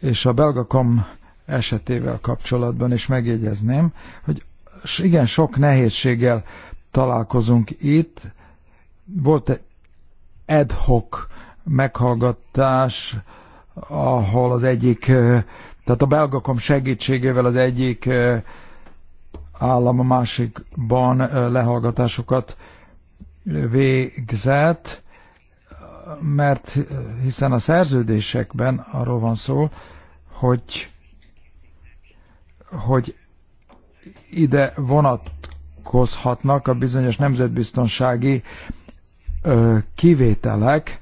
B: és a belgakom esetével kapcsolatban is megjegyezném, hogy igen sok nehézséggel találkozunk itt. Volt egy hoc meghallgatás, ahol az egyik, tehát a belgakom segítségével az egyik állam a másikban lehallgatásokat végzett, mert hiszen a szerződésekben arról van szó, hogy, hogy ide vonatkozhatnak a bizonyos nemzetbiztonsági kivételek,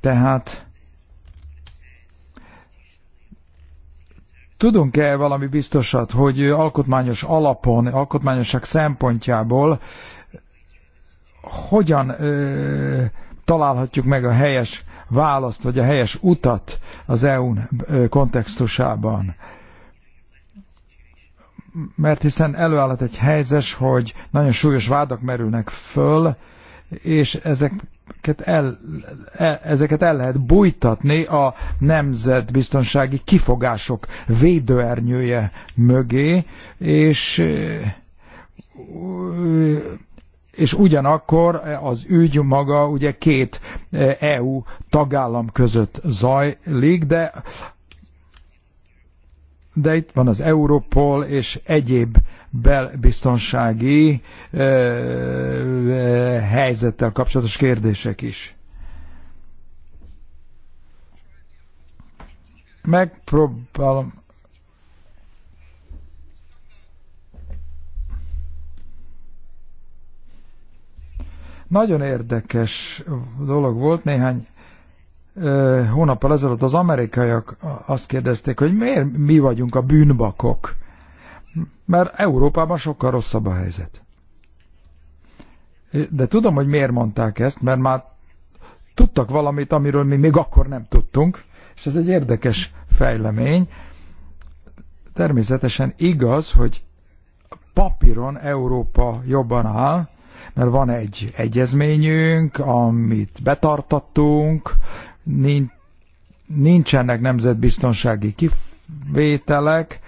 B: tehát Tudunk-e valami biztosat, hogy alkotmányos alapon, alkotmányosak szempontjából hogyan ö, találhatjuk meg a helyes választ, vagy a helyes utat az EU-n kontextusában? Mert hiszen előállhat egy helyzet, hogy nagyon súlyos vádak merülnek föl, és ezek el, e, ezeket el lehet bújtatni a nemzetbiztonsági kifogások védőernyője mögé, és e, és ugyanakkor az ügy maga ugye két EU tagállam között zajlik, de de itt van az Europol és egyéb belbiztonsági helyzettel kapcsolatos kérdések is. Megpróbálom Nagyon érdekes dolog volt, néhány ö, hónappal ezelőtt az amerikaiak azt kérdezték, hogy miért mi vagyunk a bűnbakok mert Európában sokkal rosszabb a helyzet. De tudom, hogy miért mondták ezt, mert már tudtak valamit, amiről mi még akkor nem tudtunk, és ez egy érdekes fejlemény. Természetesen igaz, hogy papíron Európa jobban áll, mert van egy egyezményünk, amit betartattunk, nincsenek nemzetbiztonsági kivételek,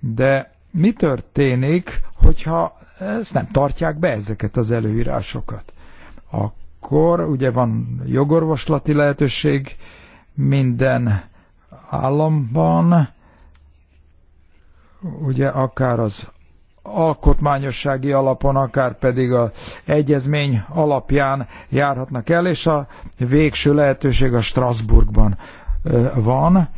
B: de mi történik, hogyha ezt nem tartják be ezeket az előírásokat? Akkor ugye van jogorvoslati lehetőség minden államban, ugye akár az alkotmányossági alapon, akár pedig az egyezmény alapján járhatnak el, és a végső lehetőség a Strasbourgban van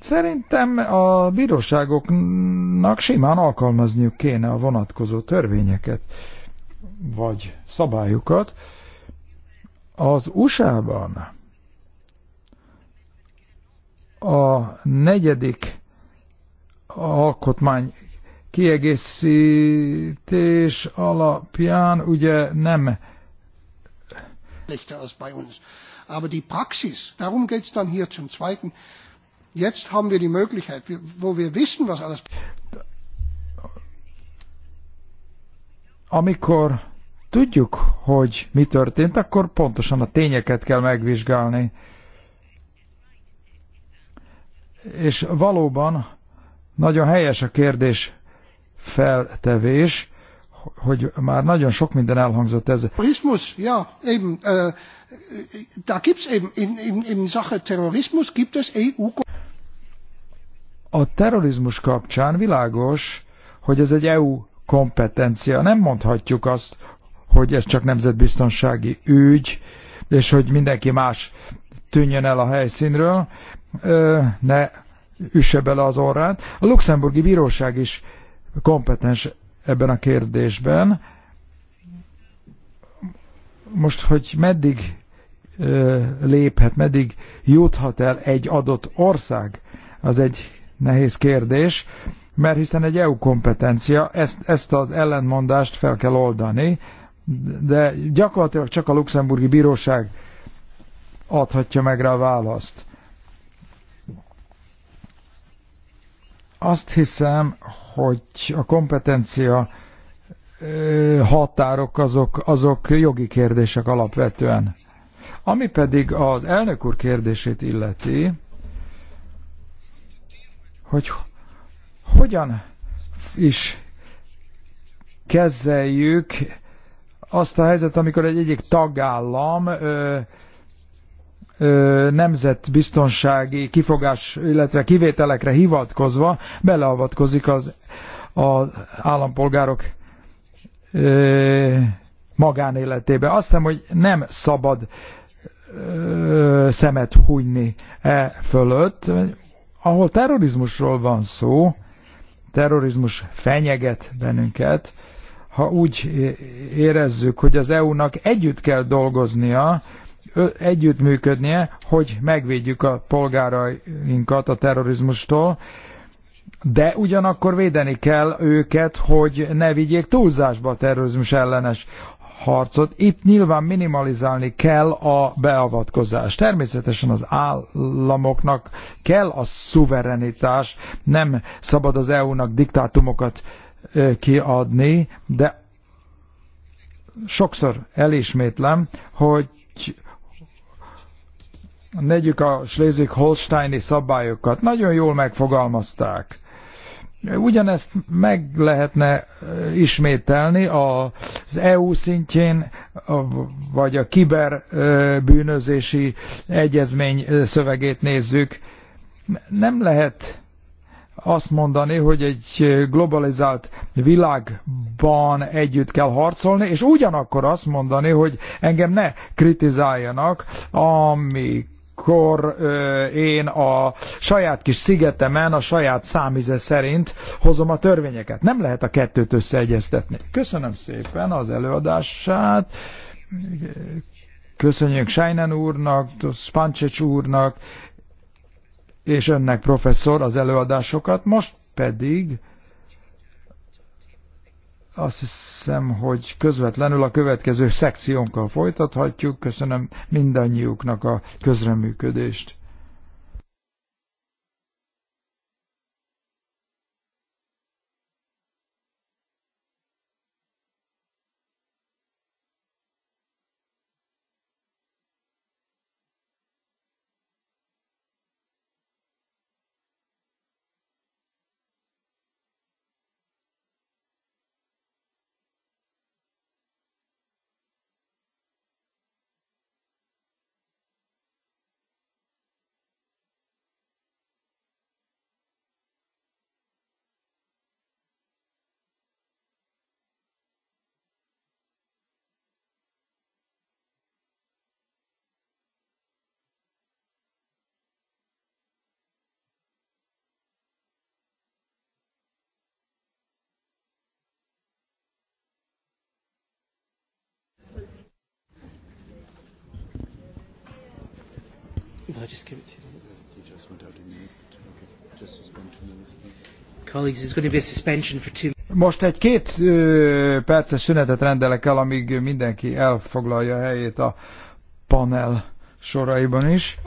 B: Szerintem a bíróságoknak simán alkalmazniuk kéne a vonatkozó törvényeket, vagy szabályokat. Az USA-ban a negyedik alkotmány kiegészítés alapján ugye nem
D: schlechter als bei uns. Aber die Praxis, darum geht es dann hier zum Zweiten, Jetzt haben wir die Möglichkeit, wo wir wissen, was alles.
B: Amikor tudjuk, hogy mi történt, akkor pontosan a tényeket kell megvizsgálni. És valóban nagyon helyes a kérdés feltevés, hogy már nagyon sok minden elhangzott ez. Terrorismus, ja, eben, uh, da gibt's eben, in, in, in Sache Terrorismus gibt es EU... A terrorizmus kapcsán világos, hogy ez egy EU kompetencia. Nem mondhatjuk azt, hogy ez csak nemzetbiztonsági ügy, és hogy mindenki más tűnjön el a helyszínről, ne üsse bele az orrát. A luxemburgi bíróság is kompetens ebben a kérdésben. Most, hogy meddig léphet, meddig juthat el egy adott ország, az egy nehéz kérdés, mert hiszen egy EU kompetencia, ezt, ezt az ellentmondást fel kell oldani, de gyakorlatilag csak a luxemburgi bíróság adhatja meg rá a választ. Azt hiszem, hogy a kompetencia határok azok, azok jogi kérdések alapvetően. Ami pedig az elnök úr kérdését illeti, hogy hogyan is kezeljük azt a helyzet, amikor egy egyik tagállam ö, nemzetbiztonsági kifogás, illetve kivételekre hivatkozva beleavatkozik az, az állampolgárok magánéletébe. Azt hiszem, hogy nem szabad szemet hunyni e fölött. Ahol terrorizmusról van szó, terrorizmus fenyeget bennünket, ha úgy érezzük, hogy az EU-nak együtt kell dolgoznia, együttműködnie, hogy megvédjük a polgárainkat a terrorizmustól, de ugyanakkor védeni kell őket, hogy ne vigyék túlzásba a terrorizmus ellenes harcot. Itt nyilván minimalizálni kell a beavatkozást. Természetesen az államoknak kell a szuverenitás, nem szabad az EU-nak diktátumokat kiadni, de sokszor elismétlem, hogy Negyük a Schleswig-Holsteini szabályokat. Nagyon jól megfogalmazták. Ugyanezt meg lehetne eh, ismételni az EU szintjén, vagy a kiberbűnözési eh, egyezmény eh, szövegét nézzük. Nem lehet azt mondani, hogy egy globalizált világban együtt kell harcolni, és ugyanakkor azt mondani, hogy engem ne kritizáljanak, amik akkor én a saját kis szigetemen, a saját számize szerint hozom a törvényeket. Nem lehet a kettőt összeegyeztetni. Köszönöm szépen az előadását. Köszönjük Sajnen úrnak, Spancsecs úrnak, és önnek professzor az előadásokat. Most pedig azt hiszem, hogy közvetlenül a következő szekciónkkal folytathatjuk. Köszönöm mindannyiuknak a közreműködést.
D: but I'll just give it to you? just went out in
B: most egy két ö, perces szünetet rendelek el, amíg mindenki elfoglalja helyét a panel soraiban is.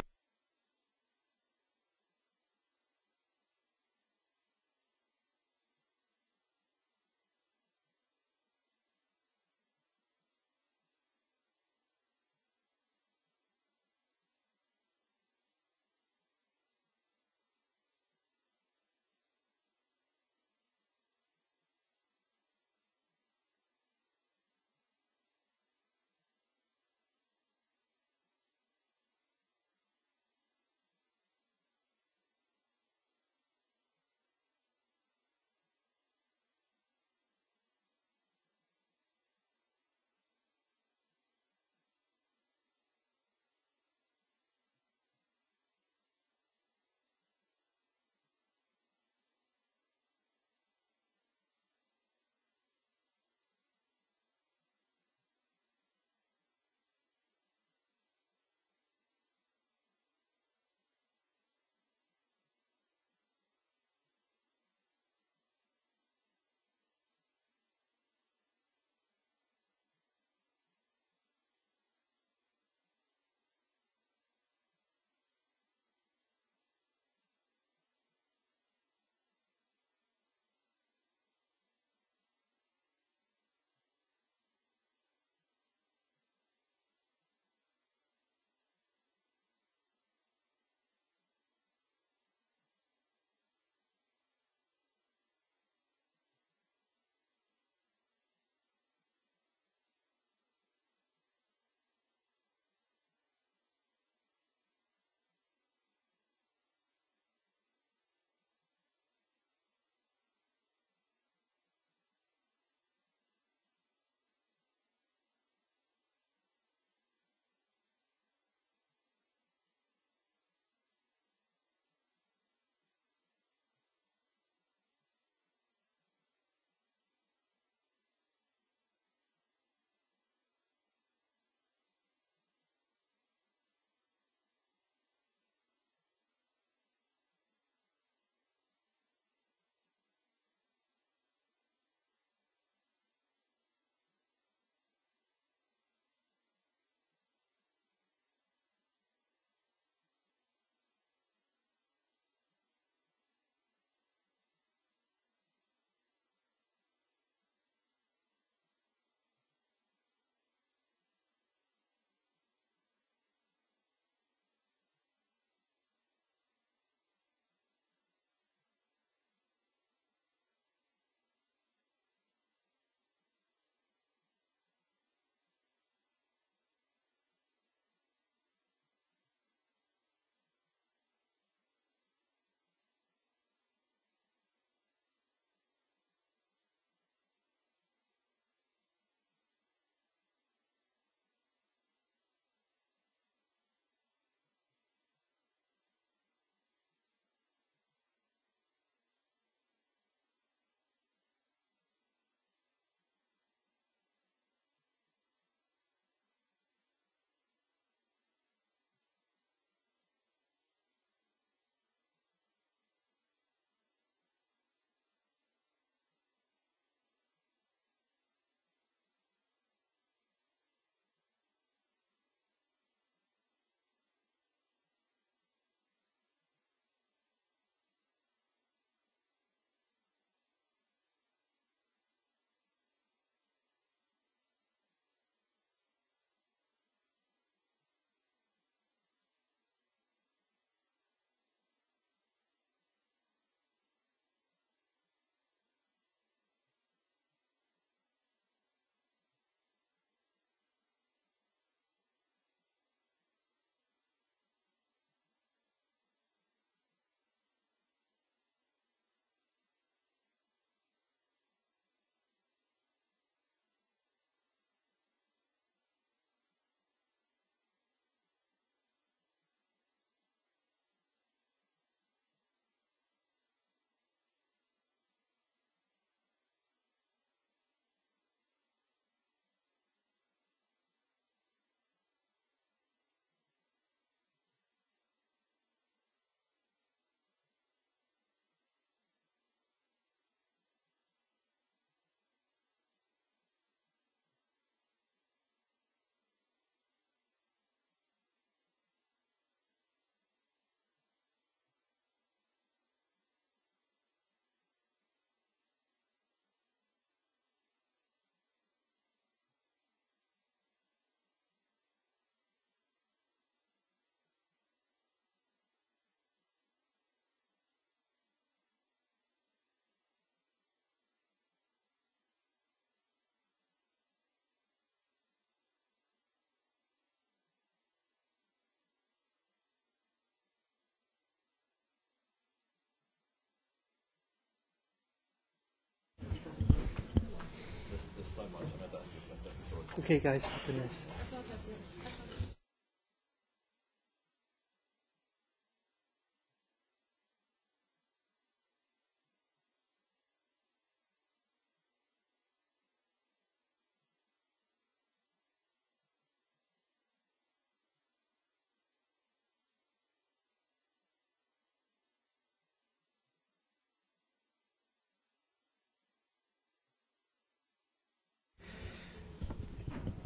C: Okay, guys, for the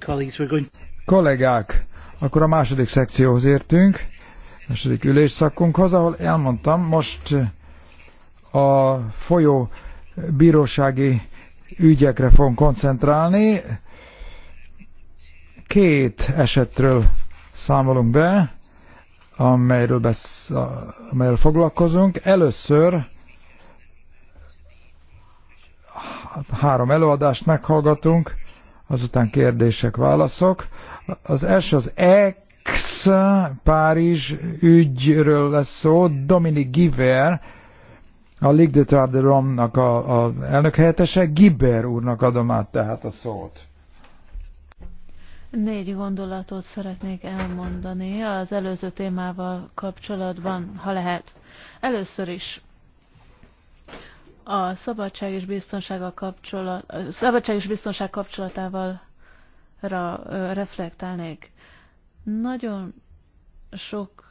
B: Colleagues, we're going... Kollégák, akkor a második szekcióhoz értünk, második ülésszakunkhoz, ahol elmondtam, most a folyó bírósági ügyekre fogunk koncentrálni. Két esetről számolunk be, amelyről, besz, amelyről foglalkozunk. Először három előadást meghallgatunk azután kérdések, válaszok. Az első az ex Párizs ügyről lesz szó, Dominik Giver, a Ligue de Tarderomnak a, a elnök helyettese, Giber úrnak adom át tehát a szót.
C: Négy gondolatot szeretnék elmondani az előző témával kapcsolatban, ha lehet. Először is a szabadság és biztonság a kapcsolat, a szabadság és biztonság kapcsolatával ra, reflektálnék. Nagyon sok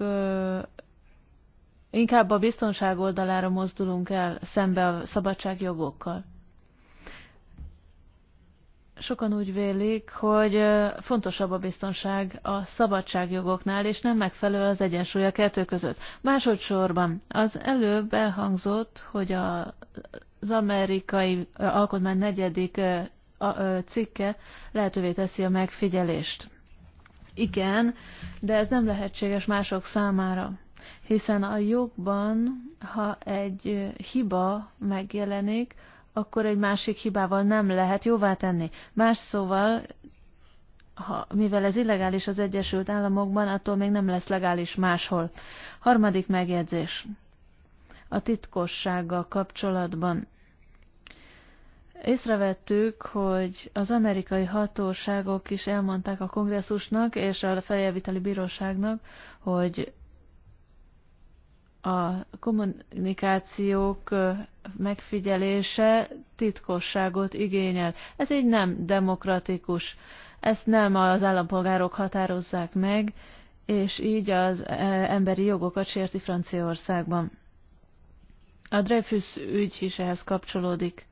C: inkább a biztonság oldalára mozdulunk el szembe a szabadságjogokkal sokan úgy vélik, hogy fontosabb a biztonság a szabadságjogoknál, és nem megfelelő az egyensúly a kettő között. Másodszorban az előbb elhangzott, hogy a, az amerikai alkotmány negyedik cikke lehetővé teszi a megfigyelést. Igen, de ez nem lehetséges mások számára, hiszen a jogban, ha egy hiba megjelenik, akkor egy másik hibával nem lehet jóvá tenni. Más szóval, ha, mivel ez illegális az Egyesült Államokban, attól még nem lesz legális máshol. Harmadik megjegyzés. A titkossággal kapcsolatban. Észrevettük, hogy az amerikai hatóságok is elmondták a kongresszusnak és a feljelviteli bíróságnak, hogy a kommunikációk megfigyelése titkosságot igényel. Ez így nem demokratikus. Ezt nem az állampolgárok határozzák meg, és így az e, emberi jogokat sérti Franciaországban. A Dreyfus ügy is ehhez kapcsolódik,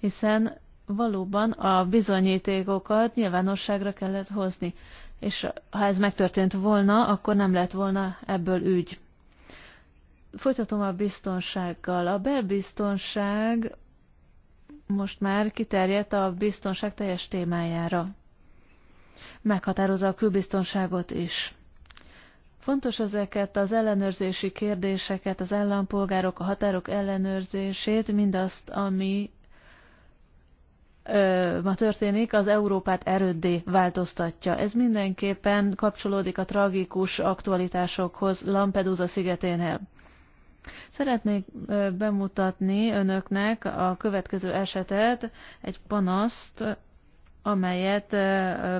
C: hiszen valóban a bizonyítékokat nyilvánosságra kellett hozni, és ha ez megtörtént volna, akkor nem lett volna ebből ügy folytatom a biztonsággal. A belbiztonság most már kiterjedt a biztonság teljes témájára. Meghatározza a külbiztonságot is. Fontos ezeket az ellenőrzési kérdéseket, az állampolgárok, a határok ellenőrzését, mindazt, ami ö, ma történik, az Európát erőddé változtatja. Ez mindenképpen kapcsolódik a tragikus aktualitásokhoz Lampedusa szigeténél. Szeretnék bemutatni önöknek a következő esetet, egy panaszt, amelyet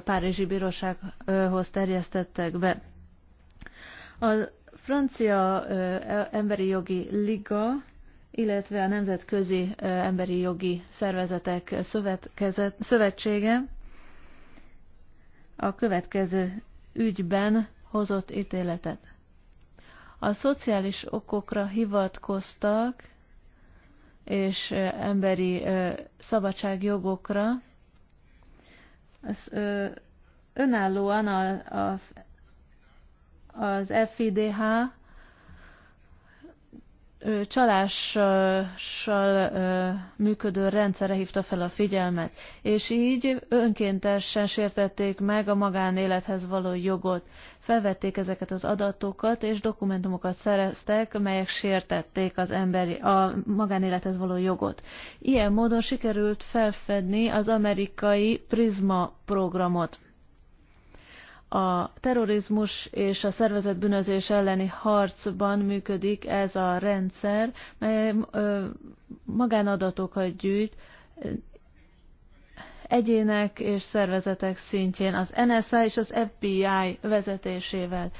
C: Párizsi Bírósághoz terjesztettek be. A Francia e, Emberi Jogi Liga, illetve a Nemzetközi Emberi Jogi Szervezetek Szövetsége a következő ügyben hozott ítéletet. A szociális okokra hivatkoztak, és emberi szabadságjogokra. az önállóan a, a, az FIDH csalással működő rendszerre hívta fel a figyelmet, és így önkéntesen sértették meg a magánélethez való jogot. Felvették ezeket az adatokat, és dokumentumokat szereztek, melyek sértették az emberi, a magánélethez való jogot. Ilyen módon sikerült felfedni az amerikai Prisma programot a terrorizmus és a szervezett bűnözés elleni harcban működik ez a rendszer, mely magánadatokat gyűjt egyének és szervezetek szintjén, az NSA és az FBI vezetésével.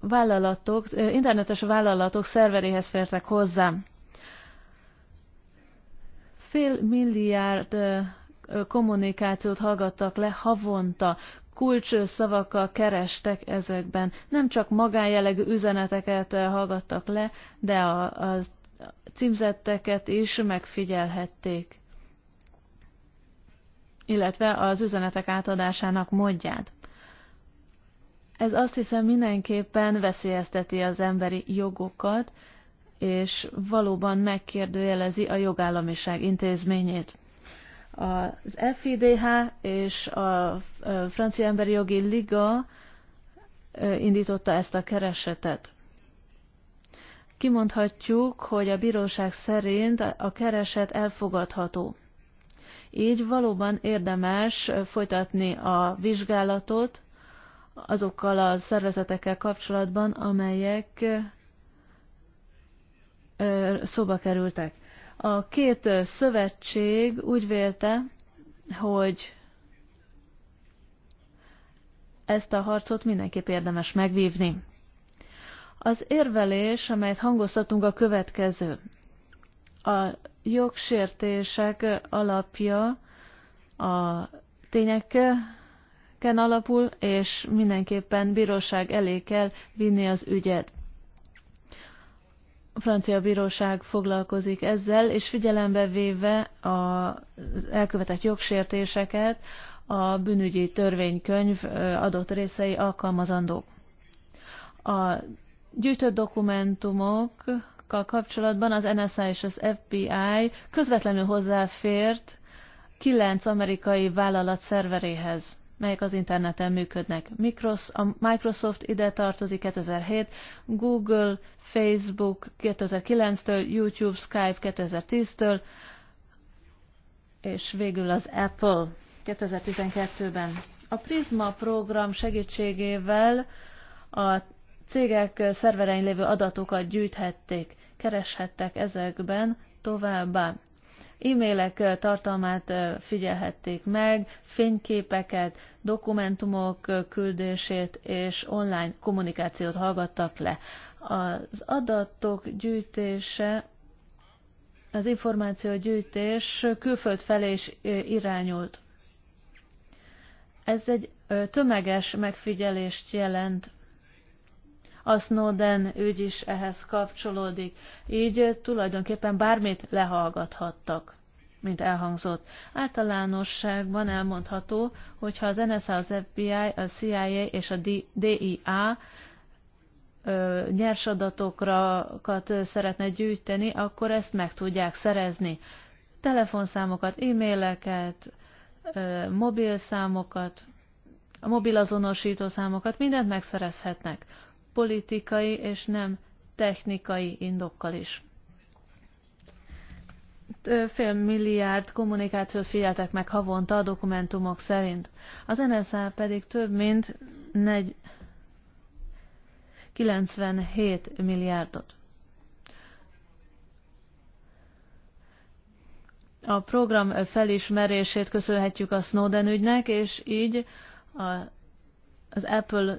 C: Vállalatok, internetes vállalatok szerveréhez fértek hozzá. Fél milliárd kommunikációt hallgattak le havonta kulcsszavakkal kerestek ezekben. Nem csak magánjellegű üzeneteket eh, hallgattak le, de a, a címzetteket is megfigyelhették illetve az üzenetek átadásának módját. Ez azt hiszem mindenképpen veszélyezteti az emberi jogokat, és valóban megkérdőjelezi a jogállamiság intézményét. Az FIDH és a Francia Emberi Jogi Liga indította ezt a keresetet. Kimondhatjuk, hogy a bíróság szerint a kereset elfogadható. Így valóban érdemes folytatni a vizsgálatot azokkal a szervezetekkel kapcsolatban, amelyek szóba kerültek. A két szövetség úgy vélte, hogy ezt a harcot mindenképp érdemes megvívni. Az érvelés, amelyet hangoztatunk a következő. A jogsértések alapja a tényeken alapul, és mindenképpen bíróság elé kell vinni az ügyet francia bíróság foglalkozik ezzel, és figyelembe véve az elkövetett jogsértéseket a bűnügyi törvénykönyv adott részei alkalmazandók. A gyűjtött dokumentumokkal kapcsolatban az NSA és az FBI közvetlenül hozzáfért kilenc amerikai vállalat szerveréhez melyek az interneten működnek. Microsoft ide tartozik 2007, Google, Facebook 2009-től, YouTube, Skype 2010-től, és végül az Apple 2012-ben. A Prisma program segítségével a cégek szerverein lévő adatokat gyűjthették, kereshettek ezekben továbbá e-mailek tartalmát figyelhették meg, fényképeket, dokumentumok küldését és online kommunikációt hallgattak le. Az adatok gyűjtése az információ gyűjtés külföld felé is irányult. Ez egy tömeges megfigyelést jelent a Snowden ügy is ehhez kapcsolódik. Így tulajdonképpen bármit lehallgathattak mint elhangzott. Általánosságban elmondható, hogy ha az NSA, az FBI, a CIA és a DIA nyers adatokat szeretne gyűjteni, akkor ezt meg tudják szerezni. Telefonszámokat, e-maileket, mobilszámokat, a mobilazonosító számokat, mindent megszerezhetnek politikai és nem technikai indokkal is. Fél milliárd kommunikációt figyeltek meg havonta a dokumentumok szerint. Az NSA pedig több mint 97 milliárdot. A program felismerését köszönhetjük a Snowden ügynek, és így a az Apple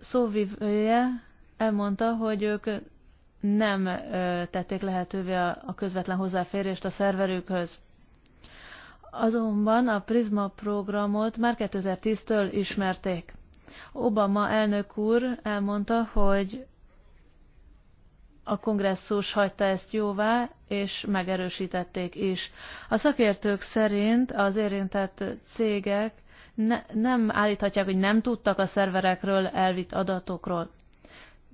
C: szóvivője elmondta, hogy ők nem tették lehetővé a közvetlen hozzáférést a szerverükhöz. Azonban a Prisma programot már 2010-től ismerték. Obama elnök úr elmondta, hogy a kongresszus hagyta ezt jóvá, és megerősítették is. A szakértők szerint az érintett cégek ne, nem állíthatják, hogy nem tudtak a szerverekről elvitt adatokról.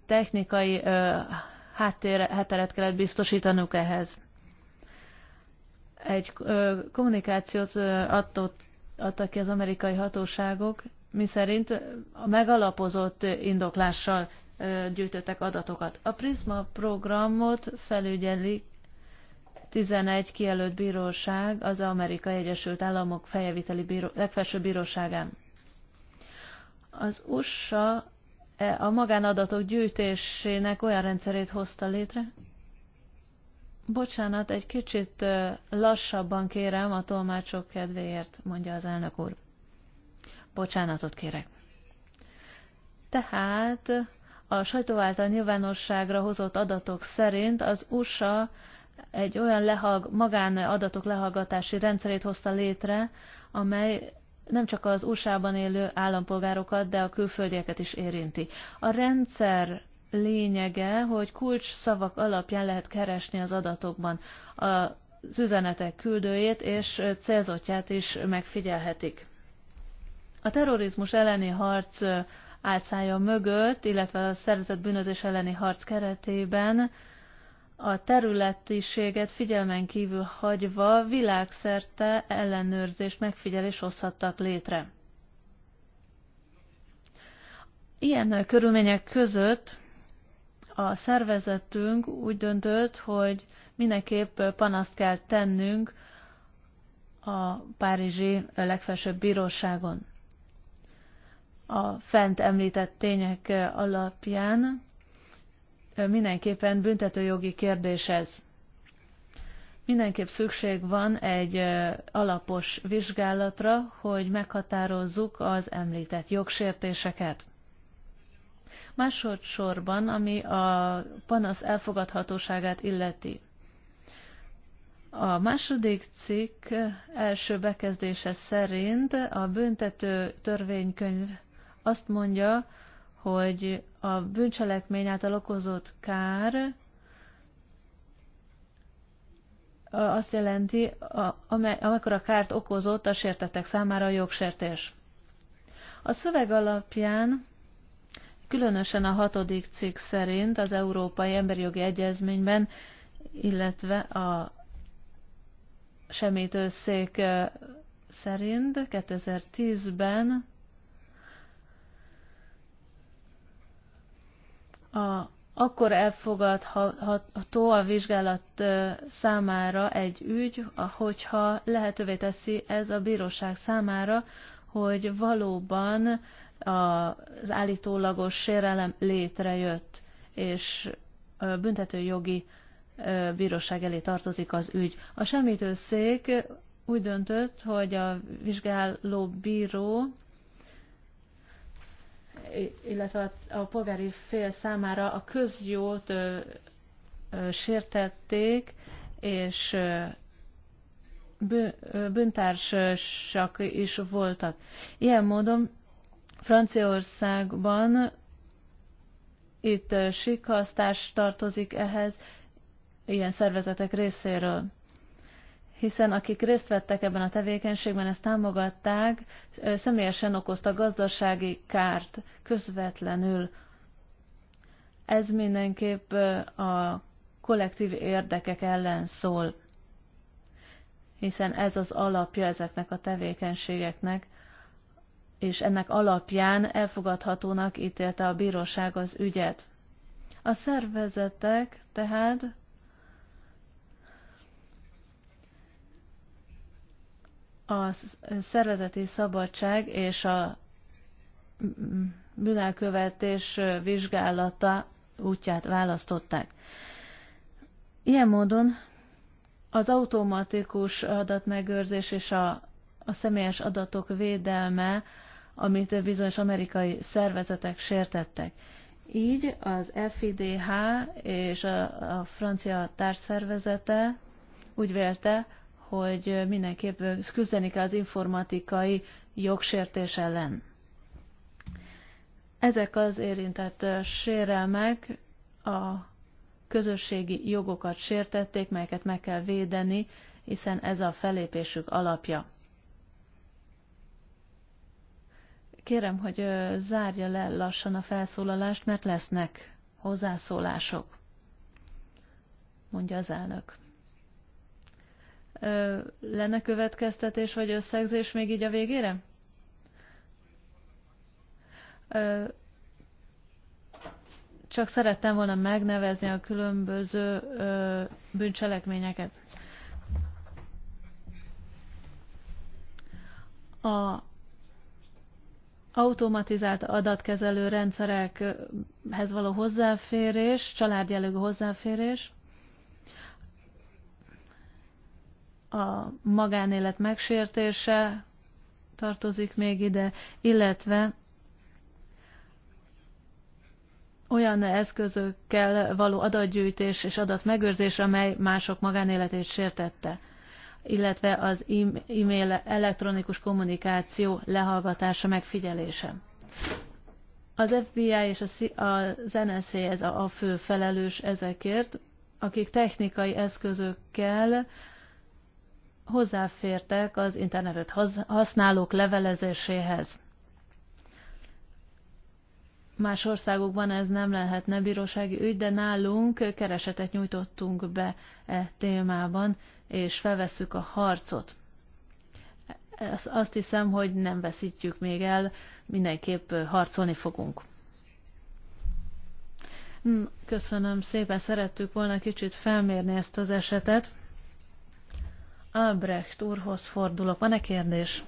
C: Technikai ö, háttér, hátteret kellett biztosítanunk ehhez. Egy ö, kommunikációt ö, adott, adtak ki az amerikai hatóságok, miszerint a megalapozott indoklással gyűjtöttek adatokat. A Prisma programot felügyelik 11 kijelölt bíróság az Amerikai Egyesült Államok fejeviteli bíró, legfelsőbb bíróságán. Az USA e, a magánadatok gyűjtésének olyan rendszerét hozta létre. Bocsánat, egy kicsit lassabban kérem a tolmácsok kedvéért, mondja az elnök úr. Bocsánatot kérek. Tehát a sajtó által nyilvánosságra hozott adatok szerint az USA egy olyan lehag, magánadatok lehallgatási rendszerét hozta létre, amely nem csak az USA-ban élő állampolgárokat, de a külföldieket is érinti. A rendszer lényege, hogy kulcs szavak alapján lehet keresni az adatokban az üzenetek küldőjét és célzottját is megfigyelhetik. A terrorizmus elleni harc álcája mögött, illetve a szervezett bűnözés elleni harc keretében a területiséget figyelmen kívül hagyva világszerte ellenőrzés megfigyelés hozhattak létre. Ilyen körülmények között a szervezetünk úgy döntött, hogy mindenképp panaszt kell tennünk a Párizsi legfelsőbb bíróságon. A fent említett tények alapján mindenképpen büntetőjogi kérdés ez. Mindenképp szükség van egy alapos vizsgálatra, hogy meghatározzuk az említett jogsértéseket. Másodszorban, ami a panasz elfogadhatóságát illeti. A második cikk első bekezdése szerint a büntető törvénykönyv azt mondja, hogy a bűncselekmény által okozott kár azt jelenti, amikor a kárt okozott a sértetek számára a jogsértés. A szöveg alapján, különösen a hatodik cikk szerint az Európai Emberi Jogi Egyezményben, illetve a Semítőszék szerint 2010-ben a, akkor elfogadható a vizsgálat számára egy ügy, hogyha lehetővé teszi ez a bíróság számára, hogy valóban az állítólagos sérelem létrejött, és büntetőjogi bíróság elé tartozik az ügy. A semmitőszék úgy döntött, hogy a vizsgáló bíró illetve a, a polgári fél számára a közjót ö, ö, sértették, és ö, bűntársak is voltak. Ilyen módon Franciaországban itt sikasztás tartozik ehhez ilyen szervezetek részéről hiszen akik részt vettek ebben a tevékenységben, ezt támogatták, személyesen okozta gazdasági kárt közvetlenül. Ez mindenképp a kollektív érdekek ellen szól, hiszen ez az alapja ezeknek a tevékenységeknek, és ennek alapján elfogadhatónak ítélte a bíróság az ügyet. A szervezetek tehát a szervezeti szabadság és a bűnelkövetés vizsgálata útját választották. Ilyen módon az automatikus adatmegőrzés és a, a személyes adatok védelme, amit bizonyos amerikai szervezetek sértettek. Így az FIDH és a, a francia társszervezete úgy vélte, hogy mindenképp küzdeni kell az informatikai jogsértés ellen. Ezek az érintett sérelmek a közösségi jogokat sértették, melyeket meg kell védeni, hiszen ez a felépésük alapja. Kérem, hogy zárja le lassan a felszólalást, mert lesznek hozzászólások, mondja az elnök lenne következtetés vagy összegzés még így a végére? Csak szerettem volna megnevezni a különböző bűncselekményeket. A automatizált adatkezelő rendszerekhez való hozzáférés, családjelögő hozzáférés, a magánélet megsértése tartozik még ide, illetve olyan eszközökkel való adatgyűjtés és adatmegőrzés, amely mások magánéletét sértette, illetve az e-mail elektronikus kommunikáció lehallgatása, megfigyelése. Az FBI és az NSZ ez a fő felelős ezekért, akik technikai eszközökkel hozzáfértek az internetet használók levelezéséhez. Más országokban ez nem lehetne bírósági ügy, de nálunk keresetet nyújtottunk be e témában, és felvesszük a harcot. Ezt azt hiszem, hogy nem veszítjük még el, mindenképp harcolni fogunk. Hm, köszönöm szépen, szerettük volna kicsit felmérni ezt az esetet. Albrecht úrhoz fordulok. Van-e kérdés?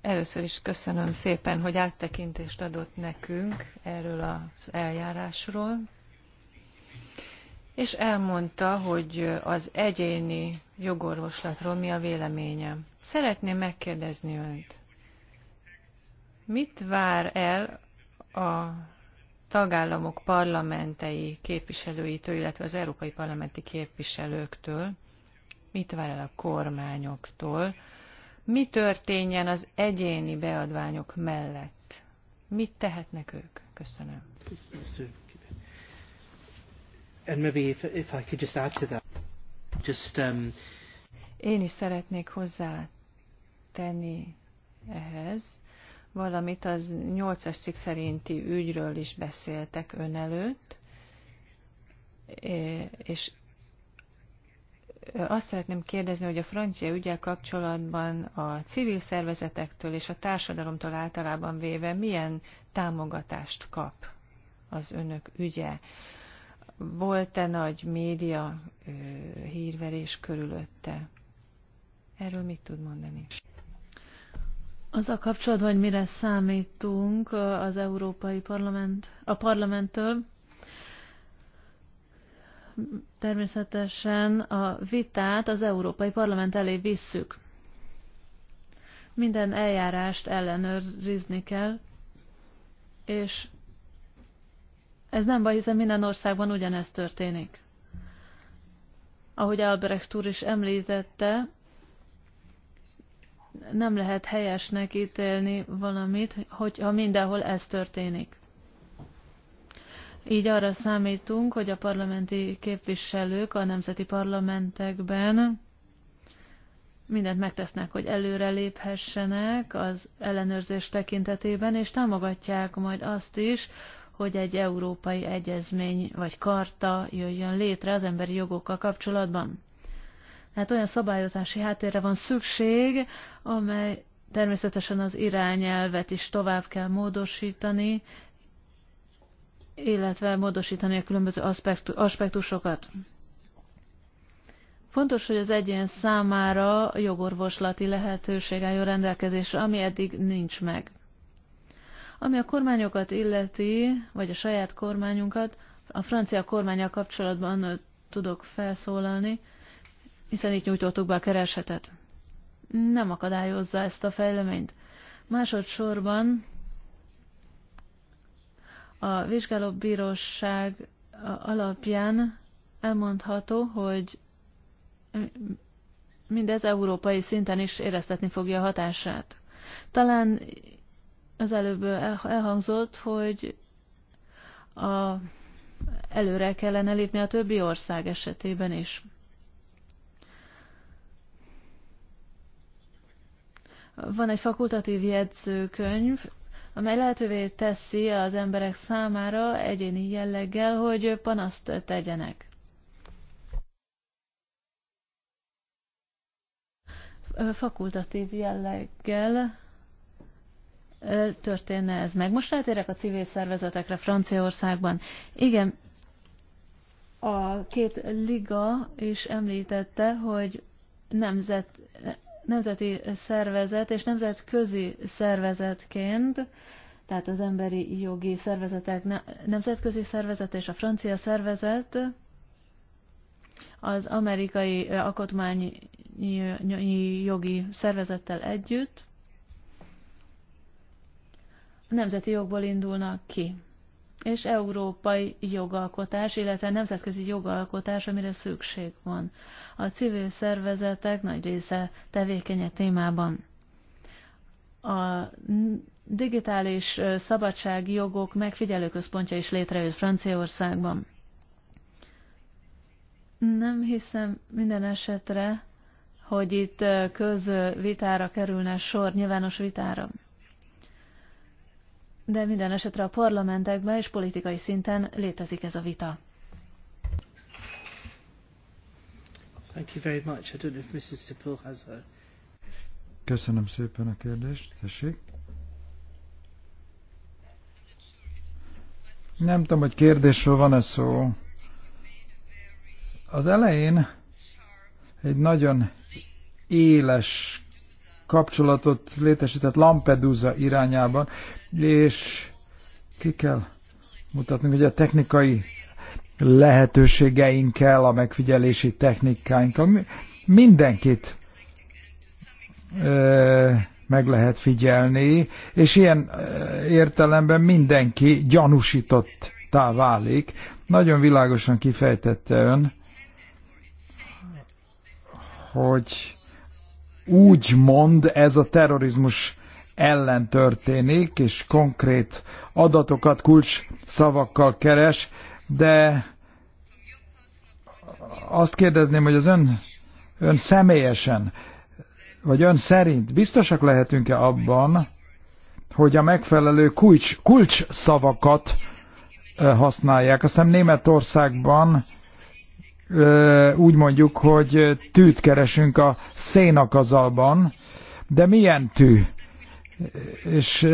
A: Először is köszönöm szépen, hogy áttekintést adott nekünk erről az eljárásról, és elmondta, hogy az egyéni jogorvoslatról mi a véleménye. Szeretném megkérdezni önt, mit vár el a tagállamok parlamentei képviselőitől, illetve az európai parlamenti képviselőktől, mit vár el a kormányoktól, mi történjen az egyéni beadványok mellett, mit tehetnek ők. Köszönöm.
C: And maybe if, if I could just add to that, just, um...
A: Én is szeretnék hozzátenni ehhez, valamit az 8-as cikk szerinti ügyről is beszéltek ön előtt, és azt szeretném kérdezni, hogy a francia ügyel kapcsolatban a civil szervezetektől és a társadalomtól általában véve milyen támogatást kap az önök ügye? Volt-e nagy média hírverés körülötte? Erről mit tud mondani?
C: Az a kapcsolatban, hogy mire számítunk az Európai Parlament, a parlamenttől, természetesen a vitát az Európai Parlament elé visszük. Minden eljárást ellenőrizni kell, és ez nem baj, hiszen minden országban ugyanezt történik. Ahogy Albrecht úr is említette, nem lehet helyesnek ítélni valamit, hogyha mindenhol ez történik. Így arra számítunk, hogy a parlamenti képviselők a nemzeti parlamentekben mindent megtesznek, hogy előreléphessenek az ellenőrzés tekintetében, és támogatják majd azt is, hogy egy európai egyezmény vagy karta jöjjön létre az emberi jogokkal kapcsolatban. Hát olyan szabályozási háttérre van szükség, amely természetesen az irányelvet is tovább kell módosítani, illetve módosítani a különböző aspektusokat. Fontos, hogy az egyén számára jogorvoslati lehetőség álljon rendelkezésre, ami eddig nincs meg. Ami a kormányokat illeti, vagy a saját kormányunkat, a francia kormányjal kapcsolatban tudok felszólalni, hiszen itt nyújtottuk be a keresetet. Nem akadályozza ezt a fejleményt. Másodszorban a vizsgálóbíróság alapján elmondható, hogy mindez európai szinten is éreztetni fogja a hatását. Talán az előbb elhangzott, hogy a, előre kellene lépni a többi ország esetében is. Van egy fakultatív jegyzőkönyv, amely lehetővé teszi az emberek számára egyéni jelleggel, hogy panaszt tegyenek. Fakultatív jelleggel történne ez meg. Most rátérek a civil szervezetekre Franciaországban. Igen, a két liga is említette, hogy nemzet, nemzeti szervezet és nemzetközi szervezetként, tehát az emberi jogi szervezetek, nemzetközi szervezet és a francia szervezet az amerikai alkotmányi jogi szervezettel együtt nemzeti jogból indulnak ki és európai jogalkotás, illetve nemzetközi jogalkotás, amire szükség van. A civil szervezetek nagy része tevékeny a témában. A digitális szabadsági jogok megfigyelőközpontja is létrejött Franciaországban. Nem hiszem minden esetre, hogy itt közvitára kerülne sor, nyilvános vitára de minden esetre a parlamentekben és politikai szinten létezik ez a vita. Thank you very much. I don't know if Mrs. has a...
B: Köszönöm szépen a kérdést. Tessék. Nem tudom, hogy kérdésről van-e szó. Az elején egy nagyon éles kapcsolatot létesített Lampedusa irányában, és ki kell mutatnunk, hogy a technikai lehetőségeinkkel, a megfigyelési technikáinkkal mindenkit ö, meg lehet figyelni, és ilyen értelemben mindenki gyanúsítottá válik. Nagyon világosan kifejtette ön, hogy úgy mond ez a terrorizmus ellen történik, és konkrét adatokat kulcs szavakkal keres, de azt kérdezném, hogy az ön, ön személyesen, vagy ön szerint biztosak lehetünk-e abban, hogy a megfelelő kulcs, kulcs szavakat eh, használják. Azt hiszem Németországban úgy mondjuk, hogy tűt keresünk a szénakazalban, de milyen tű? És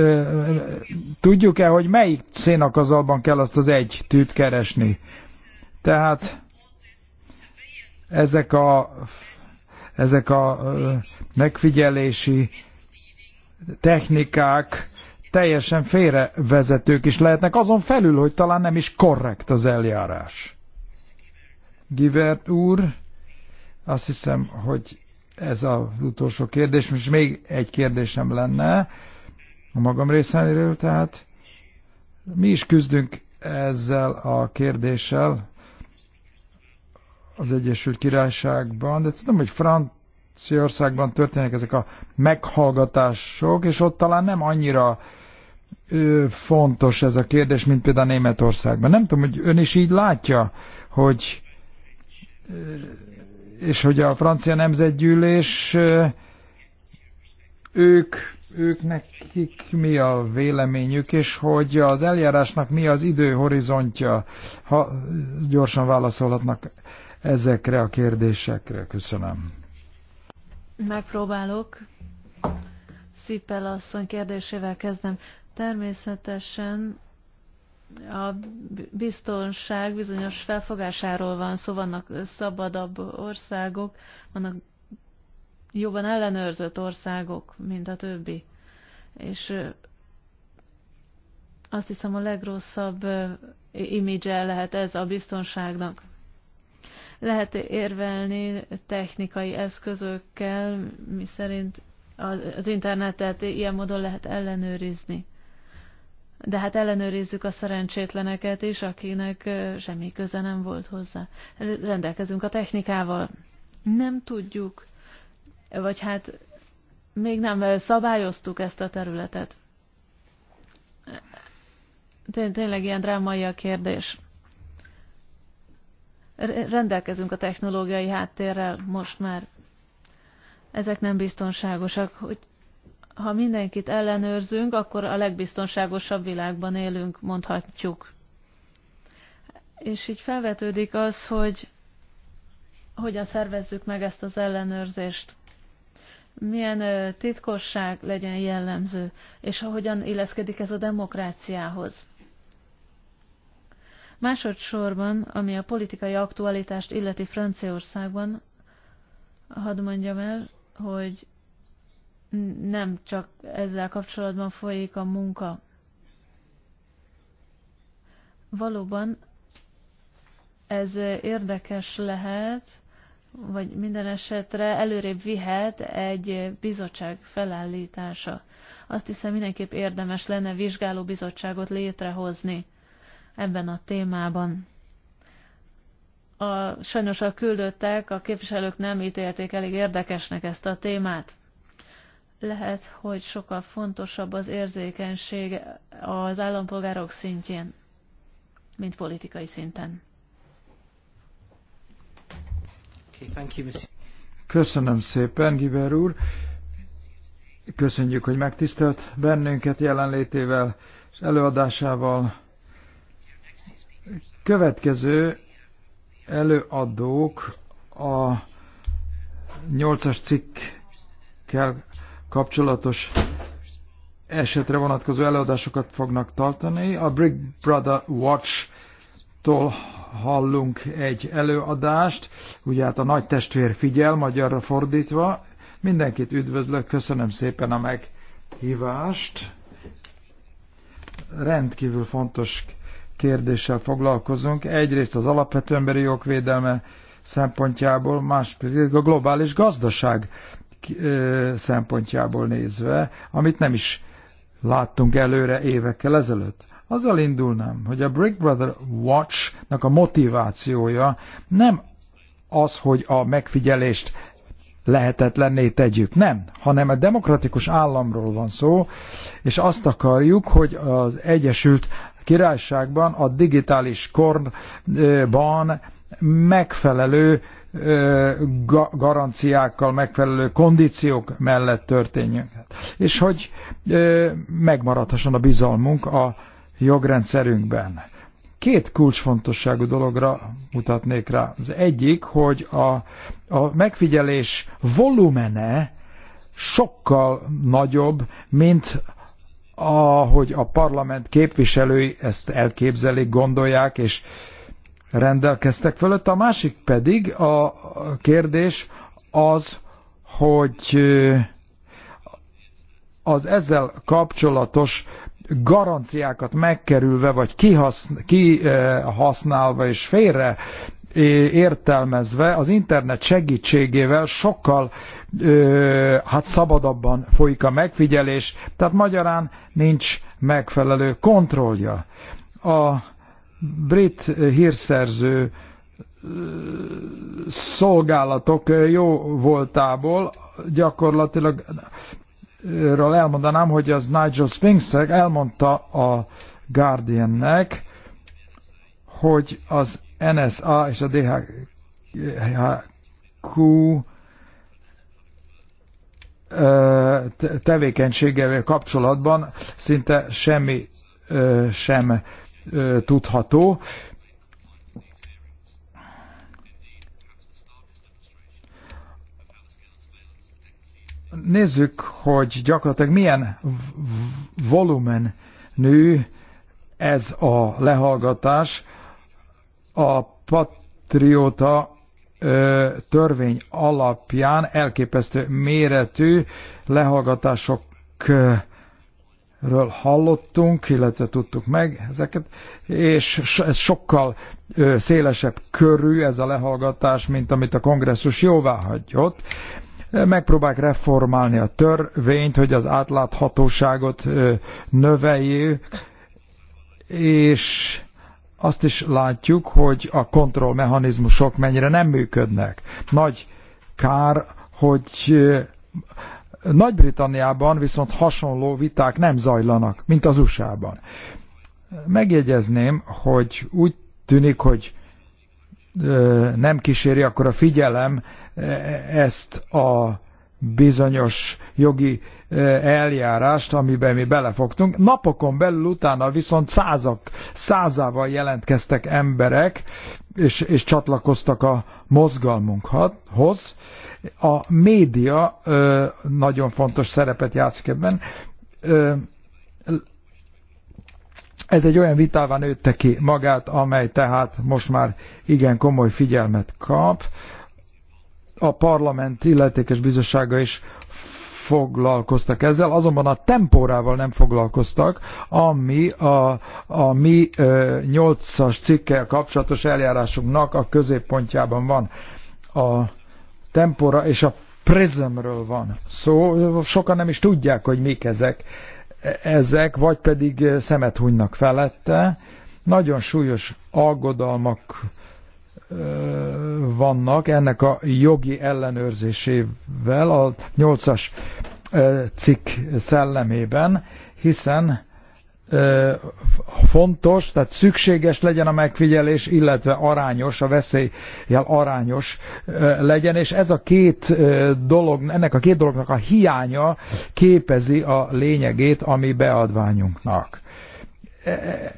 B: tudjuk-e, hogy melyik szénakazalban kell azt az egy tűt keresni? Tehát ezek a, ezek a megfigyelési technikák teljesen félrevezetők is lehetnek, azon felül, hogy talán nem is korrekt az eljárás. Givert úr. Azt hiszem, hogy ez az utolsó kérdés. Most még egy kérdésem lenne a magam részéről, tehát mi is küzdünk ezzel a kérdéssel az Egyesült Királyságban, de tudom, hogy Franciaországban történnek ezek a meghallgatások, és ott talán nem annyira fontos ez a kérdés, mint például Németországban. Nem tudom, hogy ön is így látja, hogy és hogy a francia nemzetgyűlés, ők, ők nekik mi a véleményük, és hogy az eljárásnak mi az időhorizontja, ha gyorsan válaszolhatnak ezekre a kérdésekre. Köszönöm.
C: Megpróbálok. Szipel asszony kérdésével kezdem. Természetesen a biztonság bizonyos felfogásáról van szó, szóval vannak szabadabb országok, vannak jobban ellenőrzött országok, mint a többi. És azt hiszem a legrosszabb imidzse lehet ez a biztonságnak. Lehet érvelni technikai eszközökkel, mi szerint az internetet ilyen módon lehet ellenőrizni de hát ellenőrizzük a szerencsétleneket is, akinek semmi köze nem volt hozzá. Rendelkezünk a technikával. Nem tudjuk, vagy hát még nem szabályoztuk ezt a területet. Tény, tényleg ilyen drámai a kérdés. Rendelkezünk a technológiai háttérrel most már. Ezek nem biztonságosak, hogy ha mindenkit ellenőrzünk, akkor a legbiztonságosabb világban élünk, mondhatjuk. És így felvetődik az, hogy hogyan szervezzük meg ezt az ellenőrzést. Milyen titkosság legyen jellemző, és hogyan illeszkedik ez a demokráciához. Másodszorban, ami a politikai aktualitást illeti Franciaországban, hadd mondjam el, hogy nem csak ezzel kapcsolatban folyik a munka. Valóban ez érdekes lehet, vagy minden esetre előrébb vihet egy bizottság felállítása. Azt hiszem mindenképp érdemes lenne vizsgáló bizottságot létrehozni ebben a témában. A, sajnos a küldöttek, a képviselők nem ítélték elég érdekesnek ezt a témát lehet, hogy sokkal fontosabb az érzékenység az állampolgárok szintjén, mint politikai szinten.
B: Köszönöm szépen, Giver úr. Köszönjük, hogy megtisztelt bennünket jelenlétével és előadásával. Következő előadók a nyolcas cikkel kapcsolatos esetre vonatkozó előadásokat fognak tartani. A Big Brother Watch-tól hallunk egy előadást, ugye hát a nagy testvér figyel, magyarra fordítva. Mindenkit üdvözlök, köszönöm szépen a meghívást. Rendkívül fontos kérdéssel foglalkozunk. Egyrészt az alapvető emberi jogvédelme szempontjából, másrészt a globális gazdaság szempontjából nézve, amit nem is láttunk előre évekkel ezelőtt. Azzal indulnám, hogy a Brick Brother Watch-nak a motivációja nem az, hogy a megfigyelést lehetetlenné tegyük. Nem, hanem a demokratikus államról van szó, és azt akarjuk, hogy az Egyesült Királyságban a digitális korban megfelelő garanciákkal megfelelő kondíciók mellett történjen. És hogy megmaradhasson a bizalmunk a jogrendszerünkben. Két kulcsfontosságú dologra mutatnék rá. Az egyik, hogy a, a megfigyelés volumene sokkal nagyobb, mint ahogy a parlament képviselői ezt elképzelik, gondolják, és rendelkeztek fölött. A másik pedig a kérdés az, hogy az ezzel kapcsolatos garanciákat megkerülve, vagy kihasználva és félre értelmezve az internet segítségével sokkal hát szabadabban folyik a megfigyelés, tehát magyarán nincs megfelelő kontrollja. A brit hírszerző szolgálatok jó voltából gyakorlatilag elmondanám, hogy az Nigel Spinksek elmondta a Guardiannek, hogy az NSA és a DHQ tevékenységevel kapcsolatban szinte semmi sem tudható. Nézzük, hogy gyakorlatilag milyen volumen nő ez a lehallgatás. A patrióta törvény alapján elképesztő méretű lehallgatások ről hallottunk, illetve tudtuk meg ezeket, és ez sokkal szélesebb körű ez a lehallgatás, mint amit a kongresszus jóvá hagyott. Megpróbálják reformálni a törvényt, hogy az átláthatóságot növeljük, és azt is látjuk, hogy a kontrollmechanizmusok mennyire nem működnek. Nagy kár, hogy nagy-Britanniában viszont hasonló viták nem zajlanak, mint az USA-ban. Megjegyezném, hogy úgy tűnik, hogy nem kíséri akkor a figyelem ezt a bizonyos jogi eljárást, amiben mi belefogtunk. Napokon belül utána viszont százak, százával jelentkeztek emberek, és, és csatlakoztak a mozgalmunkhoz. A média ö, nagyon fontos szerepet játszik ebben. Ö, ez egy olyan vitában nőtte ki magát, amely tehát most már igen komoly figyelmet kap. A parlament illetékes bizottsága is foglalkoztak ezzel, azonban a tempórával nem foglalkoztak, ami a, a mi ö, 8-as cikkel kapcsolatos eljárásunknak a középpontjában van. A tempora és a prismről van szó. Szóval sokan nem is tudják, hogy mik ezek. Ezek vagy pedig szemet hunynak felette. Nagyon súlyos aggodalmak vannak ennek a jogi ellenőrzésével a 8 cikk szellemében, hiszen fontos, tehát szükséges legyen a megfigyelés, illetve arányos, a veszélyjel arányos legyen, és ez a két dolog, ennek a két dolognak a hiánya képezi a lényegét a mi beadványunknak. E, e,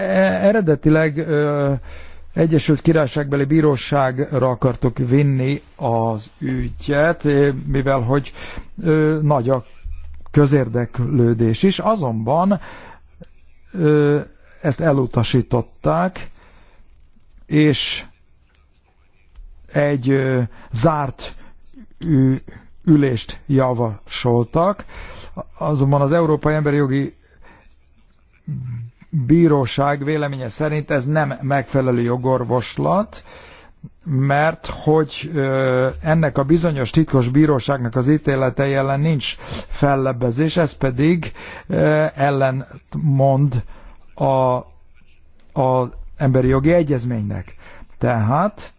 B: e, eredetileg Egyesült Királyságbeli Bíróságra akartok vinni az ügyet, mivel hogy nagy a közérdeklődés is, azonban ezt elutasították, és egy zárt ülést javasoltak, azonban az Európai Emberi Jogi Bíróság véleménye szerint ez nem megfelelő jogorvoslat, mert hogy ennek a bizonyos titkos bíróságnak az ítélete ellen nincs fellebbezés, ez pedig ellen mond a, a emberi jogi egyezménynek. Tehát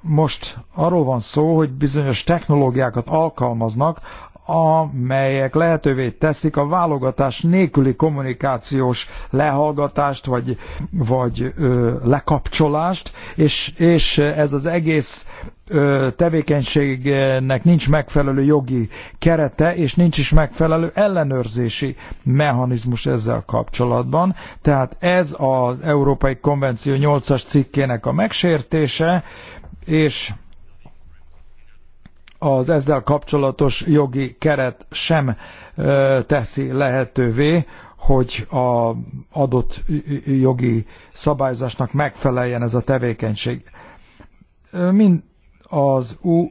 B: most arról van szó, hogy bizonyos technológiákat alkalmaznak amelyek lehetővé teszik a válogatás nélküli kommunikációs lehallgatást vagy, vagy ö, lekapcsolást, és, és ez az egész ö, tevékenységnek nincs megfelelő jogi kerete, és nincs is megfelelő ellenőrzési mechanizmus ezzel kapcsolatban. Tehát ez az Európai Konvenció 8-as cikkének a megsértése, és az ezzel kapcsolatos jogi keret sem teszi lehetővé, hogy a adott jogi szabályzásnak megfeleljen ez a tevékenység. Mind az U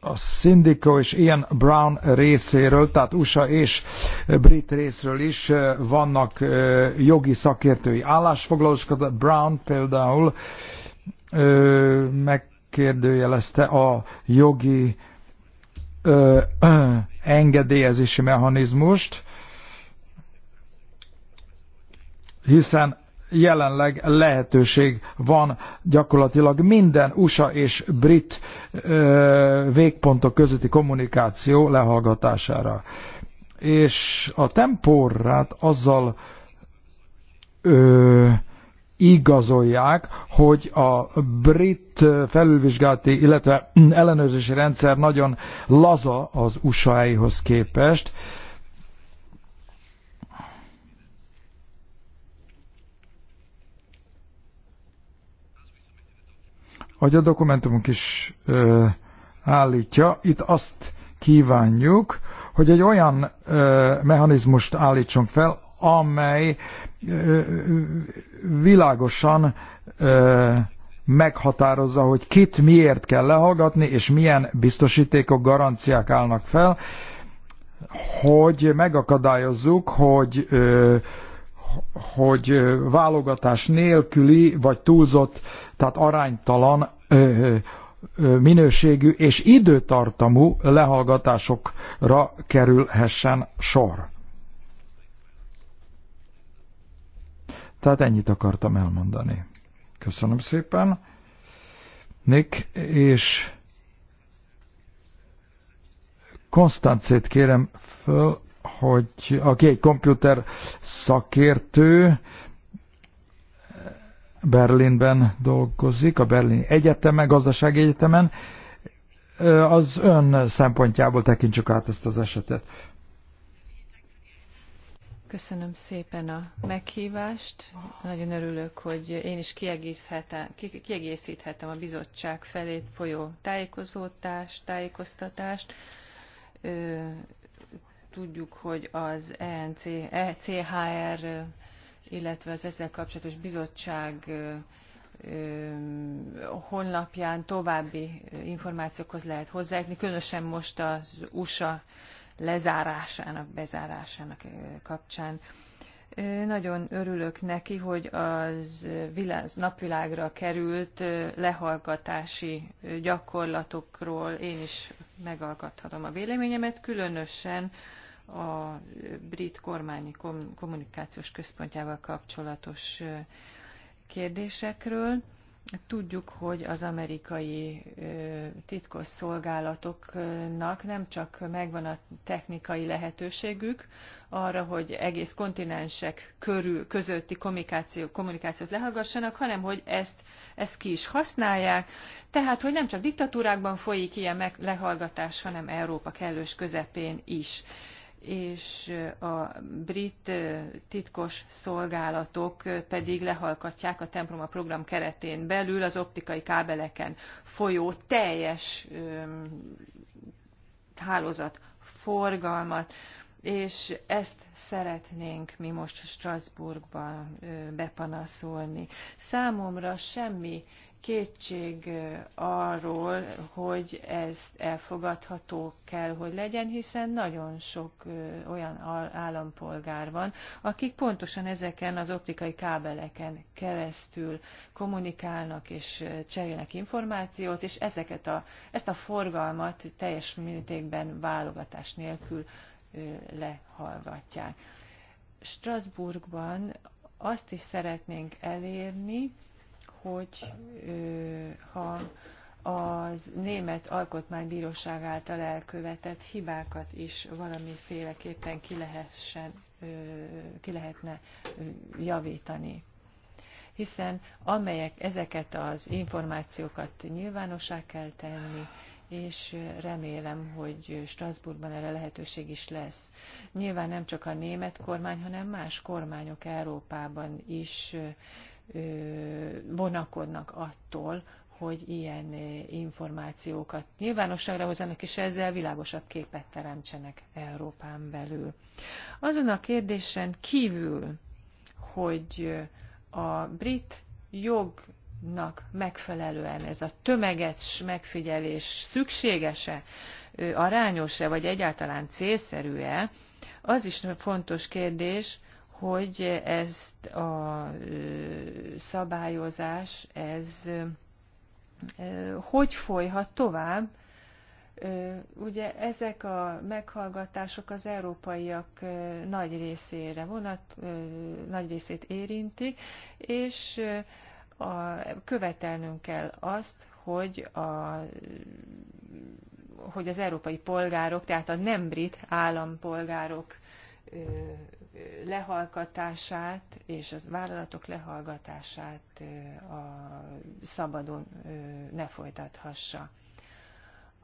B: a Syndico és Ian Brown részéről, tehát USA és brit részről is vannak jogi szakértői állásfoglalósok. Brown például meg megkérdőjelezte a jogi ö, ö, engedélyezési mechanizmust, hiszen jelenleg lehetőség van gyakorlatilag minden USA és brit ö, végpontok közötti kommunikáció lehallgatására. És a temporát azzal ö, igazolják, hogy a brit felülvizsgálati, illetve ellenőrzési rendszer nagyon laza az usa képest. Hogy a dokumentumunk is ö, állítja, itt azt kívánjuk, hogy egy olyan ö, mechanizmust állítson fel, amely világosan meghatározza, hogy kit miért kell lehallgatni, és milyen biztosítékok, garanciák állnak fel, hogy megakadályozzuk, hogy hogy válogatás nélküli, vagy túlzott, tehát aránytalan minőségű és időtartamú lehallgatásokra kerülhessen sor. Tehát ennyit akartam elmondani. Köszönöm szépen. Nick, és Konstancét kérem föl, hogy aki egy komputer szakértő, Berlinben dolgozik, a Berlini Egyetemen, Gazdasági Egyetemen, az ön szempontjából tekintsük át ezt az esetet.
A: Köszönöm szépen a meghívást. Nagyon örülök, hogy én is kiegészíthettem a bizottság felé folyó tájékozótást, tájékoztatást. Tudjuk, hogy az ENC, ECHR, illetve az ezzel kapcsolatos bizottság honlapján további információkhoz lehet hozzájutni, különösen most az USA lezárásának, bezárásának kapcsán. Nagyon örülök neki, hogy az világ napvilágra került lehallgatási gyakorlatokról én is megalkathatom a véleményemet, különösen a brit kormány kommunikációs központjával kapcsolatos kérdésekről. Tudjuk, hogy az amerikai titkos szolgálatoknak nem csak megvan a technikai lehetőségük arra, hogy egész kontinensek körül közötti kommunikáció, kommunikációt lehallgassanak, hanem hogy ezt, ezt ki is használják. Tehát, hogy nem csak diktatúrákban folyik ilyen meg, lehallgatás, hanem Európa kellős közepén is és a brit titkos szolgálatok pedig lehalkatják a temploma program keretén belül az optikai kábeleken folyó teljes hálózat forgalmat, és ezt szeretnénk mi most Strasbourgban bepanaszolni. Számomra semmi kétség arról, hogy ez elfogadható kell, hogy legyen, hiszen nagyon sok olyan állampolgár van, akik pontosan ezeken az optikai kábeleken keresztül kommunikálnak és cserélnek információt, és ezeket a, ezt a forgalmat teljes mértékben válogatás nélkül lehallgatják. Strasbourgban azt is szeretnénk elérni, hogy ha az német alkotmánybíróság által elkövetett hibákat is valamiféleképpen ki, lehessen, ki lehetne javítani. Hiszen amelyek ezeket az információkat nyilvánossá kell tenni, és remélem, hogy Strasbourgban erre lehetőség is lesz. Nyilván nem csak a német kormány, hanem más kormányok Európában is vonakodnak attól, hogy ilyen információkat nyilvánosságra hozzanak, és ezzel világosabb képet teremtsenek Európán belül. Azon a kérdésen kívül, hogy a brit jognak megfelelően ez a tömeges megfigyelés szükséges-e, arányos-e, vagy egyáltalán célszerű-e, az is fontos kérdés, hogy ezt a szabályozás, ez hogy folyhat tovább, Ugye ezek a meghallgatások az európaiak nagy részére vonat, nagy részét érintik, és a, követelnünk kell azt, hogy, a, hogy az európai polgárok, tehát a nem brit állampolgárok lehallgatását és az vállalatok lehallgatását a szabadon ne folytathassa.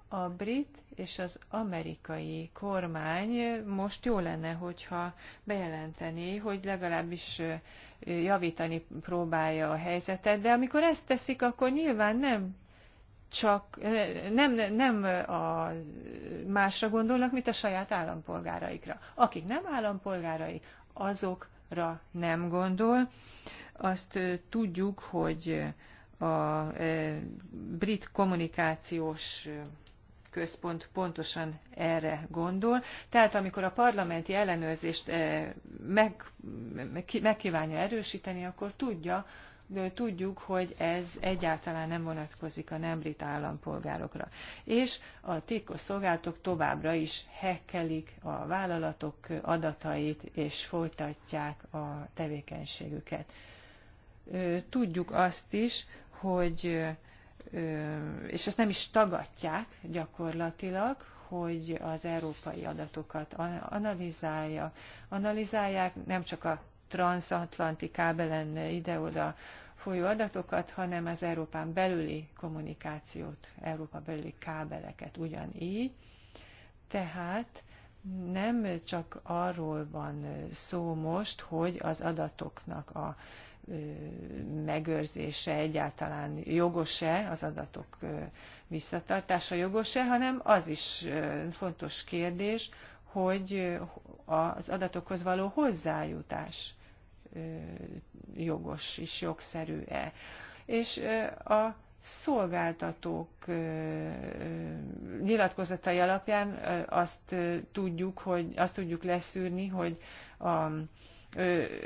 A: A brit és az amerikai kormány most jó lenne, hogyha bejelenteni, hogy legalábbis javítani próbálja a helyzetet, de amikor ezt teszik, akkor nyilván nem csak eh, nem, nem a másra gondolnak, mint a saját állampolgáraikra. Akik nem állampolgárai, azokra nem gondol. Azt eh, tudjuk, hogy a eh, brit kommunikációs központ pontosan erre gondol. Tehát amikor a parlamenti ellenőrzést meg, meg, meg kívánja erősíteni, akkor tudja, tudjuk, hogy ez egyáltalán nem vonatkozik a nem brit állampolgárokra. És a titkos szolgálatok továbbra is hekkelik a vállalatok adatait, és folytatják a tevékenységüket. Tudjuk azt is, hogy és ezt nem is tagadják gyakorlatilag, hogy az európai adatokat analizálja. Analizálják nem csak a transatlanti kábelen ide-oda folyó adatokat, hanem az Európán belüli kommunikációt, Európa belüli kábeleket ugyanígy. Tehát nem csak arról van szó most, hogy az adatoknak a megőrzése egyáltalán jogos-e, az adatok visszatartása jogos-e, hanem az is fontos kérdés, hogy az adatokhoz való hozzájutás jogos és jogszerű-e. És a szolgáltatók nyilatkozatai alapján azt tudjuk, hogy azt tudjuk leszűrni, hogy a,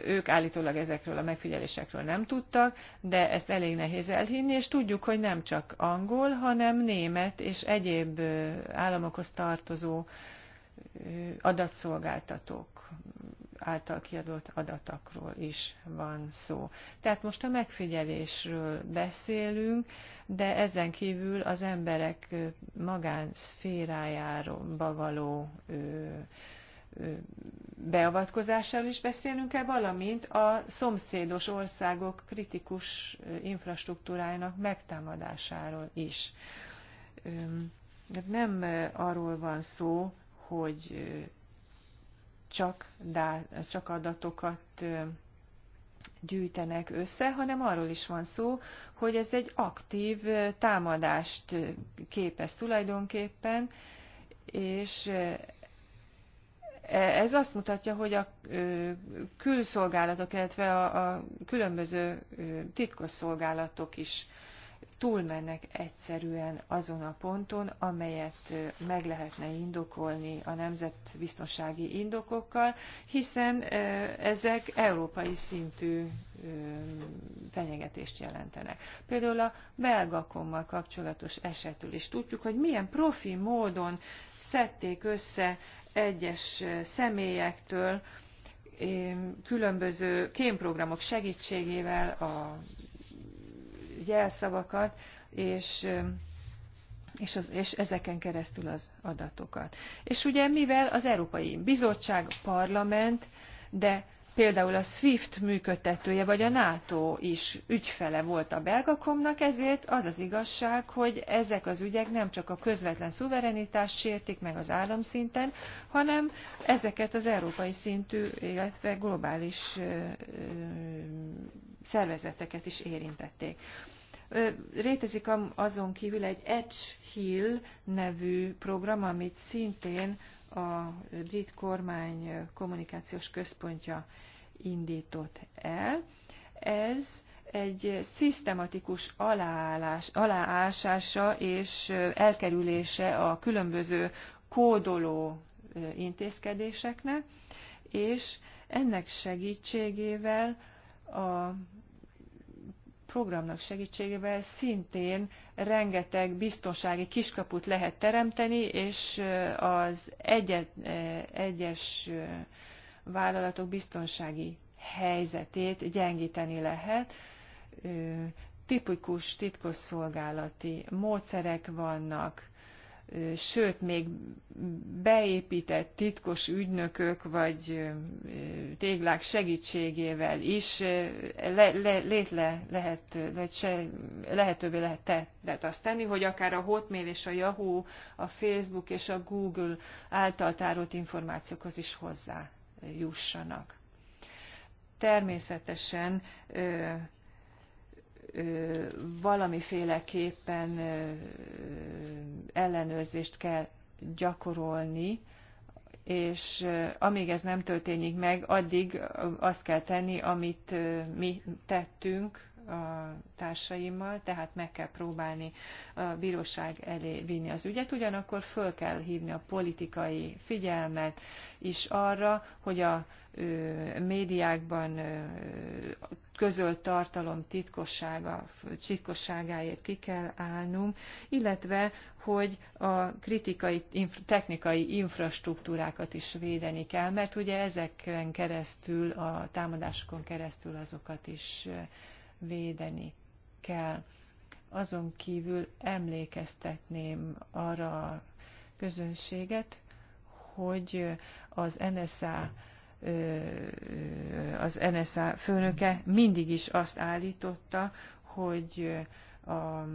A: ők állítólag ezekről a megfigyelésekről nem tudtak, de ezt elég nehéz elhinni, és tudjuk, hogy nem csak angol, hanem német és egyéb államokhoz tartozó adatszolgáltatók által kiadott adatakról is van szó. Tehát most a megfigyelésről beszélünk, de ezen kívül az emberek magánszférájába való beavatkozásáról is beszélünk el, valamint a szomszédos országok kritikus infrastruktúrájának megtámadásáról is. Nem arról van szó, hogy csak, dá, csak adatokat gyűjtenek össze, hanem arról is van szó, hogy ez egy aktív támadást képez tulajdonképpen, és e, ez azt mutatja, hogy a külszolgálatok, illetve a, a különböző titkos szolgálatok is túlmennek egyszerűen azon a ponton, amelyet meg lehetne indokolni a nemzetbiztonsági indokokkal, hiszen ezek európai szintű fenyegetést jelentenek. Például a belgakommal kapcsolatos esetül is tudjuk, hogy milyen profi módon szedték össze egyes személyektől különböző kémprogramok segítségével a jelszavakat, és és, az, és ezeken keresztül az adatokat. És ugye mivel az Európai Bizottság, Parlament, de például a SWIFT működtetője vagy a NATO is ügyfele volt a belgakomnak, ezért az az igazság, hogy ezek az ügyek nem csak a közvetlen szuverenitást sértik meg az államszinten, hanem ezeket az európai szintű, illetve globális ö, ö, szervezeteket is érintették. Rétezik azon kívül egy Edge Hill nevű program, amit szintén a brit kormány kommunikációs központja indított el. Ez egy szisztematikus aláállás, aláásása és elkerülése a különböző kódoló intézkedéseknek, és ennek segítségével a programnak segítségével szintén rengeteg biztonsági kiskaput lehet teremteni, és az egyet, egyes vállalatok biztonsági helyzetét gyengíteni lehet. Tipikus titkosszolgálati módszerek vannak, sőt, még beépített titkos ügynökök vagy téglák segítségével is le, le, létre lehet, lehet se, lehetővé lehet tett azt tenni, hogy akár a Hotmail és a Yahoo, a Facebook és a Google által tárolt információkhoz is hozzájussanak. Természetesen valamiféleképpen ellenőrzést kell gyakorolni, és amíg ez nem történik meg, addig azt kell tenni, amit mi tettünk, a társaimmal, tehát meg kell próbálni a bíróság elé vinni az ügyet, ugyanakkor föl kell hívni a politikai figyelmet is arra, hogy a médiákban közölt tartalom titkossága, titkosságáért ki kell állnunk, illetve, hogy a kritikai, technikai infrastruktúrákat is védeni kell, mert ugye ezeken keresztül, a támadásokon keresztül azokat is védeni kell. Azon kívül emlékeztetném arra a közönséget, hogy az NSA az NSA főnöke mindig is azt állította, hogy a,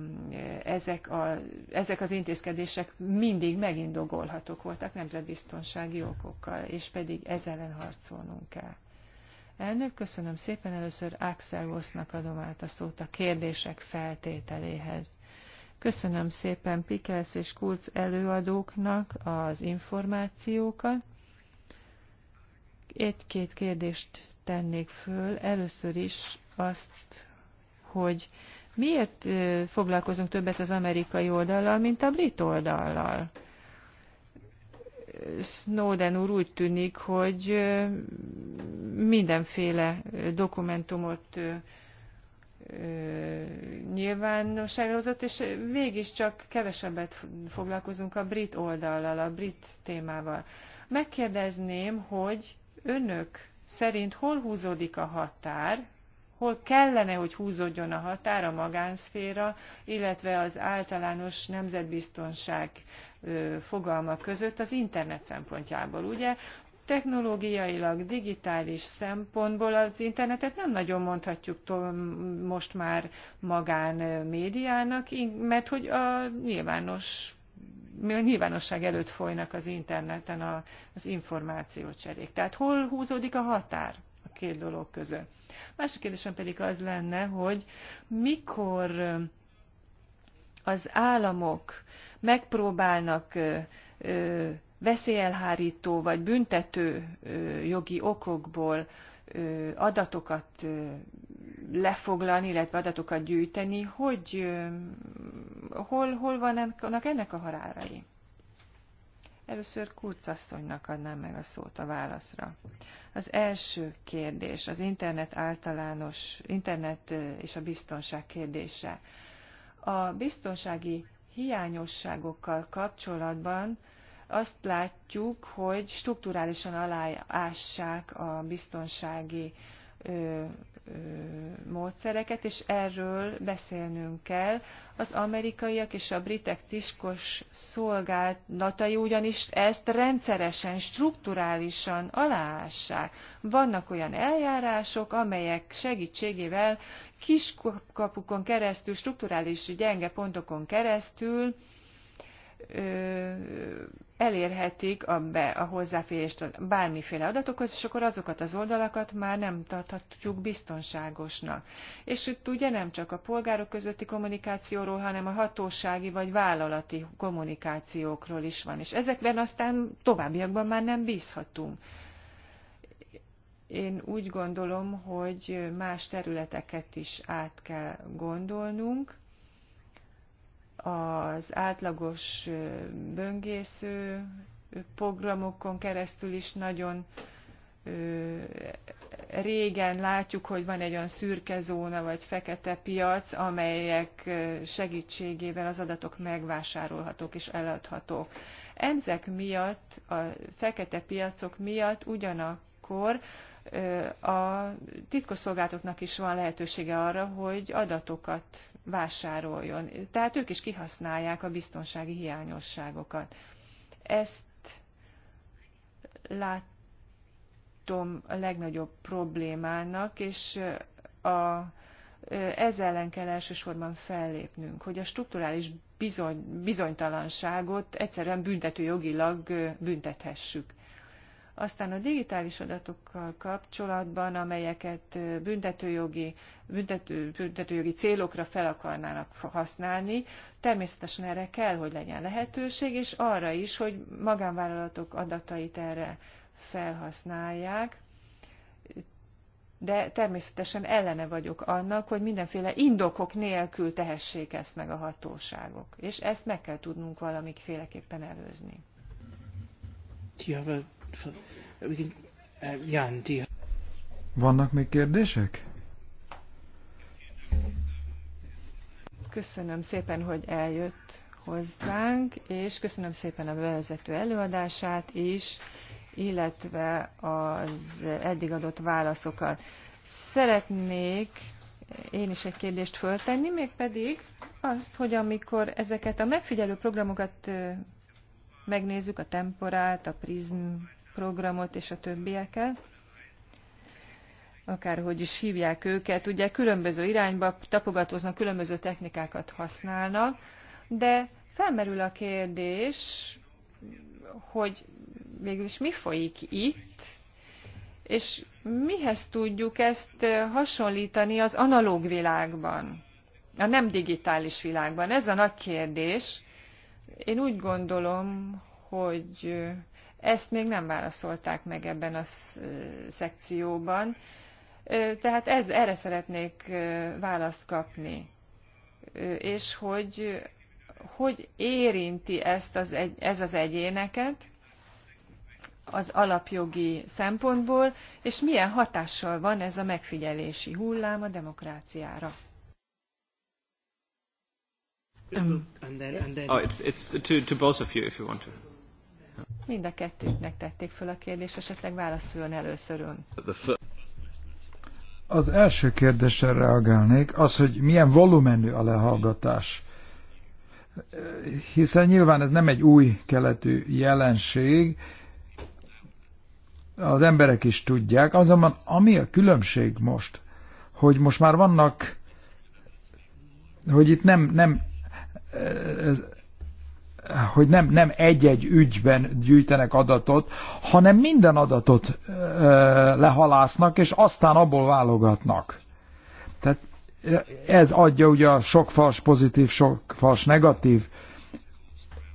A: ezek, a, ezek az intézkedések mindig megindogolhatók voltak nemzetbiztonsági okokkal, és pedig ezzel ellen harcolnunk kell. Elnök, köszönöm szépen. Először Axel Vosznak adom át a szót a kérdések feltételéhez. Köszönöm szépen Pikelsz és Kulc előadóknak az információkat. Egy-két kérdést tennék föl. Először is azt, hogy miért foglalkozunk többet az amerikai oldallal, mint a brit oldallal? Snowden úr úgy tűnik, hogy mindenféle dokumentumot nyilvánosságra hozott, és végig csak kevesebbet foglalkozunk a brit oldallal, a brit témával. Megkérdezném, hogy önök szerint hol húzódik a határ hol kellene, hogy húzódjon a határ, a magánszféra, illetve az általános nemzetbiztonság fogalma között az internet szempontjából. Ugye technológiailag, digitális szempontból az internetet nem nagyon mondhatjuk most már magán médiának, mert hogy a nyilvános nyilvánosság előtt folynak az interneten a, az információcserék. Tehát hol húzódik a határ? két dolog között. Másik kérdésem pedig az lenne, hogy mikor az államok megpróbálnak veszélyelhárító vagy büntető jogi okokból adatokat lefoglalni, illetve adatokat gyűjteni, hogy hol, hol vannak ennek a harárai? Először Kurz asszonynak adnám meg a szót a válaszra. Az első kérdés, az internet általános, internet és a biztonság kérdése. A biztonsági hiányosságokkal kapcsolatban azt látjuk, hogy strukturálisan aláássák a biztonsági módszereket, és erről beszélnünk kell. Az amerikaiak és a britek tiskos szolgálatai ugyanis ezt rendszeresen, strukturálisan aláássák. Vannak olyan eljárások, amelyek segítségével kiskapukon keresztül, strukturális gyenge pontokon keresztül elérhetik a, be, a hozzáférést bármiféle adatokhoz, és akkor azokat az oldalakat már nem tarthatjuk biztonságosnak. És itt ugye nem csak a polgárok közötti kommunikációról, hanem a hatósági vagy vállalati kommunikációkról is van. És ezekben aztán továbbiakban már nem bízhatunk. Én úgy gondolom, hogy más területeket is át kell gondolnunk az átlagos böngésző programokon keresztül is nagyon régen látjuk, hogy van egy olyan szürke zóna vagy fekete piac, amelyek segítségével az adatok megvásárolhatók és eladhatók. Ezek miatt, a fekete piacok miatt ugyanakkor a titkosszolgálatoknak is van lehetősége arra, hogy adatokat vásároljon. Tehát ők is kihasználják a biztonsági hiányosságokat. Ezt látom a legnagyobb problémának, és a, ez ellen kell elsősorban fellépnünk, hogy a strukturális bizony, bizonytalanságot egyszerűen büntető jogilag büntethessük aztán a digitális adatokkal kapcsolatban, amelyeket büntetőjogi, büntető, büntetőjogi célokra fel akarnának használni, természetesen erre kell, hogy legyen lehetőség, és arra is, hogy magánvállalatok adatait erre felhasználják de természetesen ellene vagyok annak, hogy mindenféle indokok nélkül tehessék ezt meg a hatóságok. És ezt meg kell tudnunk valamikféleképpen előzni.
C: Do you have a Uh,
B: Vannak még kérdések?
A: Köszönöm szépen, hogy eljött hozzánk, és köszönöm szépen a bevezető előadását is, illetve az eddig adott válaszokat. Szeretnék én is egy kérdést föltenni, mégpedig azt, hogy amikor ezeket a megfigyelő programokat megnézzük, a temporát, a prizm programot és a többieket, akárhogy is hívják őket, ugye különböző irányba tapogatóznak, különböző technikákat használnak, de felmerül a kérdés, hogy végülis mi folyik itt, és mihez tudjuk ezt hasonlítani az analóg világban, a nem digitális világban? Ez a nagy kérdés. Én úgy gondolom, hogy ezt még nem válaszolták meg ebben a szekcióban. Tehát ez, erre szeretnék választ kapni. És hogy hogy érinti ezt az egy, ez az egyéneket az alapjogi szempontból, és milyen hatással van ez a megfigyelési hullám a demokráciára. Um, and then, and then... Oh, it's,
C: it's
D: to, to both of you if you want to.
A: Mind a kettőknek tették föl a kérdést, esetleg válaszoljon először ön.
B: Az első kérdésre reagálnék, az, hogy milyen volumenű a lehallgatás. Hiszen nyilván ez nem egy új keletű jelenség, az emberek is tudják, azonban ami a különbség most, hogy most már vannak, hogy itt nem, nem hogy nem, nem egy-egy ügyben gyűjtenek adatot, hanem minden adatot ö, lehalásznak, és aztán abból válogatnak. Tehát ez adja ugye a sok fals pozitív, sok fals negatív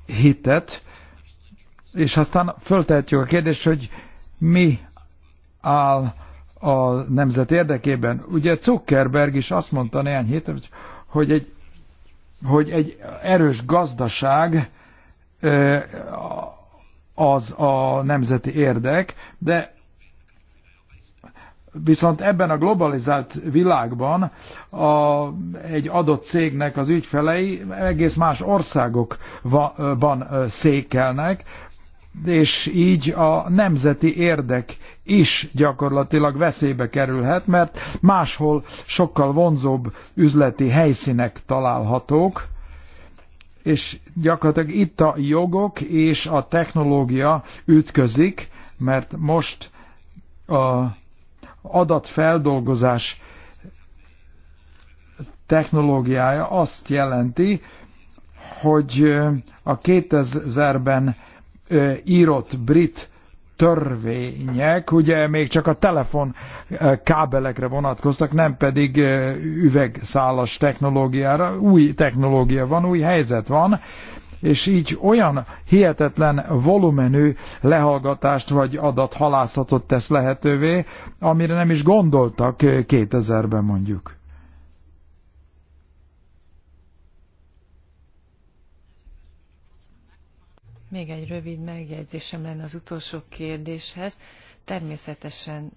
B: hitet, és aztán föltehetjük a kérdést, hogy mi áll a nemzet érdekében. Ugye Zuckerberg is azt mondta néhány héten, hogy egy, hogy egy erős gazdaság az a nemzeti érdek, de viszont ebben a globalizált világban a, egy adott cégnek az ügyfelei egész más országokban székelnek, és így a nemzeti érdek is gyakorlatilag veszélybe kerülhet, mert máshol sokkal vonzóbb üzleti helyszínek találhatók, és gyakorlatilag itt a jogok és a technológia ütközik, mert most a adatfeldolgozás technológiája azt jelenti, hogy a 2000-ben írott brit törvények ugye még csak a telefon eh, kábelekre vonatkoztak, nem pedig eh, üvegszálas technológiára. Új technológia van, új helyzet van, és így olyan hihetetlen volumenű lehallgatást vagy adathalászatot tesz lehetővé, amire nem is gondoltak 2000-ben eh, mondjuk.
A: Még egy rövid megjegyzésem lenne az utolsó kérdéshez. Természetesen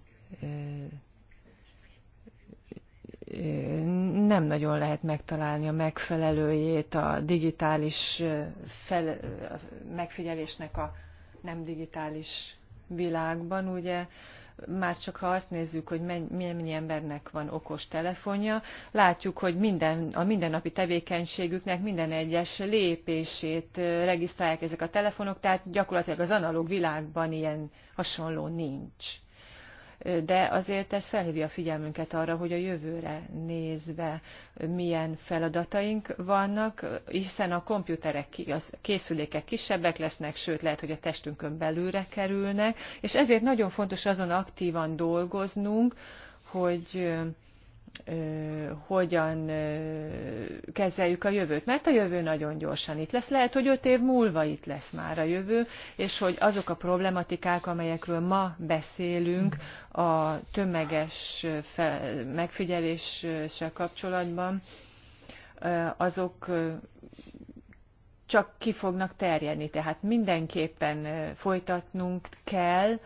A: nem nagyon lehet megtalálni a megfelelőjét a digitális fel, megfigyelésnek a nem digitális világban. Ugye már csak ha azt nézzük, hogy mennyi embernek van okos telefonja, látjuk, hogy minden, a mindennapi tevékenységüknek minden egyes lépését regisztrálják ezek a telefonok, tehát gyakorlatilag az analóg világban ilyen hasonló nincs de azért ez felhívja a figyelmünket arra, hogy a jövőre nézve milyen feladataink vannak, hiszen a komputerek, a készülékek kisebbek lesznek, sőt lehet, hogy a testünkön belülre kerülnek, és ezért nagyon fontos azon aktívan dolgoznunk, hogy hogyan kezeljük a jövőt. Mert a jövő nagyon gyorsan itt lesz. Lehet, hogy öt év múlva itt lesz már a jövő, és hogy azok a problematikák, amelyekről ma beszélünk a tömeges megfigyeléssel kapcsolatban, azok csak ki fognak terjedni. Tehát mindenképpen folytatnunk kell,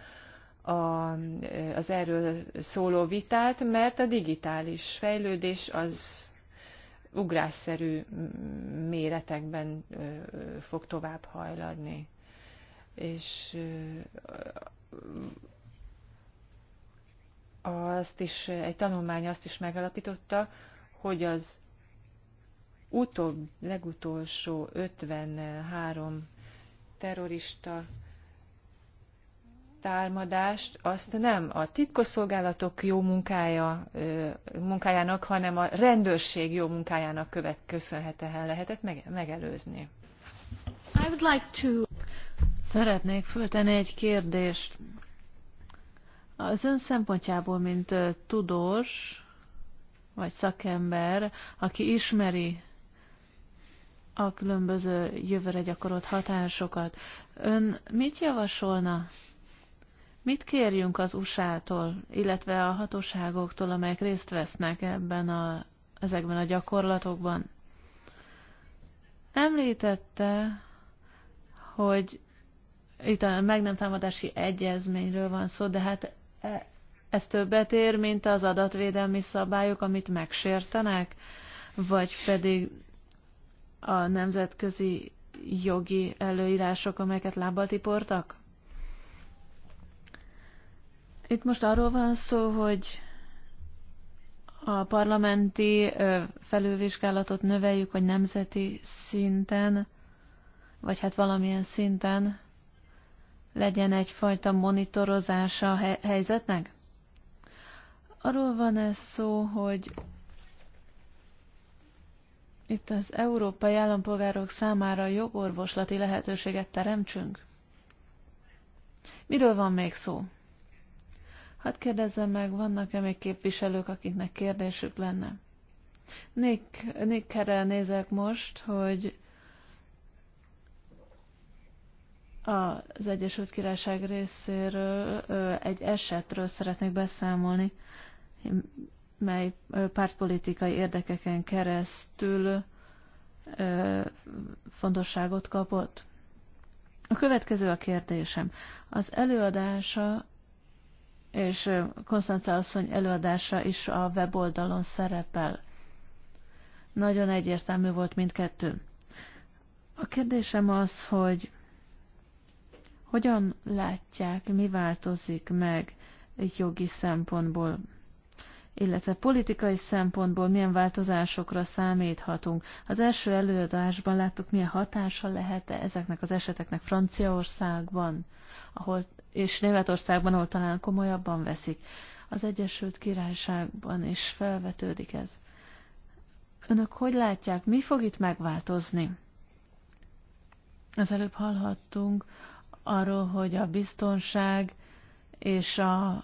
A: a, az erről szóló vitát, mert a digitális fejlődés az ugrásszerű méretekben fog tovább hajladni. És azt is, egy tanulmány azt is megalapította, hogy az utóbb, legutolsó 53 terrorista támadást azt nem a titkosszolgálatok jó munkája, munkájának, hanem a rendőrség jó munkájának követ köszönhetően lehetett megelőzni.
C: I would like to... Szeretnék föltenni egy kérdést. Az ön szempontjából, mint tudós, vagy szakember, aki ismeri a különböző jövőre gyakorolt hatásokat, ön mit javasolna Mit kérjünk az USA-tól, illetve a hatóságoktól, amelyek részt vesznek ebben a, ezekben a gyakorlatokban? Említette, hogy itt a meg nem támadási egyezményről van szó, de hát e, ez többet ér, mint az adatvédelmi szabályok, amit megsértenek, vagy pedig a nemzetközi jogi előírások, amelyeket lábbal tiportak? Itt most arról van szó, hogy a parlamenti felülvizsgálatot növeljük, hogy nemzeti szinten, vagy hát valamilyen szinten legyen egyfajta monitorozása a helyzetnek? Arról van ez szó, hogy itt az európai állampolgárok számára jogorvoslati lehetőséget teremtsünk? Miről van még szó? Hát kérdezzem meg, vannak-e még képviselők, akiknek kérdésük lenne? Nick, Nick nézek most, hogy az Egyesült Királyság részéről egy esetről szeretnék beszámolni, mely pártpolitikai érdekeken keresztül fontosságot kapott. A következő a kérdésem. Az előadása és Konstanca asszony előadása is a weboldalon szerepel. Nagyon egyértelmű volt mindkettő. A kérdésem az, hogy hogyan látják, mi változik meg egy jogi szempontból, illetve politikai szempontból milyen változásokra számíthatunk. Az első előadásban láttuk, milyen hatása lehet -e ezeknek az eseteknek Franciaországban, ahol és Németországban, ahol talán komolyabban veszik. Az Egyesült Királyságban is felvetődik ez. Önök hogy látják, mi fog itt megváltozni? Az előbb hallhattunk arról, hogy a biztonság és a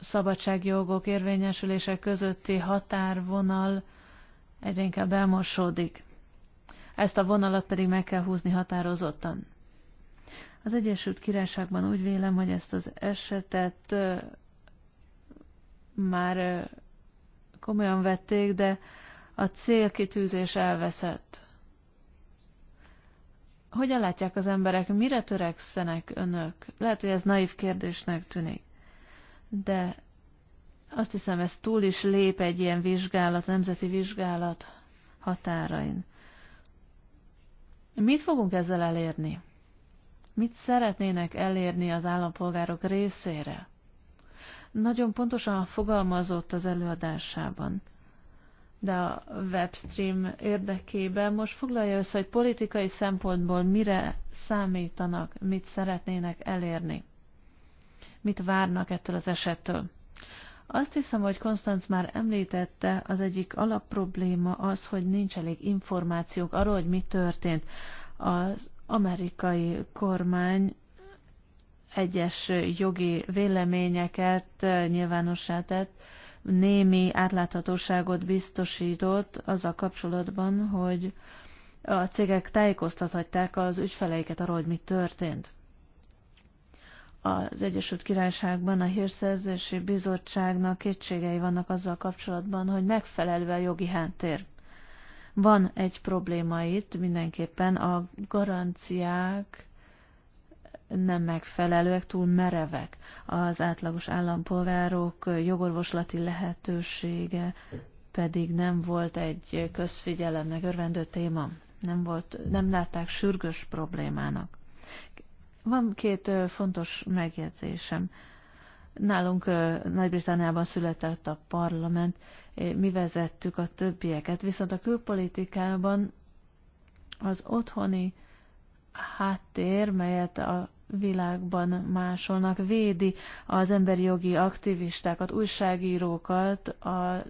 C: szabadságjogok érvényesülése közötti határvonal egyre inkább elmosódik. Ezt a vonalat pedig meg kell húzni határozottan. Az Egyesült Királyságban úgy vélem, hogy ezt az esetet már komolyan vették, de a célkitűzés elveszett. Hogyan látják az emberek, mire törekszenek önök? Lehet, hogy ez naív kérdésnek tűnik, de azt hiszem, ez túl is lép egy ilyen vizsgálat, nemzeti vizsgálat határain. Mit fogunk ezzel elérni? Mit szeretnének elérni az állampolgárok részére? Nagyon pontosan fogalmazott az előadásában. De a webstream érdekében most foglalja össze, hogy politikai szempontból mire számítanak, mit szeretnének elérni, mit várnak ettől az esettől. Azt hiszem, hogy Konstanz már említette, az egyik alapprobléma az, hogy nincs elég információk arról, hogy mi történt. Az amerikai kormány egyes jogi véleményeket eh, nyilvánossá tett, némi átláthatóságot biztosított az a kapcsolatban, hogy a cégek tájékoztathatják az ügyfeleiket arról, hogy mi történt. Az Egyesült Királyságban a Hírszerzési Bizottságnak kétségei vannak azzal kapcsolatban, hogy megfelelve a jogi háttér. Van egy probléma itt, mindenképpen a garanciák nem megfelelőek, túl merevek. Az átlagos állampolgárok jogorvoslati lehetősége pedig nem volt egy közfigyelemnek örvendő téma. Nem, volt, nem látták sürgős problémának. Van két fontos megjegyzésem. Nálunk Nagy-Britanniában született a parlament, mi vezettük a többieket. Viszont a külpolitikában az otthoni háttér, melyet a világban másolnak, védi az emberi jogi aktivistákat, újságírókat, a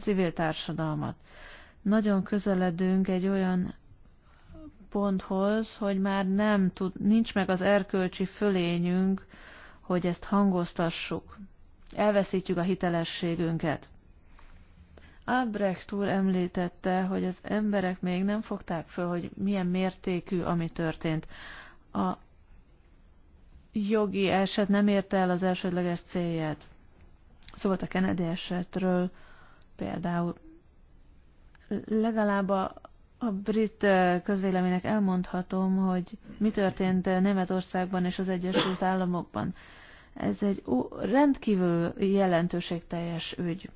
C: civil társadalmat. Nagyon közeledünk egy olyan ponthoz, hogy már nem tud, nincs meg az erkölcsi fölényünk, hogy ezt hangoztassuk. Elveszítjük a hitelességünket. Albrecht úr említette, hogy az emberek még nem fogták föl, hogy milyen mértékű, ami történt. A jogi eset nem érte el az elsődleges célját. Szóval a Kennedy esetről például legalább a, a brit közvéleménynek elmondhatom, hogy mi történt Németországban és az Egyesült Államokban. Ez egy ó, rendkívül jelentőségteljes ügy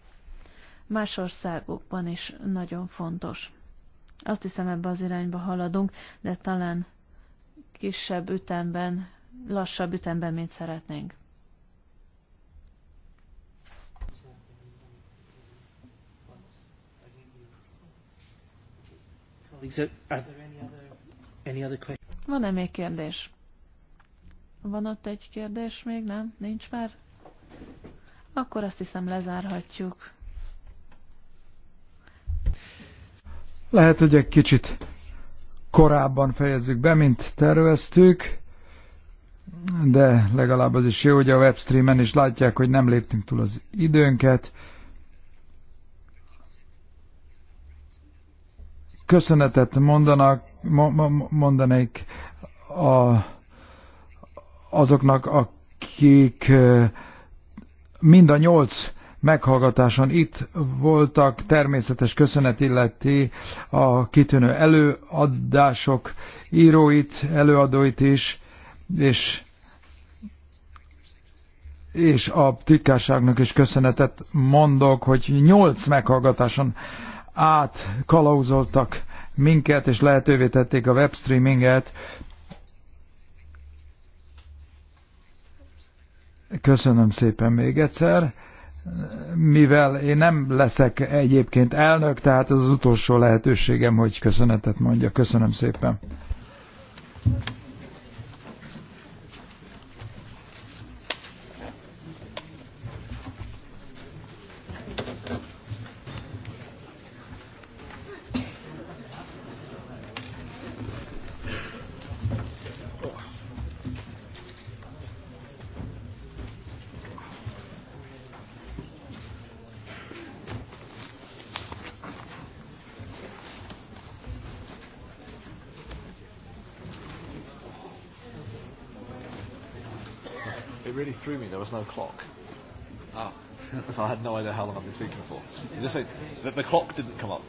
C: más országokban is nagyon fontos. Azt hiszem ebbe az irányba haladunk, de talán kisebb ütemben, lassabb ütemben, mint szeretnénk. Van-e még kérdés? Van ott egy kérdés még, nem? Nincs már? Akkor azt hiszem lezárhatjuk
B: Lehet, hogy egy kicsit korábban fejezzük be, mint terveztük, de legalább az is jó, hogy a webstreamen is látják, hogy nem léptünk túl az időnket. Köszönetet mondanak, mondanék a, azoknak, akik mind a nyolc meghallgatáson. Itt voltak természetes köszönet illeti a kitűnő előadások íróit, előadóit is, és és a titkárságnak is köszönetet mondok, hogy nyolc meghallgatáson át kalauzoltak minket, és lehetővé tették a webstreaminget. Köszönöm szépen még egyszer mivel én nem leszek egyébként elnök, tehát ez az utolsó lehetőségem, hogy köszönetet mondja. Köszönöm szépen.
A: there was no clock. Ah. so I had no idea how long I'd been speaking for. It just said that the clock didn't come up.